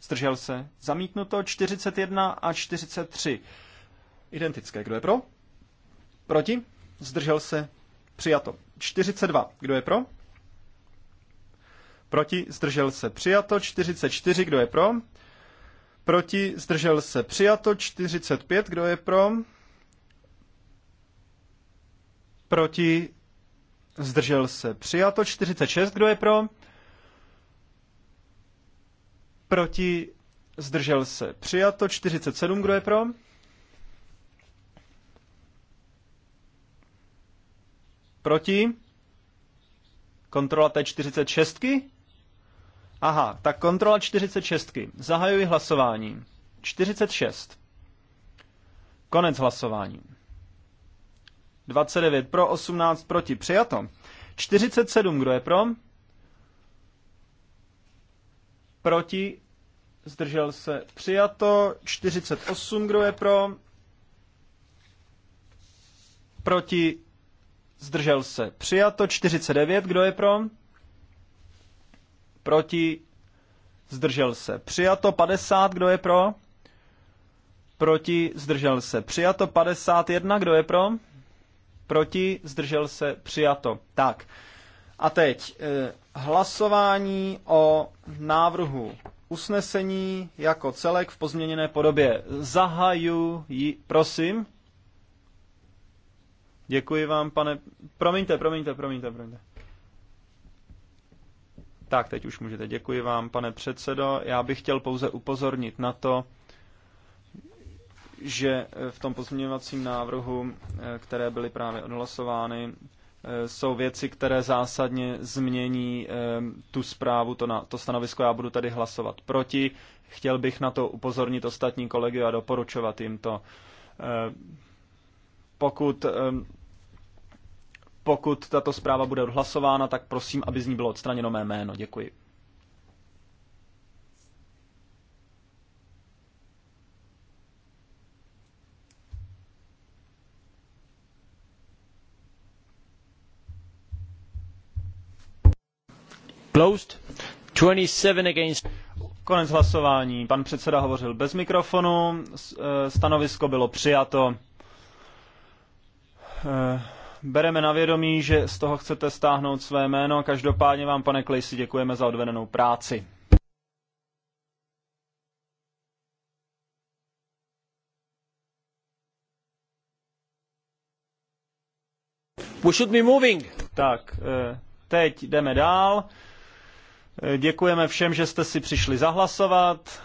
Zdržel se. Zamítnuto 41 a 43. Identické. Kdo je pro? Proti? Zdržel se. Přijato. 42. Kdo je pro? Proti? Zdržel se. Přijato. 44. Kdo je pro? Proti? Zdržel se. Přijato. 45. Kdo je pro? Proti? Zdržel se. Přijato. 46. Kdo je pro? Proti? Zdržel se. Přijato 47. Kdo je pro? Proti? Kontrola té 46. -ky? Aha, tak kontrola 46. -ky. Zahajuji hlasování. 46. Konec hlasování. 29 pro, 18 proti. Přijato. 47. Kdo je pro? Proti? Zdržel se přijato. 48, kdo je pro? Proti? Zdržel se přijato. 49, kdo je pro? Proti? Zdržel se přijato. 50, kdo je pro? Proti? Zdržel se přijato. 51, kdo je pro? Proti? Zdržel se přijato. Tak. A teď eh, hlasování o návrhu usnesení jako celek v pozměněné podobě. Zahajuji, prosím. Děkuji vám, pane... Promiňte, promiňte, promiňte, promiňte. Tak, teď už můžete. Děkuji vám, pane předsedo. Já bych chtěl pouze upozornit na to, že eh, v tom pozměňovacím návrhu, eh, které byly právě odhlasovány, Eh, jsou věci, které zásadně změní ehm, tu zprávu, to, na, to stanovisko. Já budu tady hlasovat proti. Chtěl bych na to upozornit ostatní kolegy a doporučovat jim to. Eh, pokud, ehm, pokud tato zpráva bude odhlasována, tak prosím, aby z ní bylo odstraněno mé jméno. Děkuji. Closed. 27 against. Konec hlasování. Pan předseda hovořil bez mikrofonu. Eh, stanovisko bylo přijato. Eh, bereme na vědomí, že z toho chcete stáhnout své jméno. Každopádně vám, pane Klejsi, děkujeme za odvedenou práci. We should be moving. Tak, eh, teď jdeme dál. Děkujeme všem, že jste si přišli zahlasovat.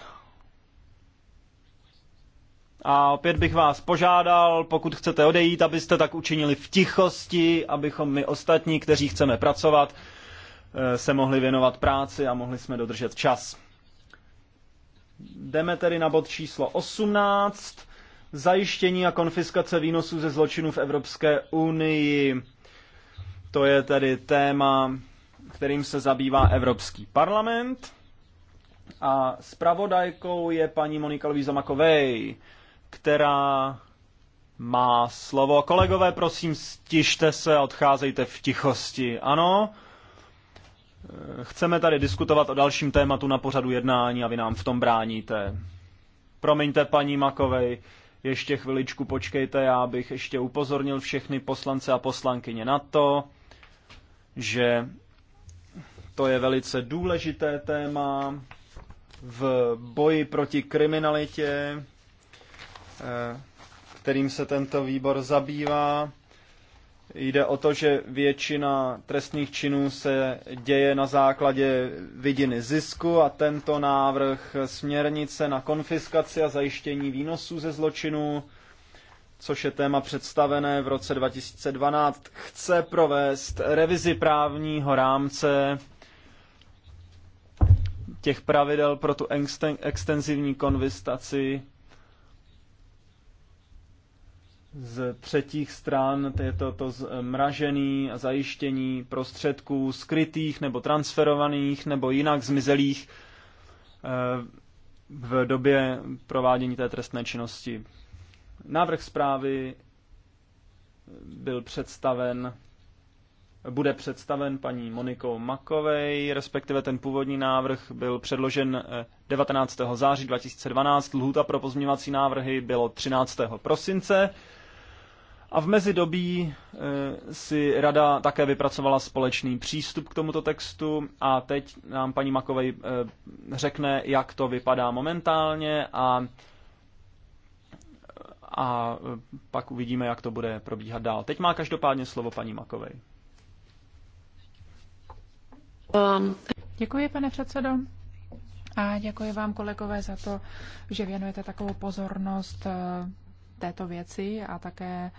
A opět bych vás požádal, pokud chcete odejít, abyste tak učinili v tichosti, abychom my ostatní, kteří chceme pracovat, eh, se mohli věnovat práci a mohli jsme dodržet čas. Jdeme tedy na bod číslo 18. Zajištění a konfiskace výnosů ze zločinů v Evropské unii. To je tedy téma kterým se zabývá Evropský parlament. A zpravodajkou je paní Monika Luisa Makovej, která má slovo. Kolegové, prosím, stižte se, odcházejte v tichosti. Ano, chceme tady diskutovat o dalším tématu na pořadu jednání a vy nám v tom bráníte. Promiňte, paní Makovej, ještě chviličku počkejte, já bych ještě upozornil všechny poslance a poslankyně na to, že to je velice důležité téma v boji proti kriminalitě, eh, kterým se tento výbor zabývá. Jde o to, že většina trestných činů se děje na základě vidiny zisku a tento návrh směrnice na konfiskaci a zajištění výnosů ze zločinů, což je téma představené v roce 2012, chce provést revizi právního rámce těch pravidel pro tu extenzivní konvistaci z třetích stran, to je to, to zmražení a zajištění prostředků skrytých nebo transferovaných nebo jinak zmizelých eh, v době provádění té trestné činnosti. Návrh zprávy byl představen bude představen paní Monikou Makovej, respektive ten původní návrh byl předložen 19. Eh, září 2012, lhůta pro pozměňovací návrhy bylo 13. prosince. A v mezidobí eh, si rada také vypracovala společný přístup k tomuto textu a teď nám paní Makovej eh, řekne, jak to vypadá momentálně a a pak uvidíme, jak to bude probíhat dál. Teď má každopádně slovo paní Makovej. Um, děkuji, pane předsedo. A děkuji vám, kolegové, za to, že věnujete takovou pozornost eh, této věci a také,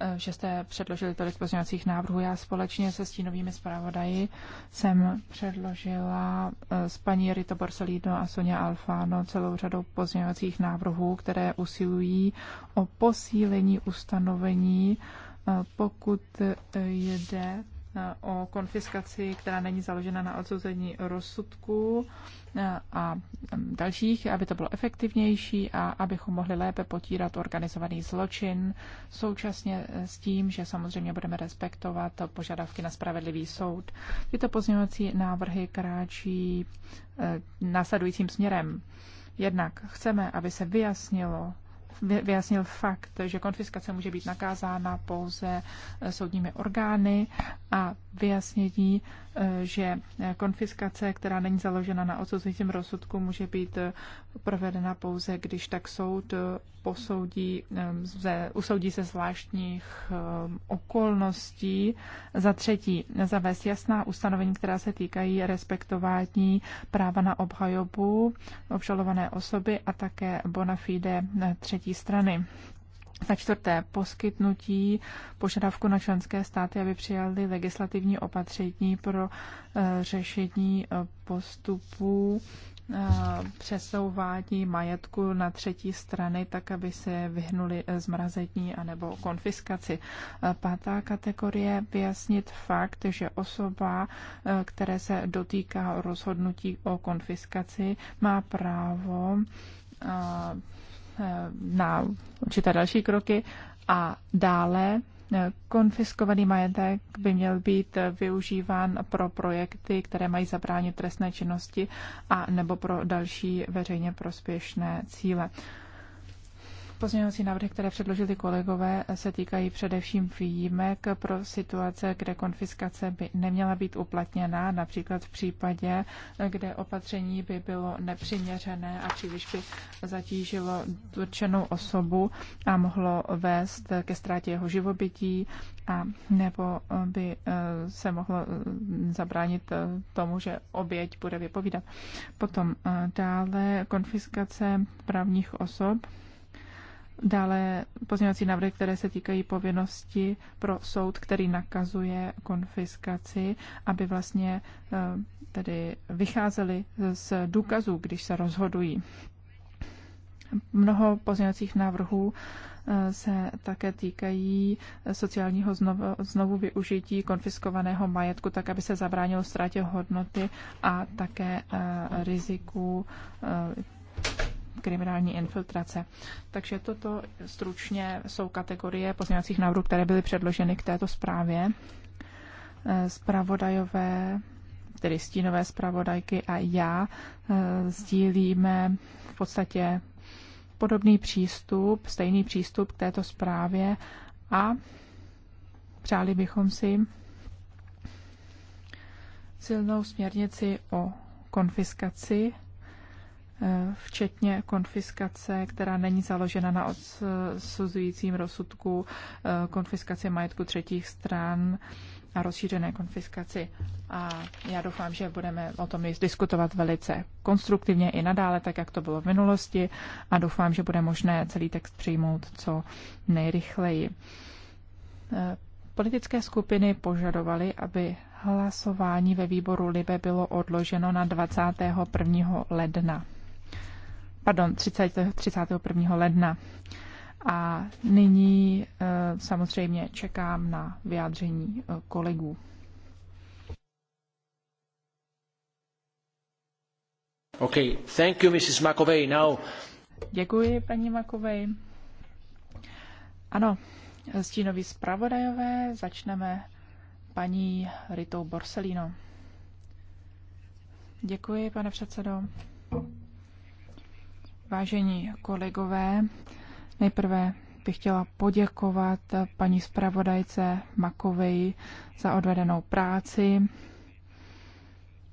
eh, že jste předložili tolik pozměňovacích návrhů. Já společně se stínovými zpravodaji jsem předložila eh, s paní Rito Borsolino a Sonia Alfano celou řadu pozměňovacích návrhů, které usilují o posílení ustanovení, pokud jde o konfiskaci, která není založena na odsouzení rozsudků eh, a mm, dalších, aby to bylo efektivnější a abychom mohli lépe potírat organizovaný zločin, současně eh, s tím, že samozřejmě budeme respektovat požadavky na spravedlivý soud. Tyto pozměňovací návrhy kráčí eh, následujícím směrem. Jednak chceme, aby se vyjasnilo, vyjasnil fakt, že konfiskace může být nakázána pouze eh, soudními orgány a vyjasnění že konfiskace, která není založena na odsouzujícím rozsudku, může být provedena pouze, když tak soud posoudí, usoudí se zvláštních okolností. Za třetí, zavést jasná ustanovení, která se týkají respektování práva na obhajobu obžalované osoby a také bona fide třetí strany. Za čtvrté, poskytnutí požadavku na členské státy, aby přijali legislativní opatření pro eh, řešení eh, postupů eh, přesouvání majetku na třetí strany, tak aby se vyhnuli zmrazení anebo konfiskaci. Pátá kategorie vyjasnit fakt, že osoba, které se dotýká rozhodnutí o konfiskaci, má právo Eh, na určité další kroky a dále eh, Konfiskovaný majetek by měl být eh, využíván pro projekty, které mají zabránit trestné činnosti a nebo pro další veřejně prospěšné cíle. Pozměňovací návrhy, které předložili kolegové, se týkají především výjimek pro situace, kde konfiskace by neměla být uplatněna, například v případě, kde opatření by bylo nepřiměřené a příliš by zatížilo dotčenou osobu a mohlo vést ke ztrátě jeho živobytí a nebo by eh, se mohlo eh, zabránit eh, tomu, že oběť bude vypovídat. Potom dále konfiskace právních osob Dále pozměňovací návrhy, které se týkají povinnosti pro soud, který nakazuje konfiskaci, aby vlastně eh, tedy vycházeli z důkazů, když se rozhodují. Mnoho pozměňovacích návrhů eh, se také týkají sociálního znovu, znovu využití konfiskovaného majetku, tak aby se zabránilo ztrátě hodnoty a také eh, riziku kriminální infiltrace. Takže toto stručně jsou kategorie pozměňovacích návrhů, které byly předloženy k této zprávě. Spravodajové, eh, tedy stínové spravodajky a já eh, sdílíme v podstatě podobný přístup, stejný přístup k této zprávě a přáli bychom si silnou směrnici o konfiskaci Eh, včetně konfiskace, která není založena na odsuzujícím rozsudku, eh, konfiskace majetku třetích stran a rozšířené konfiskaci. A já doufám, že budeme o tom již diskutovat velice konstruktivně i nadále, tak jak to bylo v minulosti a doufám, že bude možné celý text přijmout co nejrychleji. Eh, politické skupiny požadovaly, aby hlasování ve výboru Libe bylo odloženo na 21. ledna pardon, 30, 31. ledna. A nyní eh, samozřejmě čekám na vyjádření eh, kolegů. Okay, thank you, Mrs. McAvey. Now... Děkuji, paní Makovej. Ano, stínoví zpravodajové, začneme paní Ritou Borsellino. Děkuji, pane předsedo. Vážení kolegové, nejprve bych chtěla poděkovat paní zpravodajce Makovej za odvedenou práci.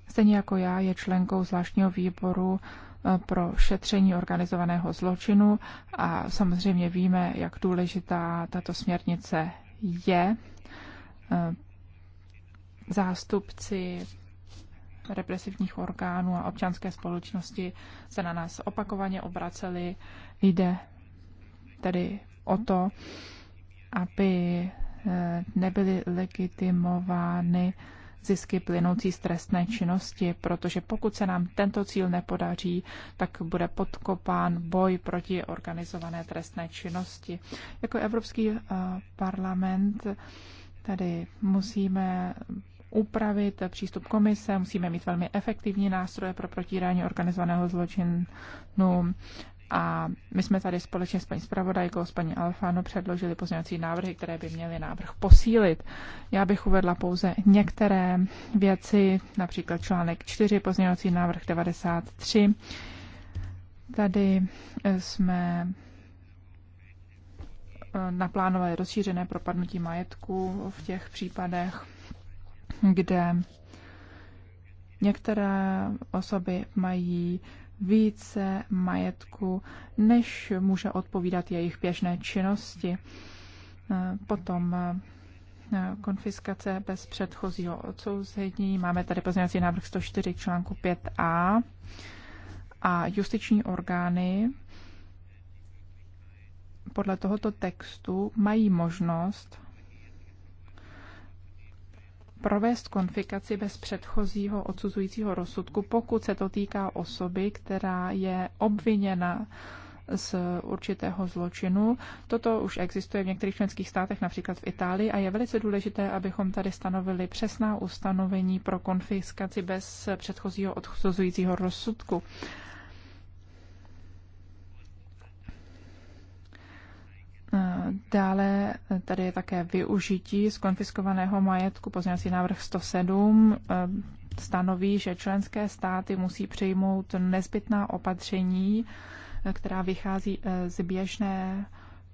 Stejně jako já je členkou zvláštního výboru eh, pro šetření organizovaného zločinu a samozřejmě víme, jak důležitá tato směrnice je. Eh, Zástupci represivních orgánů a občanské společnosti se na nás opakovaně obraceli. Jde tedy o to, aby eh, nebyly legitimovány zisky plynoucí z trestné činnosti, protože pokud se nám tento cíl nepodaří, tak bude podkopán boj proti organizované trestné činnosti. Jako Evropský eh, parlament tady musíme upravit přístup komise, musíme mít velmi efektivní nástroje pro protírání organizovaného zločinu. A my jsme tady společně s paní zpravodajkou, s paní Alfano předložili pozměňovací návrhy, které by měly návrh posílit. Já bych uvedla pouze některé věci, například článek 4, pozměňovací návrh 93. Tady eh, jsme eh, naplánovali rozšířené propadnutí majetku v těch případech kde některé osoby mají více majetku, než může odpovídat jejich běžné činnosti. Eh, potom eh, konfiskace bez předchozího odsouzení. Máme tady pozměňovací návrh 104 článku 5a a justiční orgány podle tohoto textu mají možnost provést konfikaci bez předchozího odsuzujícího rozsudku, pokud se to týká osoby, která je obviněna z určitého zločinu. Toto už existuje v některých členských státech, například v Itálii, a je velice důležité, abychom tady stanovili přesná ustanovení pro konfiskaci bez předchozího odsuzujícího rozsudku. Dále tady je také využití skonfiskovaného majetku. Pozměňovací návrh 107 eh, stanoví, že členské státy musí přijmout nezbytná opatření, eh, která vychází eh, z běžné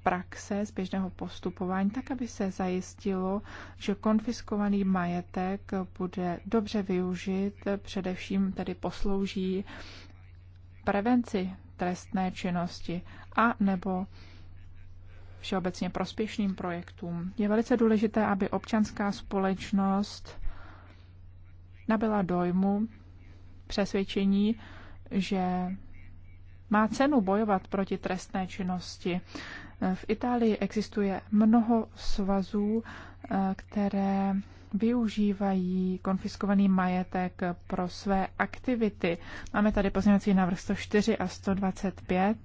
praxe, z běžného postupování, tak aby se zajistilo, že konfiskovaný majetek bude dobře využit, především tedy poslouží prevenci trestné činnosti a nebo všeobecně prospěšným projektům. Je velice důležité, aby občanská společnost nabyla dojmu, přesvědčení, že má cenu bojovat proti trestné činnosti. V Itálii existuje mnoho svazů, eh, které využívají konfiskovaný majetek pro své aktivity. Máme tady pozměňovací návrh 104 a 125,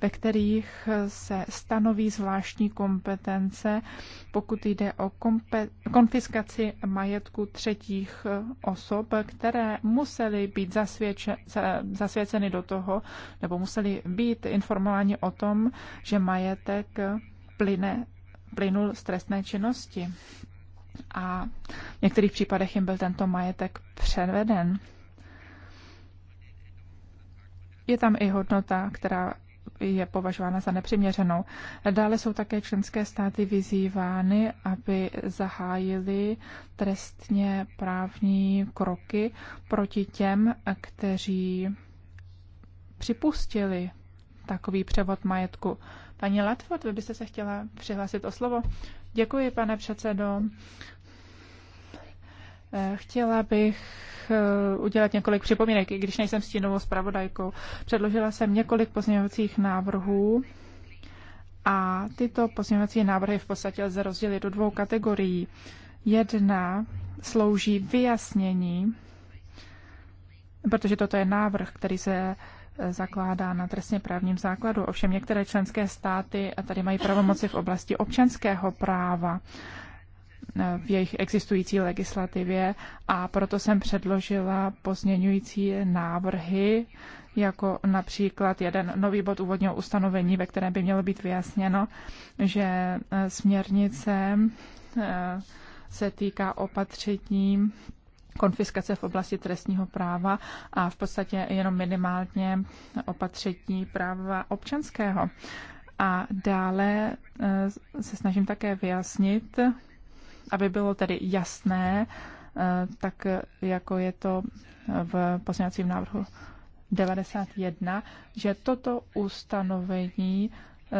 ve kterých se stanoví zvláštní kompetence, pokud jde o konfiskaci majetku třetích osob, které musely být zasvědče- zasvěceny do toho, nebo museli být informováni o tom, že majetek plyne, plynul z trestné činnosti a v některých případech jim byl tento majetek převeden. Je tam i hodnota, která je považována za nepřiměřenou. Dále jsou také členské státy vyzývány, aby zahájili trestně právní kroky proti těm, kteří připustili takový převod majetku. Paní Latford, vy byste se chtěla přihlásit o slovo? Děkuji, pane předsedo. Eh, chtěla bych eh, udělat několik připomínek, i když nejsem stínovou zpravodajkou. Předložila jsem několik pozměňovacích návrhů a tyto pozměňovací návrhy v podstatě lze rozdělit do dvou kategorií. Jedna slouží vyjasnění, protože toto je návrh, který se zakládá na trestně právním základu. Ovšem některé členské státy tady mají pravomoci v oblasti občanského práva eh, v jejich existující legislativě a proto jsem předložila pozměňující návrhy, jako například jeden nový bod úvodního ustanovení, ve kterém by mělo být vyjasněno, že eh, směrnice eh, se týká opatření konfiskace v oblasti trestního práva a v podstatě jenom minimálně opatření práva občanského. A dále eh, se snažím také vyjasnit, aby bylo tedy jasné, eh, tak jako je to v pozměňovacím návrhu 91, že toto ustanovení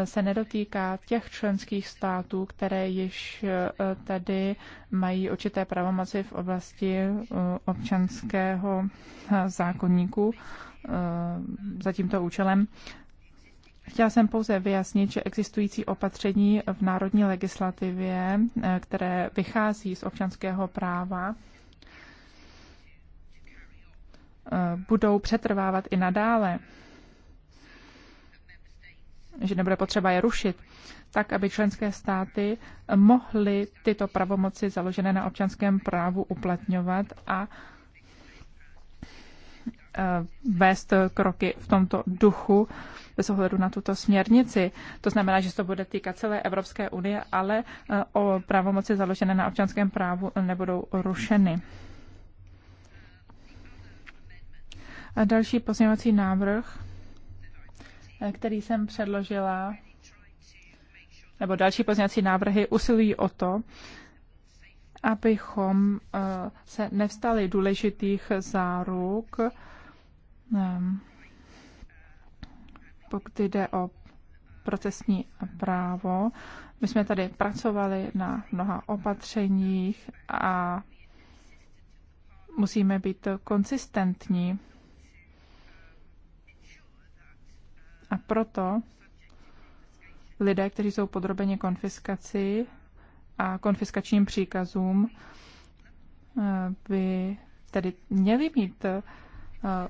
se nedotýká těch členských států, které již eh, tady mají určité pravomoci v oblasti eh, občanského eh, zákonníku za tímto účelem. Chtěla jsem pouze vyjasnit, že existující opatření v národní legislativě, které vychází z občanského práva, budou přetrvávat i nadále že nebude potřeba je rušit, tak aby členské státy mohly tyto pravomoci založené na občanském právu uplatňovat a e, vést kroky v tomto duchu bez ohledu na tuto směrnici. To znamená, že se to bude týkat celé Evropské unie, ale e, o pravomoci založené na občanském právu nebudou rušeny. A další pozměňovací návrh který jsem předložila, nebo další pozněcí návrhy usilují o to, abychom eh, se nevstali důležitých záruk, ehm, pokud jde o procesní právo. My jsme tady pracovali na mnoha opatřeních a musíme být konsistentní A proto lidé, kteří jsou podrobeni konfiskaci a konfiskačním příkazům, eh, by tedy měli mít eh,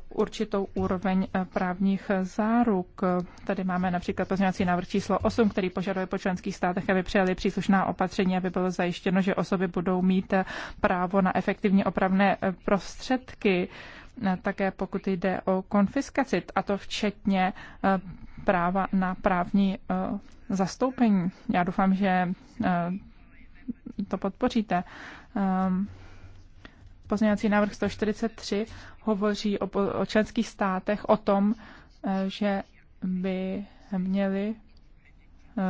určitou úroveň eh, právních záruk. Tady máme například pozměňovací návrh číslo 8, který požaduje po členských státech, aby přijali příslušná opatření, aby bylo zajištěno, že osoby budou mít právo na efektivní opravné prostředky také pokud jde o konfiskaci, a to včetně eh, práva na právní eh, zastoupení. Já doufám, že eh, to podpoříte. Ehm, pozměňovací návrh 143 hovoří o, členských státech o tom, že by měli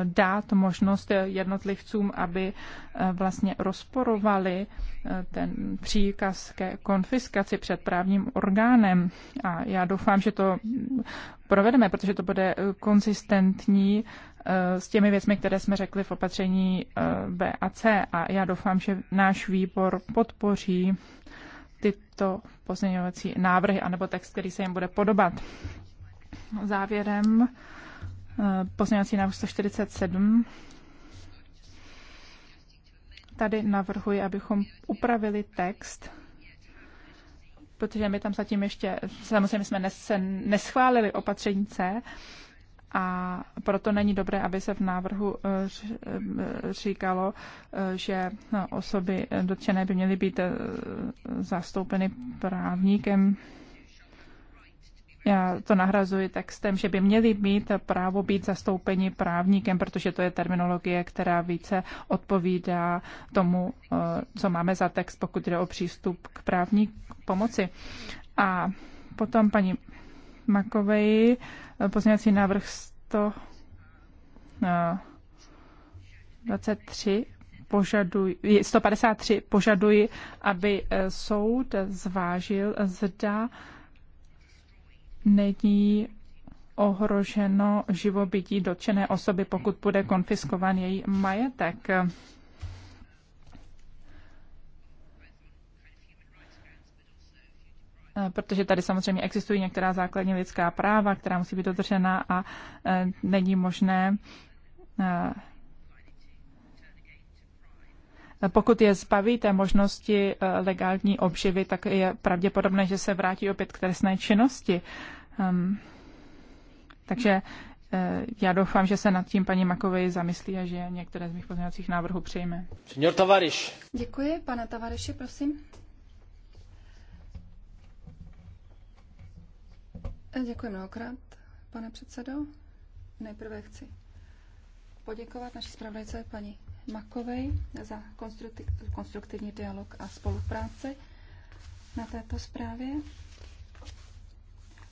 dát možnost jednotlivcům, aby eh, vlastně rozporovali eh, ten příkaz ke konfiskaci před právním orgánem. A já doufám, že to provedeme, protože to bude eh, konzistentní s těmi věcmi, které jsme řekli v opatření B a C. A já doufám, že náš výbor podpoří tyto pozměňovací návrhy, anebo text, který se jim bude podobat. Závěrem pozměňovací návrh 147. Tady navrhuji, abychom upravili text, protože my tam zatím ještě, samozřejmě jsme se neschválili opatření C, a proto není dobré, aby se v návrhu eh, eh, říkalo, eh, že no, osoby dotčené by měly být zastoupeny právníkem já to nahrazuji textem, že by měli mít právo být zastoupeni právníkem, protože to je terminologie, která více odpovídá tomu, eh, co máme za text, pokud jde o přístup k právní pomoci. A potom paní Makovej, eh, pozměňovací návrh 123 požaduji, 153 požaduji, aby eh, soud zvážil, zda není ohroženo živobytí dotčené osoby, pokud bude konfiskován její majetek. protože tady samozřejmě existují některá základní lidská práva, která musí být dodržena a e, není možné e, pokud je té možnosti eh, legální obživy, tak je pravděpodobné, že se vrátí opět k trestné činnosti. Ehm, takže eh, já doufám, že se nad tím paní Makovej zamyslí a že některé z mých pozměňovacích návrhů přijme. Senior Tavariš. Děkuji, pane Tavareši, prosím. Eh, děkuji mnohokrát, pane předsedo. Nejprve chci poděkovat naší zpravodajce paní Makovej za konstruktivní dialog a spolupráci na této zprávě.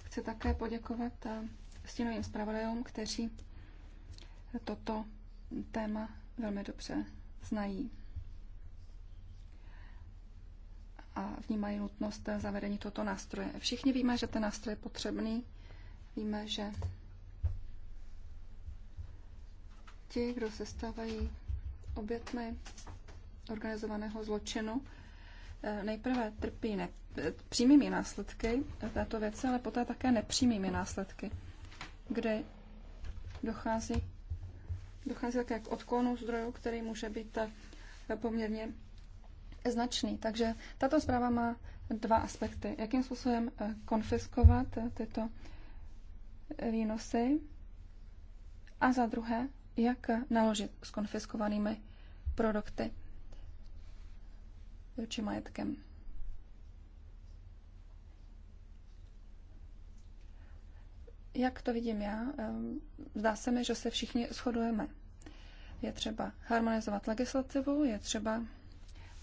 Chci také poděkovat eh, stínovým zpravodajům, kteří toto téma velmi dobře znají a vnímají nutnost zavedení tohoto nástroje. Všichni víme, že ten nástroj je potřebný. Víme, že ti, kdo se stávají obětmi organizovaného zločinu eh, nejprve trpí ne, přímými následky této věci, ale poté také nepřímými následky, kde dochází, dochází také k odklonu zdrojů, který může být eh, poměrně značný. Takže tato zpráva má dva aspekty. Jakým způsobem eh, konfiskovat tyto výnosy a za druhé, jak naložit s konfiskovanými produkty či majetkem. Jak to vidím já, ehm, zdá se mi, že se všichni shodujeme. Je třeba harmonizovat legislativu, je třeba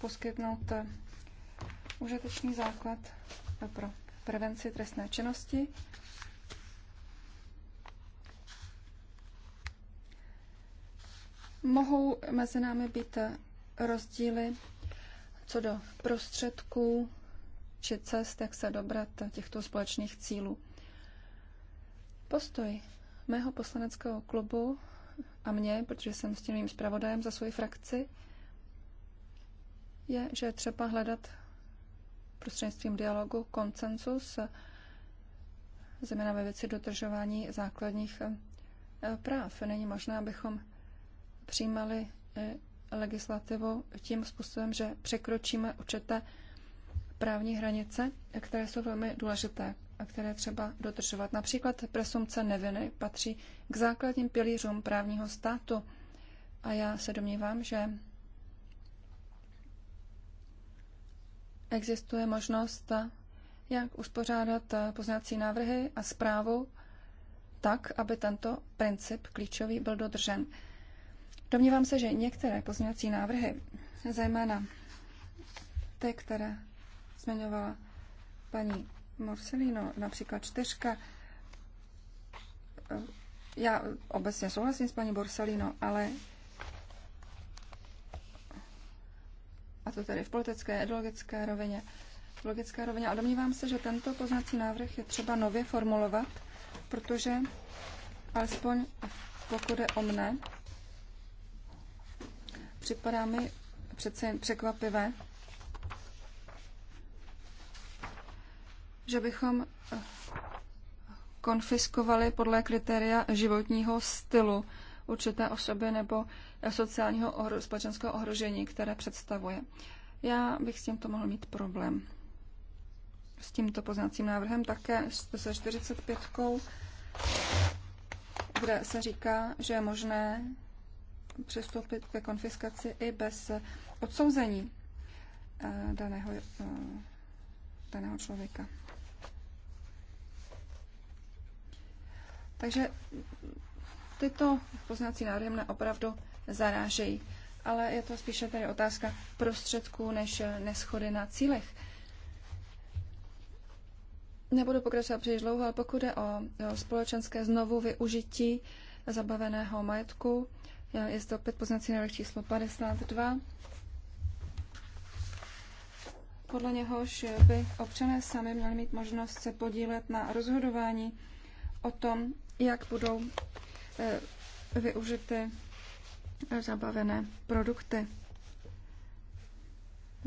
poskytnout eh, užitečný základ pro prevenci trestné činnosti Mohou mezi námi být rozdíly co do prostředků či cest, jak se dobrat těchto společných cílů. Postoj mého poslaneckého klubu a mě, protože jsem stínovým zpravodajem za svoji frakci, je, že je třeba hledat prostřednictvím dialogu koncensus, zejména ve věci dodržování základních eh, práv. Není možné, abychom přijímali e, legislativu tím způsobem, že překročíme určité právní hranice, které jsou velmi důležité a které třeba dodržovat. Například presumce neviny patří k základním pilířům právního státu a já se domnívám, že existuje možnost, jak uspořádat poznací návrhy a zprávu tak, aby tento princip klíčový byl dodržen. Domnívám se, že některé pozměňovací návrhy, zejména ty, které zmiňovala paní Morcelino, například čtyřka, eh, já obecně souhlasím s paní Borsalino, ale a to tedy v politické, ideologické rovině, logické rovině. A domnívám se, že tento poznací návrh je třeba nově formulovat, protože alespoň pokud je o mne, Připadá mi přece jen překvapivé, že bychom eh, konfiskovali podle kritéria životního stylu určité osoby nebo eh, sociálního ohro, společenského ohrožení, které představuje. Já bych s tímto mohl mít problém. S tímto poznacím návrhem také se 45, kde se říká, že je možné přistoupit ke konfiskaci i bez odsouzení eh, daného, eh, daného člověka. Takže tyto poznací návrhy mne opravdu zarážejí, ale je to spíše tady otázka prostředků než neschody na cílech. Nebudu pokračovat příliš dlouho, ale pokud je o společenské znovu využití zabaveného majetku, je to opět poznací návrh číslo 52. Podle něhož by občané sami měli mít možnost se podílet na rozhodování o tom, jak budou eh, využity eh, zabavené produkty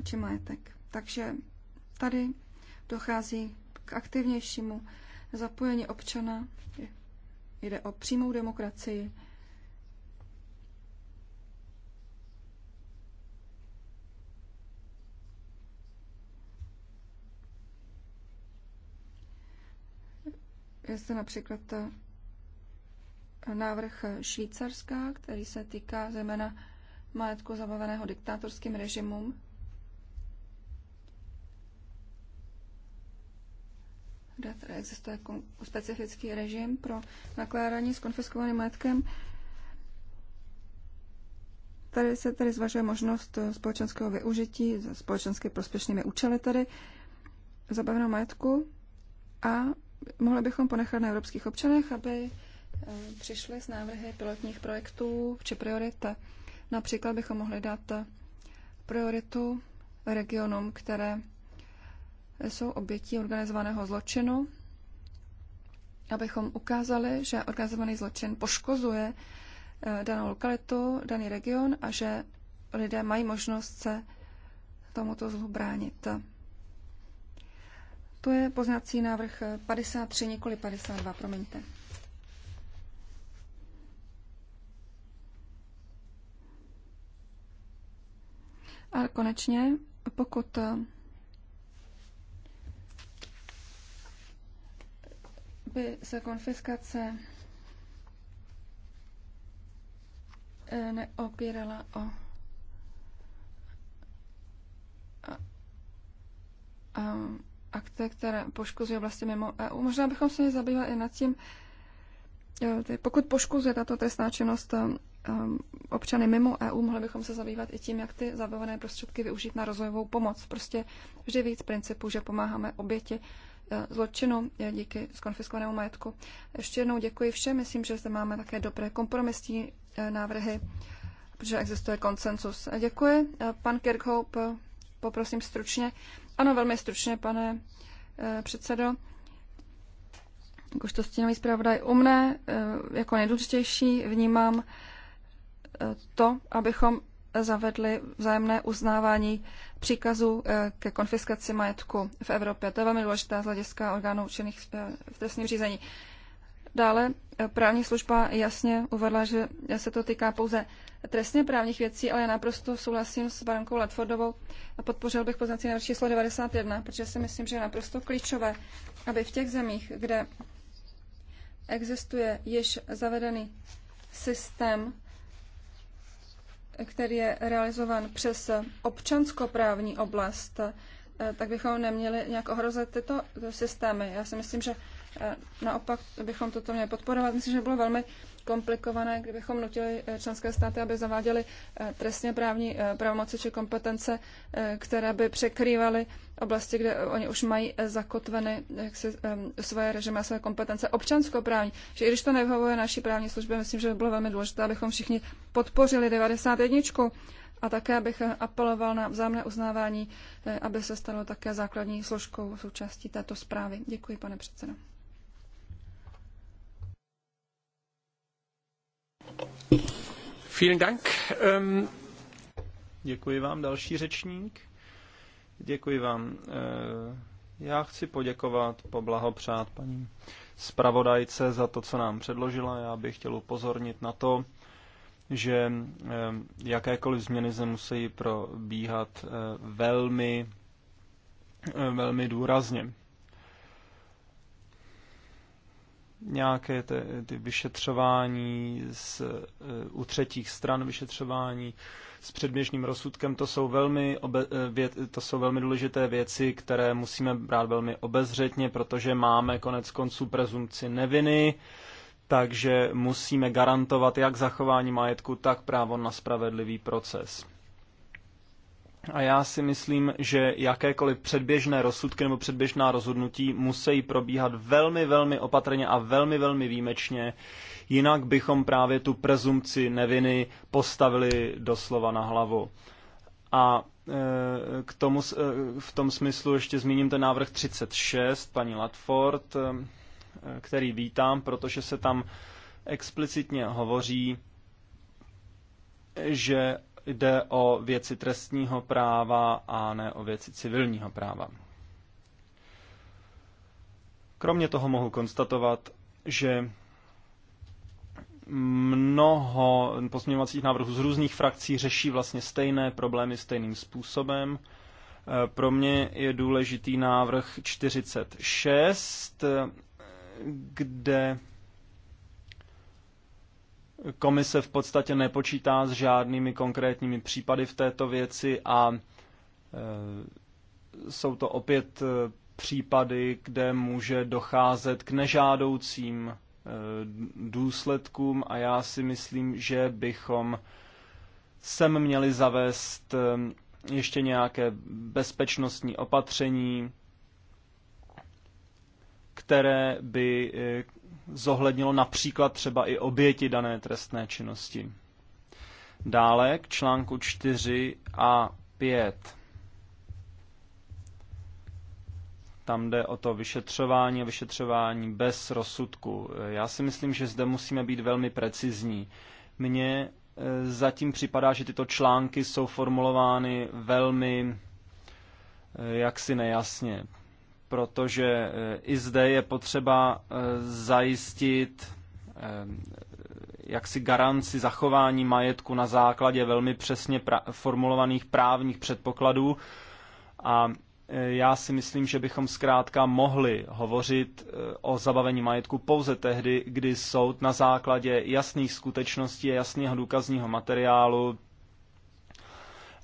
či majetek. Takže tady dochází k aktivnějšímu zapojení občana. Jde o přímou demokracii, Je to například eh, návrh Švýcarska, který se týká zejména majetku zabaveného diktátorským režimům. kde tady existuje specifický režim pro nakládání s konfiskovaným majetkem. Tady se tady zvažuje možnost eh, společenského využití za společensky prospěšnými účely tady zabaveného majetku a mohli bychom ponechat na evropských občanech, aby eh, přišli s návrhy pilotních projektů či priorit. Například bychom mohli dát eh, prioritu regionům, které jsou obětí organizovaného zločinu, abychom ukázali, že organizovaný zločin poškozuje eh, danou lokalitu, daný region a že lidé mají možnost se tomuto zlu bránit. To je poznací návrh 53, nikoli 52, promiňte. A konečně, pokud eh, by se konfiskace eh, neopírala o a, a akce, které poškozují oblasti mimo EU. Možná bychom se zabývali i nad tím, e, pokud poškozuje tato trestná činnost e, e, občany mimo EU, mohli bychom se zabývat i tím, jak ty zabavené prostředky využít na rozvojovou pomoc. Prostě vždy víc principu, že pomáháme oběti zločinu díky skonfiskovanému majetku. Ještě jednou děkuji všem. Myslím, že zde máme také dobré kompromisní návrhy, protože existuje konsensus. Děkuji. Pan Kirkhope, poprosím stručně. Ano, velmi stručně, pane eh, předsedo. Jakožto stínový zpravodaj u mne eh, jako nejdůležitější vnímám eh, to, abychom zavedli vzájemné uznávání příkazů ke konfiskaci majetku v Evropě. To je velmi důležité z hlediska orgánů učených v trestním řízení. Dále eh, právní služba jasně uvedla, že se to týká pouze trestně právních věcí, ale já naprosto souhlasím s Barankou Latfordovou a podpořil bych poznací na číslo 91, protože si myslím, že je naprosto klíčové, aby v těch zemích, kde existuje již zavedený systém, který je realizovan přes občanskoprávní oblast, eh, tak bychom neměli nějak ohrozit tyto systémy. Já si myslím, že Eh, naopak bychom toto měli podporovat. Myslím, že bylo velmi komplikované, kdybychom nutili eh, členské státy, aby zaváděly eh, trestně právní pravomoci či kompetence, které by překrývaly oblasti, kde oni už mají zakotveny jaksi, svoje režimy a své kompetence občanskoprávní. Že i když to nevyhovuje naší právní službě, myslím, že by bylo velmi důležité, abychom všichni podpořili 91. A také bych apeloval na vzájemné uznávání, aby se stalo také základní složkou součástí této zprávy. Děkuji, pane předsedo. Ähm, Děkuji vám, další řečník. Děkuji vám. Eh, já chci poděkovat, poblahopřát paní zpravodajce za to, co nám předložila. Já bych chtěl upozornit na to, že eh, jakékoliv změny se musí probíhat eh, velmi, velmi důrazně. nějaké ty, ty vyšetřování z, e, u třetích stran, vyšetřování s předběžným rozsudkem, to jsou, velmi obe, e, věd, to jsou velmi důležité věci, které musíme brát velmi obezřetně, protože máme konec konců prezumci neviny, takže musíme garantovat jak zachování majetku, tak právo na spravedlivý proces. A já si myslím, že jakékoliv předběžné rozsudky nebo předběžná rozhodnutí musí probíhat velmi, velmi opatrně a velmi, velmi výjimečně, jinak bychom právě tu prezumci neviny postavili doslova na hlavu. A e, k tomu, e, v tom smyslu ještě zmíním ten návrh 36, paní Latford, e, který vítám, protože se tam explicitně hovoří, že jde o věci trestního práva a ne o věci civilního práva. Kromě toho mohu konstatovat, že mnoho pozměňovacích návrhů z různých frakcí řeší vlastně stejné problémy stejným způsobem. Pro mě je důležitý návrh 46, kde Komise v podstatě nepočítá s žádnými konkrétními případy v této věci a e, jsou to opět e, případy, kde může docházet k nežádoucím e, důsledkům a já si myslím, že bychom sem měli zavést ještě nějaké bezpečnostní opatření, které by eh, zohlednilo například třeba i oběti dané trestné činnosti. Dále k článku 4 a 5. Tam jde o to vyšetřování a vyšetřování bez rozsudku. Eh, já si myslím, že zde musíme být velmi precizní. Mně eh, zatím připadá, že tyto články jsou formulovány velmi jaksi nejasně protože eh, i zde je potřeba eh, zajistit eh, jaksi garanci zachování majetku na základě velmi přesně formulovaných právních předpokladů. A já si myslím, že bychom zkrátka mohli hovořit o zabavení majetku pouze tehdy, kdy soud na základě jasných skutečností a jasného důkazního materiálu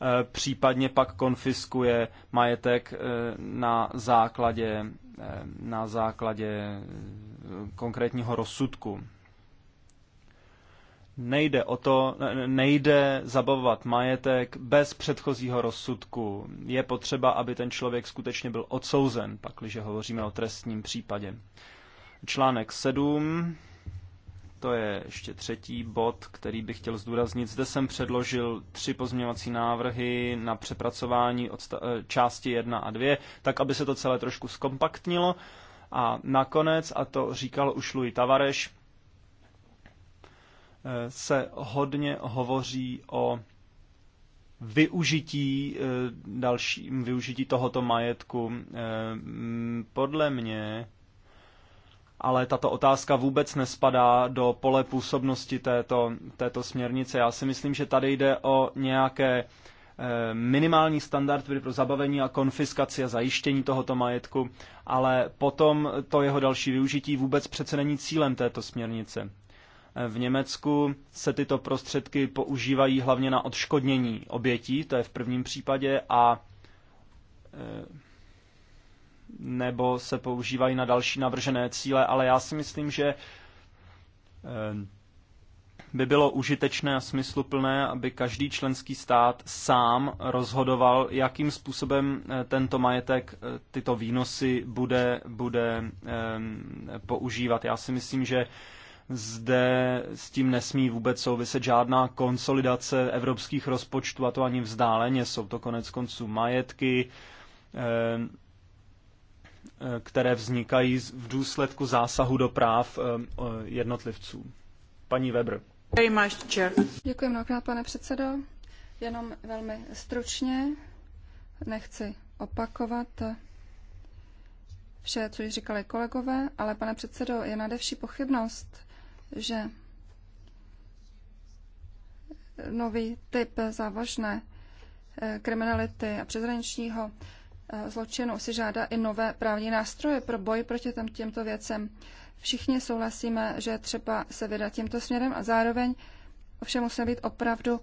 Eh, případně pak konfiskuje majetek eh, na základě, eh, na základě konkrétního rozsudku. Nejde o to, nejde zabavovat majetek bez předchozího rozsudku. Je potřeba, aby ten člověk skutečně byl odsouzen, pakliže hovoříme o trestním případě. Článek 7 to je ještě třetí bod, který bych chtěl zdůraznit. Zde jsem předložil tři pozměňovací návrhy na přepracování eh, části 1 a 2, tak aby se to celé trošku zkompaktnilo. A nakonec, a to říkal už Louis Tavareš, eh, se hodně hovoří o využití eh, dalším využití tohoto majetku. Podle mě ale tato otázka vůbec nespadá do pole působnosti této, této směrnice. Já si myslím, že tady jde o nějaké eh, minimální standard pro zabavení a konfiskaci a zajištění tohoto majetku, ale potom to jeho další využití vůbec přece není cílem této směrnice. Eh, v Německu se tyto prostředky používají hlavně na odškodnění obětí, to je v prvním případě, a eh, nebo se používají na další navržené cíle, ale já si myslím, že eh, by bylo užitečné a smysluplné, aby každý členský stát sám rozhodoval, jakým způsobem eh, tento majetek, eh, tyto výnosy bude, bude používat. Já si myslím, že zde s tím nesmí vůbec souviset žádná konsolidace evropských rozpočtů, a to ani vzdáleně. Jsou to konec konců majetky, Eh, které vznikají v důsledku zásahu do práv eh, eh, jednotlivců. Paní Weber. Děkuji mnohokrát, pane předsedo. Jenom velmi stručně nechci opakovat vše, co již říkali kolegové, ale pane předsedo, je nadevší pochybnost, že nový typ závažné kriminality a přezraničního Eh, zločinu si žádá i nové právní nástroje pro boj proti těmto věcem. Všichni souhlasíme, že třeba se vydat tímto směrem a zároveň ovšem musíme být opravdu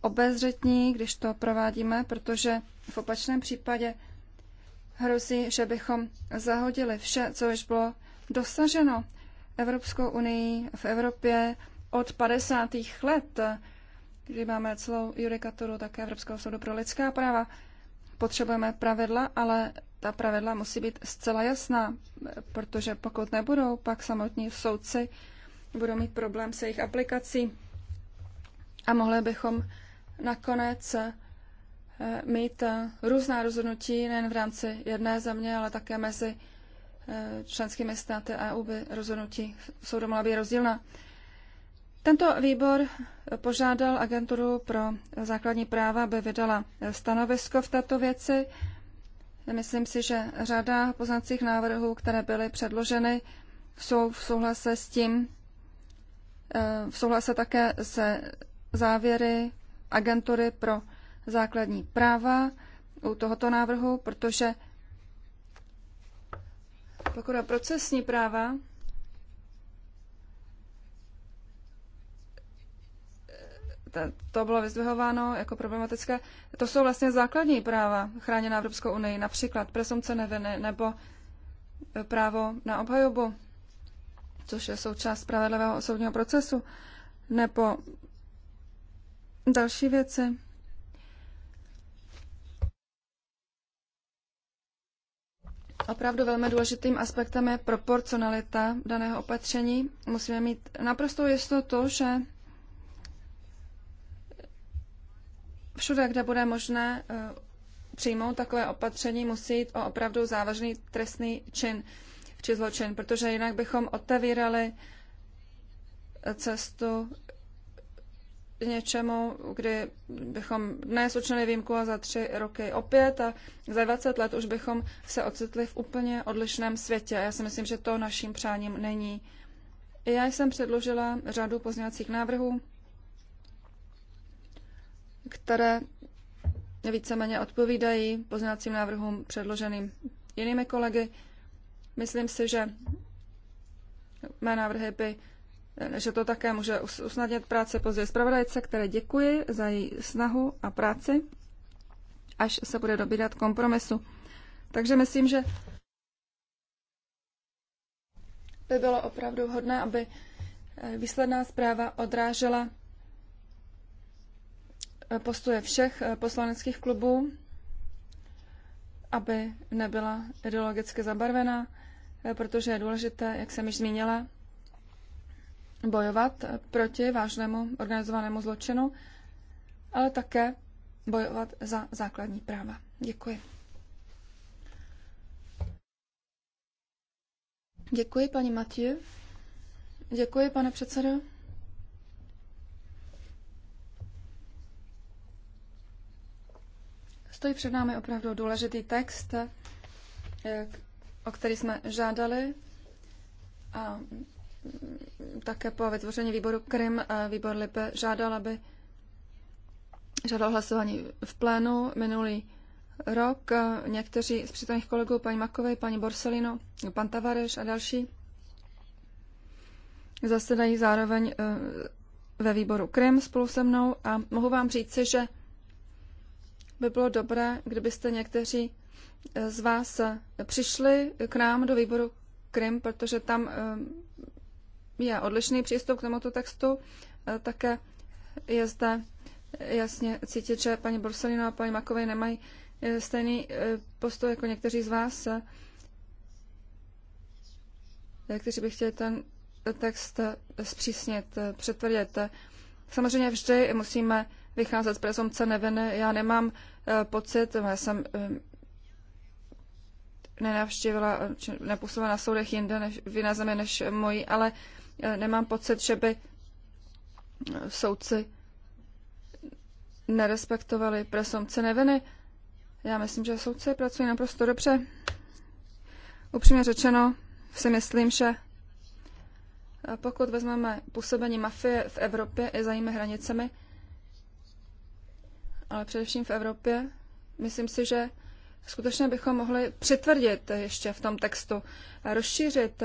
obezřetní, když to provádíme, protože v opačném případě hrozí, že bychom zahodili vše, co již bylo dosaženo Evropskou unii v Evropě od 50. let, kdy máme celou judikaturu také Evropského soudu pro lidská práva potřebujeme pravidla, ale ta pravidla musí být zcela jasná, protože pokud nebudou, pak samotní soudci budou mít problém se jejich aplikací a mohli bychom nakonec eh, mít eh, různá rozhodnutí nejen v rámci jedné země, ale také mezi eh, členskými státy EU by rozhodnutí soudu mohla být rozdílná. Tento výbor požádal agenturu pro základní práva, aby vydala stanovisko v této věci. Myslím si, že řada poznacích návrhů, které byly předloženy, jsou v souhlase s tím, eh, v souhlase také se závěry agentury pro základní práva u tohoto návrhu, protože pokud procesní práva, to bylo vyzdvihováno jako problematické. To jsou vlastně základní práva chráněná Evropskou unii, například presumce neviny nebo e, právo na obhajobu, což je součást spravedlivého osobního procesu, nebo další věci. Opravdu velmi důležitým aspektem je proporcionalita daného opatření. Musíme mít naprostou jistotu, že všude, kde bude možné eh, přijmout takové opatření, musí jít o opravdu závažný trestný čin či zločin, protože jinak bychom otevírali cestu něčemu, kdy bychom dnes učili výjimku a za tři roky opět a za 20 let už bychom se ocitli v úplně odlišném světě. Já si myslím, že to naším přáním není. Já jsem předložila řadu pozměňovacích návrhů, které víceméně odpovídají pozměňovacím návrhům předloženým jinými kolegy. Myslím si, že mé návrhy by že to také může usnadnit práci později zpravodajce, které děkuji za její snahu a práci, až se bude dobídat kompromisu. Takže myslím, že by bylo opravdu hodné, aby výsledná zpráva odrážela Eh, postoje všech eh, poslaneckých klubů, aby nebyla ideologicky zabarvená, eh, protože je důležité, jak jsem již zmínila, bojovat proti vážnému organizovanému zločinu, ale také bojovat za základní práva. Děkuji. Děkuji, paní Matěj. Děkuji, pane předsedo. Stojí před námi opravdu důležitý text, eh, o který jsme žádali a mm, také po vytvoření výboru Krym eh, výbor Lipe žádal, aby žádal hlasování v plénu minulý rok. Eh, někteří z přítomných kolegů, paní Makové, paní Borsolino, pan Tavareš a další, zasedají zároveň ve výboru Krym spolu se mnou a mohu vám říci, že by bylo dobré, kdybyste někteří eh, z vás eh, přišli k nám do výboru Krim, protože tam eh, je odlišný přístup k tomuto textu. Také je zde jasně cítit, že paní Borsalino a paní Makové nemají stejný postoj jako někteří z vás, kteří by chtěli ten text zpřísnit, přetvrdit. Samozřejmě vždy musíme vycházet z prezumce neviny. Já nemám Eh, pocit, já jsem eh, nenavštívila, nepůsobila na soudech jinde než, v jiné zemi než moji, ale eh, nemám pocit, že by soudci nerespektovali presumci neviny. Já myslím, že soudci pracují naprosto dobře. Upřímně řečeno si myslím, že pokud vezmeme působení mafie v Evropě i za jejími hranicemi, ale především v Evropě. Myslím si, že skutečně bychom mohli přitvrdit ještě v tom textu, rozšířit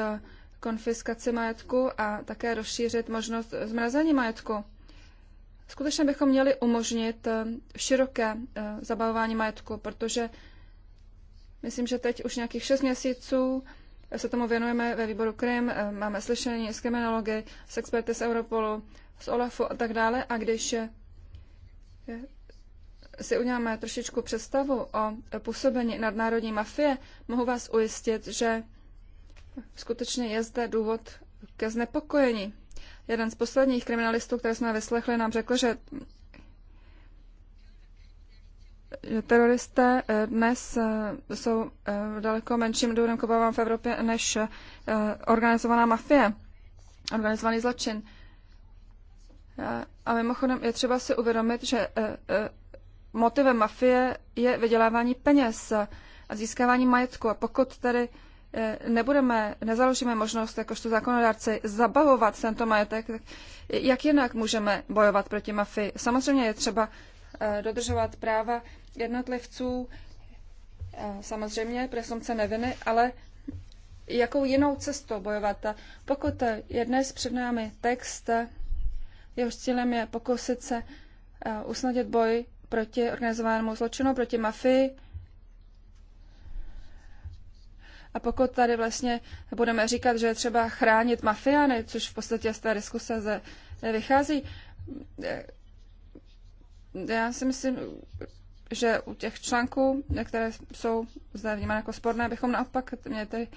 konfiskaci majetku a také rozšířit možnost zmrazení majetku. Skutečně bychom měli umožnit široké zabavování majetku, protože myslím, že teď už nějakých šest měsíců se tomu věnujeme ve výboru Krim, máme slyšení s kriminology, s experty z Europolu, z OLAFu a tak dále. A když si uděláme trošičku představu o působení nadnárodní mafie, mohu vás ujistit, že skutečně je zde důvod ke znepokojení. Jeden z posledních kriminalistů, které jsme vyslechli, nám řekl, že teroristé eh, dnes eh, jsou eh, daleko menším důvodem k obavám v Evropě než organizovaná mafie, organizovaný zločin. A mimochodem je třeba si uvědomit, že motivem mafie je vydělávání peněz a získávání majetku. A pokud tedy eh, nebudeme, nezaložíme možnost jakožto zákonodárci zabavovat tento majetek, tak jak jinak můžeme bojovat proti mafii? Samozřejmě je třeba eh, dodržovat práva jednotlivců, eh, samozřejmě presumce neviny, ale jakou jinou cestou bojovat. A pokud je dnes před námi text, jehož cílem je pokusit se usnadit boj proti organizovanému zločinu, proti mafii. A pokud tady vlastně budeme říkat, že je třeba chránit mafiány, což v podstatě z té diskuse ze, vychází, eh, já si myslím, že u těch článků, které jsou zde vnímány jako sporné, bychom naopak měli tady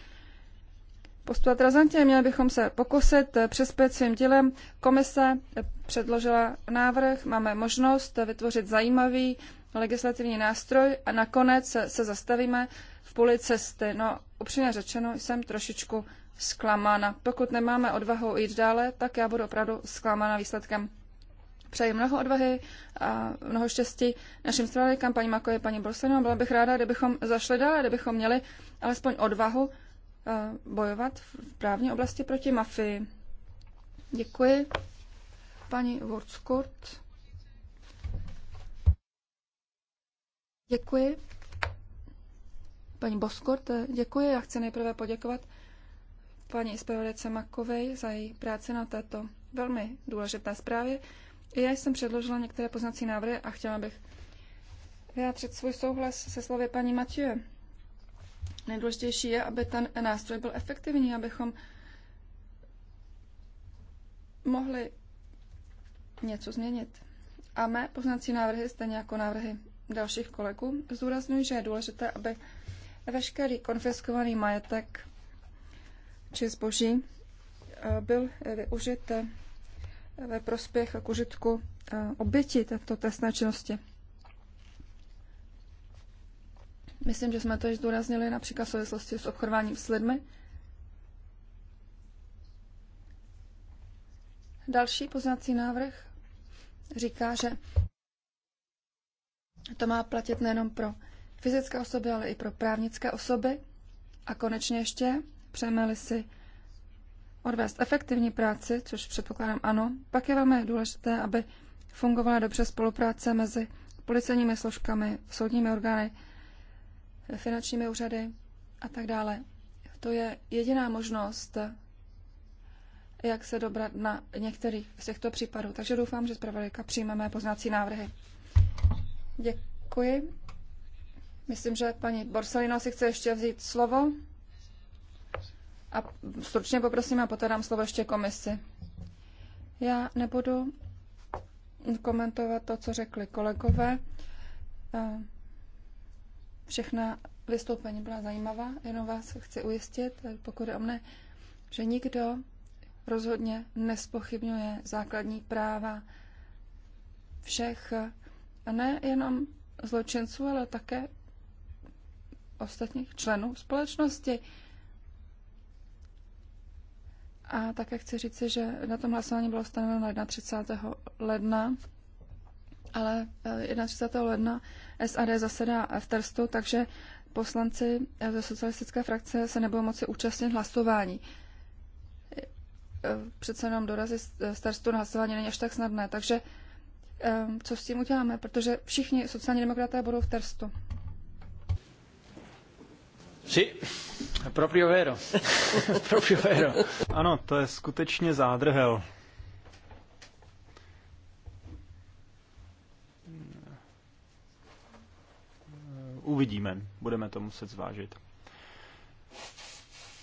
postupovat razantně. Měli bychom se pokusit přispět svým dílem. Komise předložila návrh, máme možnost vytvořit zajímavý legislativní nástroj a nakonec se, se zastavíme v půli cesty. No, upřímně řečeno, jsem trošičku zklamána. Pokud nemáme odvahu jít dále, tak já budu opravdu zklamána výsledkem. Přeji mnoho odvahy a mnoho štěstí našim stranikám, paní Makoje, paní Bolsenu. Byla bych ráda, kdybychom zašli dále, kdybychom měli alespoň odvahu bojovat v právní oblasti proti mafii. Děkuji. Paní Wurzkurt. Děkuji. Paní Boskort, děkuji. Já chci nejprve poděkovat paní zpravodajce Makovej za její práci na této velmi důležité zprávě. I já jsem předložila některé poznací návrhy a chtěla bych vyjádřit svůj souhlas se slovy paní Matěje. Nejdůležitější je, aby ten nástroj byl efektivní, abychom mohli něco změnit. A mé poznací návrhy, stejně jako návrhy dalších kolegů, zdůrazňují, že je důležité, aby veškerý konfiskovaný majetek či zboží eh, byl využit eh, ve prospěch a k užitku eh, oběti této trestné činnosti. Myslím, že jsme to již zdůraznili například v souvislosti s obchodováním s lidmi. Další poznací návrh říká, že to má platit nejenom pro fyzické osoby, ale i pro právnické osoby. A konečně ještě přejeme si odvést efektivní práci, což předpokládám ano, pak je velmi důležité, aby fungovala dobře spolupráce mezi policejními složkami, soudními orgány, finančními úřady a tak dále. To je jediná možnost, jak se dobrat na některých z těchto případů. Takže doufám, že zpravodajka přijme mé poznací návrhy. Děkuji. Myslím, že paní Borsalino si chce ještě vzít slovo. A stručně poprosím a poté dám slovo ještě komisi. Já nebudu komentovat to, co řekli kolegové. Všechna vystoupení byla zajímavá, jenom vás chci ujistit, pokud je o mne, že nikdo rozhodně nespochybňuje základní práva všech, a ne jenom zločinců, ale také ostatních členů společnosti. A také chci říci, že na tom hlasování bylo stanoveno na 31. ledna ale 31. Eh, ledna SAD zasedá v Terstu, takže poslanci eh, ze socialistické frakce se nebudou moci účastnit hlasování. Eh, přece jenom dorazit z Terstu na hlasování není až tak snadné, takže co s tím uděláme, protože všichni sociální demokraté budou v Terstu. Sí, proprio vero. proprio vero. Ano, to je skutečně zádrhel. uvidíme, budeme to muset zvážit.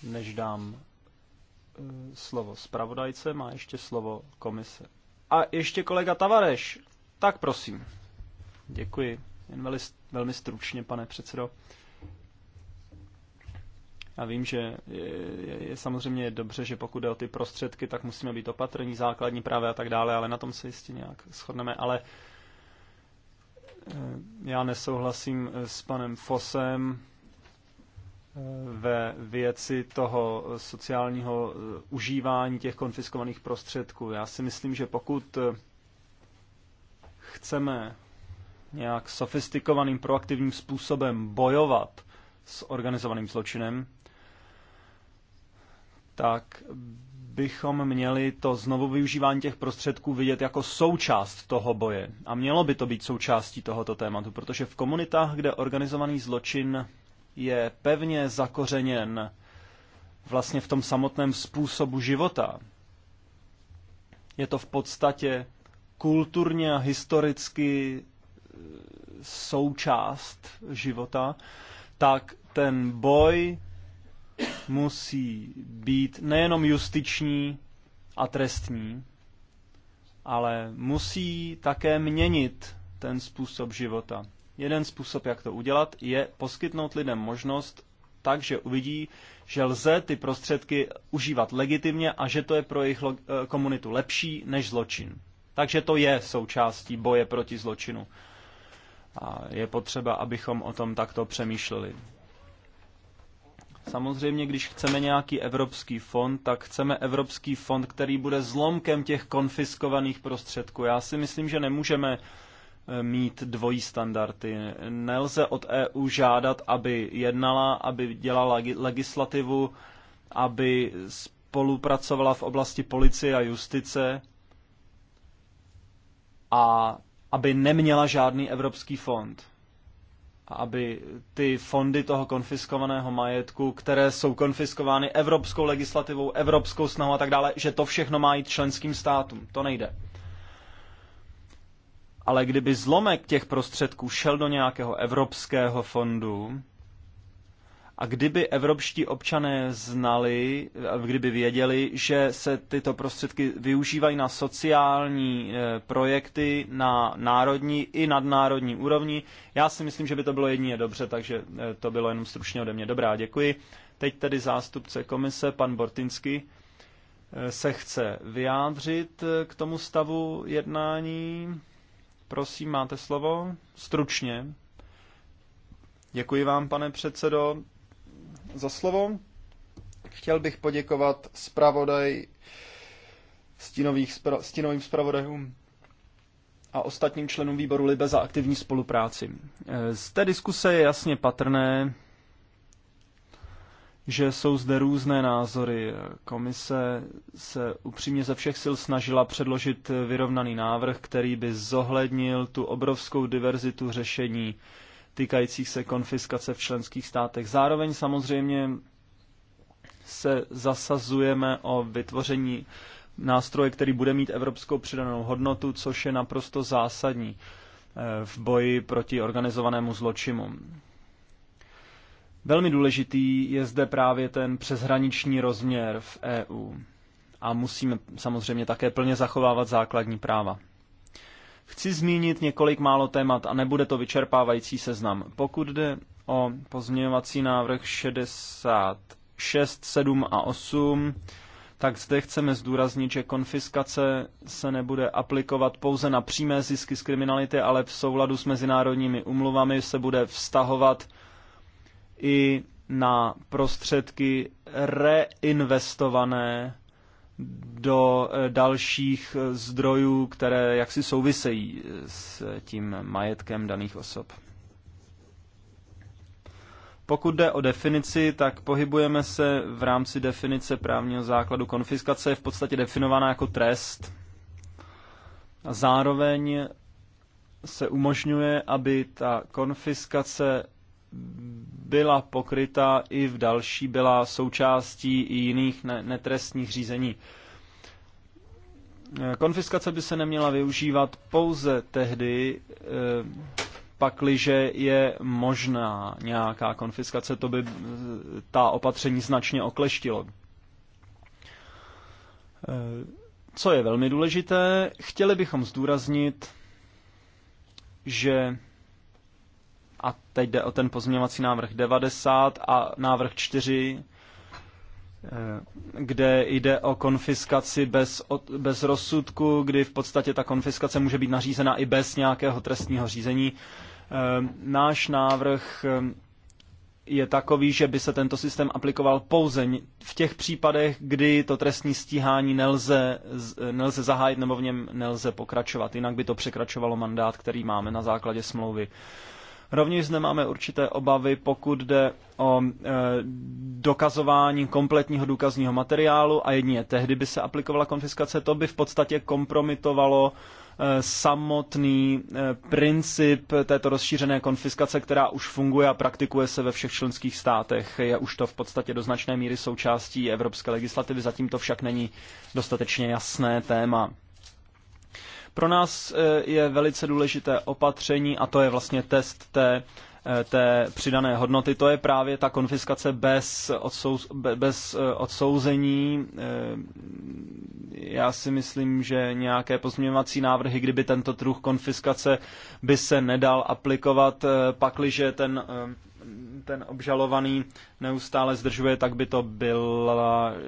Než dám e, slovo zpravodajce, má ještě slovo komise. A ještě kolega Tavareš. Tak prosím. Děkuji. Jen veli, velmi stručně, pane předsedo. Já vím, že je, je, je samozřejmě dobře, že pokud jde o ty prostředky, tak musíme být opatrní, základní právě a tak dále, ale na tom se jistě nějak shodneme. Ale Eh, já nesouhlasím eh, s panem Fosem eh, ve věci toho sociálního užívání těch konfiskovaných prostředků. Já si myslím, že pokud chceme nějak sofistikovaným, proaktivním způsobem bojovat s organizovaným zločinem, tak bychom měli to znovu využívání těch prostředků vidět jako součást toho boje. A mělo by to být součástí tohoto tématu, protože v komunitách, kde organizovaný zločin je pevně zakořeněn vlastně v tom samotném způsobu života, je to v podstatě kulturně a historicky e, součást života, tak ten boj musí být nejenom justiční a trestní, ale musí také měnit ten způsob života. Jeden způsob, jak to udělat, je poskytnout lidem možnost tak, že uvidí, že lze ty prostředky užívat legitimně a že to je pro jejich eh, komunitu lepší než zločin. Takže to je součástí boje proti zločinu. A je potřeba, abychom o tom takto přemýšleli. Samozřejmě, když chceme nějaký evropský fond, tak chceme evropský fond, který bude zlomkem těch konfiskovaných prostředků. Já si myslím, že nemůžeme eh, mít dvojí standardy. Nelze od EU žádat, aby jednala, aby dělala legislativu, aby spolupracovala v oblasti policie a justice a aby neměla žádný evropský fond aby ty fondy toho konfiskovaného majetku, které jsou konfiskovány evropskou legislativou, evropskou snahou a tak dále, že to všechno má jít členským státům. To nejde. Ale kdyby zlomek těch prostředků šel do nějakého evropského fondu, a kdyby evropští občané znali, kdyby věděli, že se tyto prostředky využívají na sociální eh, projekty na národní i nadnárodní úrovni, já si myslím, že by to bylo jedině dobře, takže eh, to bylo jenom stručně ode mě. Dobrá, děkuji. Teď tedy zástupce komise, pan Bortinsky, eh, se chce vyjádřit k tomu stavu jednání. Prosím, máte slovo. Stručně. Děkuji vám, pane předsedo za slovo. Chtěl bych poděkovat zpravodaj spra, stínovým zpravodajům a ostatním členům výboru Libe za aktivní spolupráci. E, z té diskuse je jasně patrné, že jsou zde různé názory. Komise se upřímně ze všech sil snažila předložit vyrovnaný návrh, který by zohlednil tu obrovskou diverzitu řešení, týkajících se konfiskace v členských státech. Zároveň samozřejmě se zasazujeme o vytvoření nástroje, který bude mít evropskou přidanou hodnotu, což je naprosto zásadní eh, v boji proti organizovanému zločinu. Velmi důležitý je zde právě ten přeshraniční rozměr v EU. A musíme samozřejmě také plně zachovávat základní práva. Chci zmínit několik málo témat a nebude to vyčerpávající seznam. Pokud jde o pozměňovací návrh 66, 7 a 8, tak zde chceme zdůraznit, že konfiskace se nebude aplikovat pouze na přímé zisky z kriminality, ale v souladu s mezinárodními umluvami se bude vztahovat i na prostředky reinvestované do eh, dalších eh, zdrojů, které jaksi souvisejí eh, s tím majetkem daných osob. Pokud jde o definici, tak pohybujeme se v rámci definice právního základu. Konfiskace je v podstatě definovaná jako trest a zároveň se umožňuje, aby ta konfiskace byla pokryta i v další, byla součástí i jiných netrestních řízení. Eh, konfiskace by se neměla využívat pouze tehdy, eh, pakliže je možná nějaká konfiskace, to by eh, ta opatření značně okleštilo. Co je velmi důležité, chtěli bychom zdůraznit, že a teď jde o ten pozměňovací návrh 90 a návrh 4, eh, kde jde o konfiskaci bez, bez rozsudku, kdy v podstatě ta konfiskace může být nařízena i bez nějakého trestního řízení. Eh, náš návrh eh, je takový, že by se tento systém aplikoval pouze v těch případech, kdy to trestní stíhání nelze, nelze zahájit nebo v něm nelze pokračovat. Jinak by to překračovalo mandát, který máme na základě smlouvy. Rovněž zde máme určité obavy, pokud jde o e, dokazování kompletního důkazního materiálu a jedině tehdy by se aplikovala konfiskace. To by v podstatě kompromitovalo e, samotný e, princip této rozšířené konfiskace, která už funguje a praktikuje se ve všech členských státech. Je už to v podstatě do značné míry součástí evropské legislativy, zatím to však není dostatečně jasné téma. Pro nás eh, je velice důležité opatření a to je vlastně test té eh, té přidané hodnoty, to je právě ta konfiskace bez, odsouz, bez eh, odsouzení. Já si myslím, že nějaké pozměňovací návrhy, kdyby tento druh konfiskace by se nedal aplikovat, pakliže ten ten obžalovaný neustále zdržuje, tak by to byl,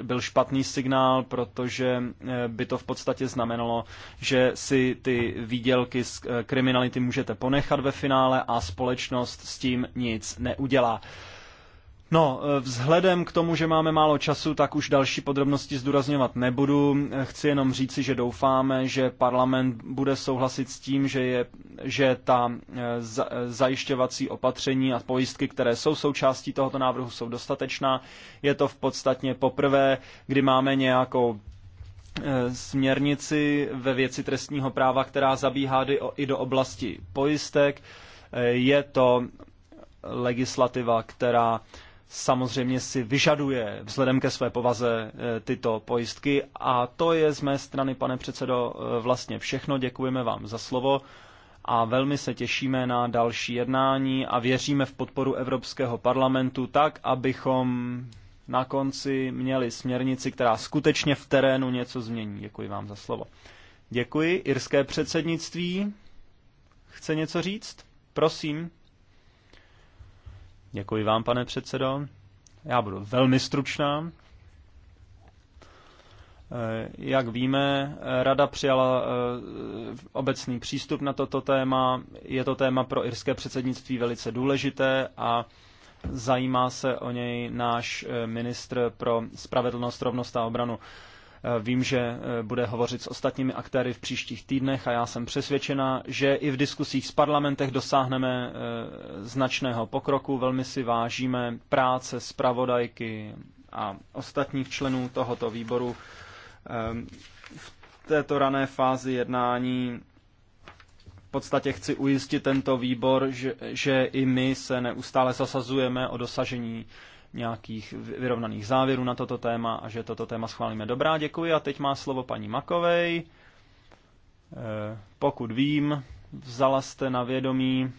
byl špatný signál, protože eh, by to v podstatě znamenalo, že si ty výdělky z eh, kriminality můžete ponechat ve finále a společnost s tím nic neudělá. No, eh, vzhledem k tomu, že máme málo času, tak už další podrobnosti zdůrazňovat nebudu. Eh, chci jenom říci, že doufáme, že parlament bude souhlasit s tím, že, je, že ta eh, zajišťovací opatření a pojistky, které jsou součástí tohoto návrhu, jsou dostatečná. Je to v podstatě poprvé, kdy máme nějakou směrnici ve věci trestního práva, která zabíhá i do oblasti pojistek. Je to legislativa, která samozřejmě si vyžaduje vzhledem ke své povaze eh, tyto pojistky. A to je z mé strany, pane předsedo, eh, vlastně všechno. Děkujeme vám za slovo a velmi se těšíme na další jednání a věříme v podporu Evropského parlamentu tak, abychom na konci měli směrnici, která skutečně v terénu něco změní. Děkuji vám za slovo. Děkuji. Irské předsednictví chce něco říct? Prosím. Děkuji vám, pane předsedo. Já budu velmi stručná. Eh, jak víme, Rada přijala eh, obecný přístup na toto téma. Je to téma pro irské předsednictví velice důležité a zajímá se o něj náš eh, ministr pro spravedlnost, rovnost a obranu. Eh, vím, že eh, bude hovořit s ostatními aktéry v příštích týdnech a já jsem přesvědčena, že i v diskusích s parlamentech dosáhneme eh, značného pokroku. Velmi si vážíme práce zpravodajky a ostatních členů tohoto výboru. V této rané fázi jednání v podstatě chci ujistit tento výbor, že, že i my se neustále zasazujeme o dosažení nějakých vyrovnaných závěrů na toto téma a že toto téma schválíme. Dobrá, děkuji. A teď má slovo paní Makovej. Eh, pokud vím, vzala jste na vědomí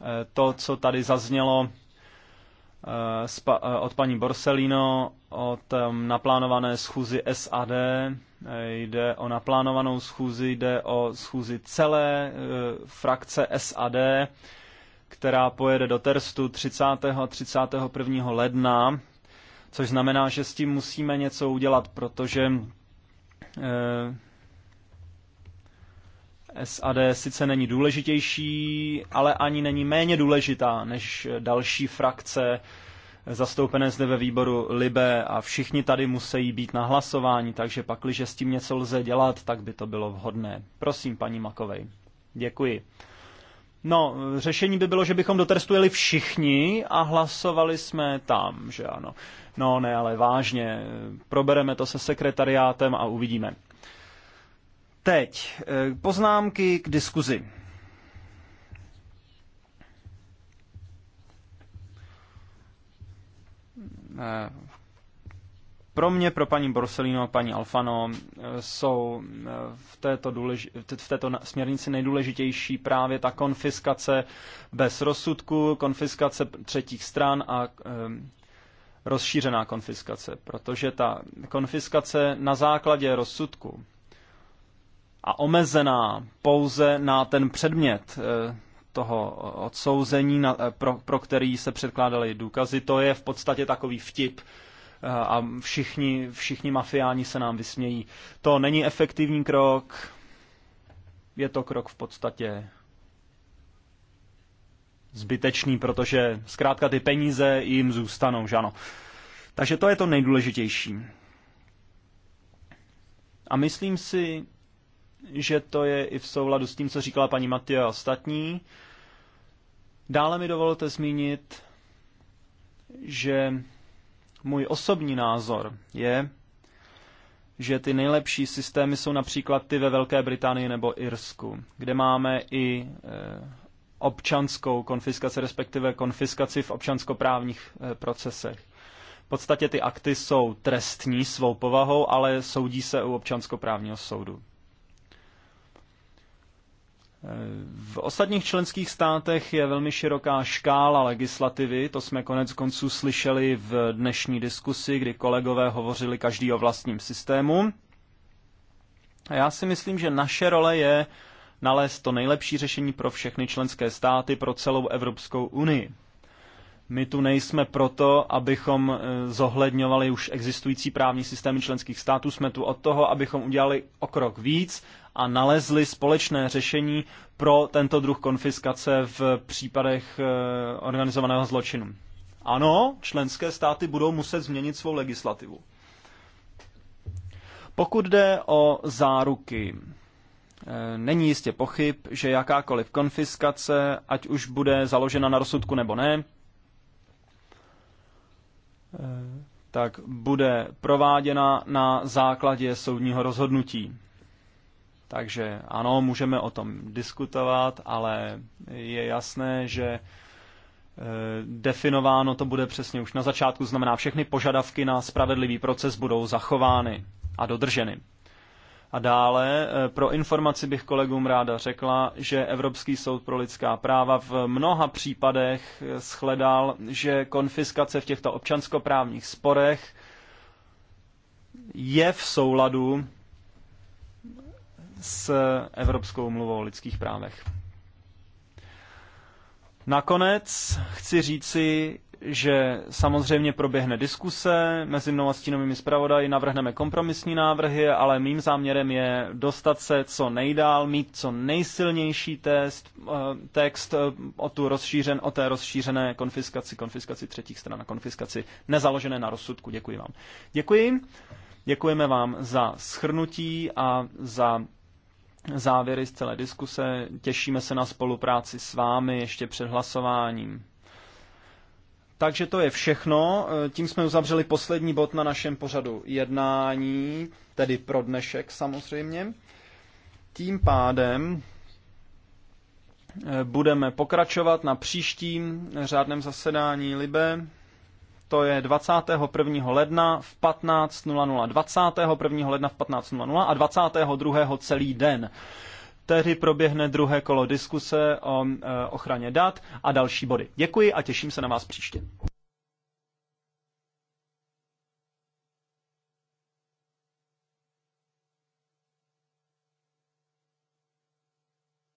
eh, to, co tady zaznělo eh, od paní Borsellino o tom naplánované schůzi SAD. Jde o naplánovanou schůzi, jde o schůzi celé frakce SAD která pojede do Terstu 30. a 31. ledna, což znamená, že s tím musíme něco udělat, protože eh, SAD sice není důležitější, ale ani není méně důležitá než další frakce zastoupené zde ve výboru Libe a všichni tady musí být na hlasování, takže pakliže s tím něco lze dělat, tak by to bylo vhodné. Prosím, paní Makovej. Děkuji. No, řešení by bylo, že bychom dotestovali všichni a hlasovali jsme tam, že ano. No ne, ale vážně, probereme to se sekretariátem a uvidíme. Teď eh, poznámky k diskuzi. Eh, pro mě, pro paní Borselino a paní Alfano eh, jsou eh, v této, důleži- v této směrnici nejdůležitější právě ta konfiskace bez rozsudku, konfiskace třetích stran a eh, rozšířená konfiskace, protože ta konfiskace na základě rozsudku a omezená pouze na ten předmět toho odsouzení, pro, pro který se předkládaly důkazy, to je v podstatě takový vtip, Eh, a všichni, všichni mafiáni se nám vysmějí. To není efektivní krok, je to krok v podstatě zbytečný, protože zkrátka ty peníze jim zůstanou, že ano. Takže to je to nejdůležitější. A myslím si, že to je i v souladu s tím, co říkala paní Matia a ostatní. Dále mi dovolte zmínit, že můj osobní názor je, že ty nejlepší systémy jsou například ty ve Velké Británii nebo Irsku, kde máme i e, občanskou konfiskaci, respektive konfiskaci v občanskoprávních e, procesech. V podstatě ty akty jsou trestní svou povahou, ale soudí se u občanskoprávního soudu. V ostatních členských státech je velmi široká škála legislativy, to jsme konec konců slyšeli v dnešní diskusi, kdy kolegové hovořili každý o vlastním systému. A já si myslím, že naše role je nalézt to nejlepší řešení pro všechny členské státy, pro celou Evropskou unii. My tu nejsme proto, abychom e, zohledňovali už existující právní systémy členských států, jsme tu od toho, abychom udělali o krok víc a nalezli společné řešení pro tento druh konfiskace v případech e, organizovaného zločinu. Ano, členské státy budou muset změnit svou legislativu. Pokud jde o záruky, e, není jistě pochyb, že jakákoliv konfiskace, ať už bude založena na rozsudku nebo ne, tak bude prováděna na základě soudního rozhodnutí. Takže ano, můžeme o tom diskutovat, ale je jasné, že e, definováno to bude přesně už na začátku, znamená všechny požadavky na spravedlivý proces budou zachovány a dodrženy. A dále eh, pro informaci bych kolegům ráda řekla, že Evropský soud pro lidská práva v mnoha případech eh, shledal, že konfiskace v těchto občanskoprávních sporech je v souladu s Evropskou mluvou o lidských právech. Nakonec chci říci, že samozřejmě proběhne diskuse mezi mnou a stínovými zpravodaji, navrhneme kompromisní návrhy, ale mým záměrem je dostat se co nejdál, mít co nejsilnější test, eh, text eh, o, tu rozšířen, o té rozšířené konfiskaci, konfiskaci třetích stran a konfiskaci nezaložené na rozsudku. Děkuji vám. Děkuji. Děkujeme vám za schrnutí a za závěry z celé diskuse. Těšíme se na spolupráci s vámi ještě před hlasováním. Takže to je všechno. Eh, Tím jsme uzavřeli poslední bod na našem pořadu jednání, tedy pro dnešek samozřejmě. Tím pádem eh, budeme pokračovat na příštím řádném zasedání Libe. To je 21. ledna v 15.00, 21. ledna v 15.00 a 22. celý den tehdy proběhne druhé kolo diskuse o eh, ochraně dat a další body. Děkuji a těším se na vás příště.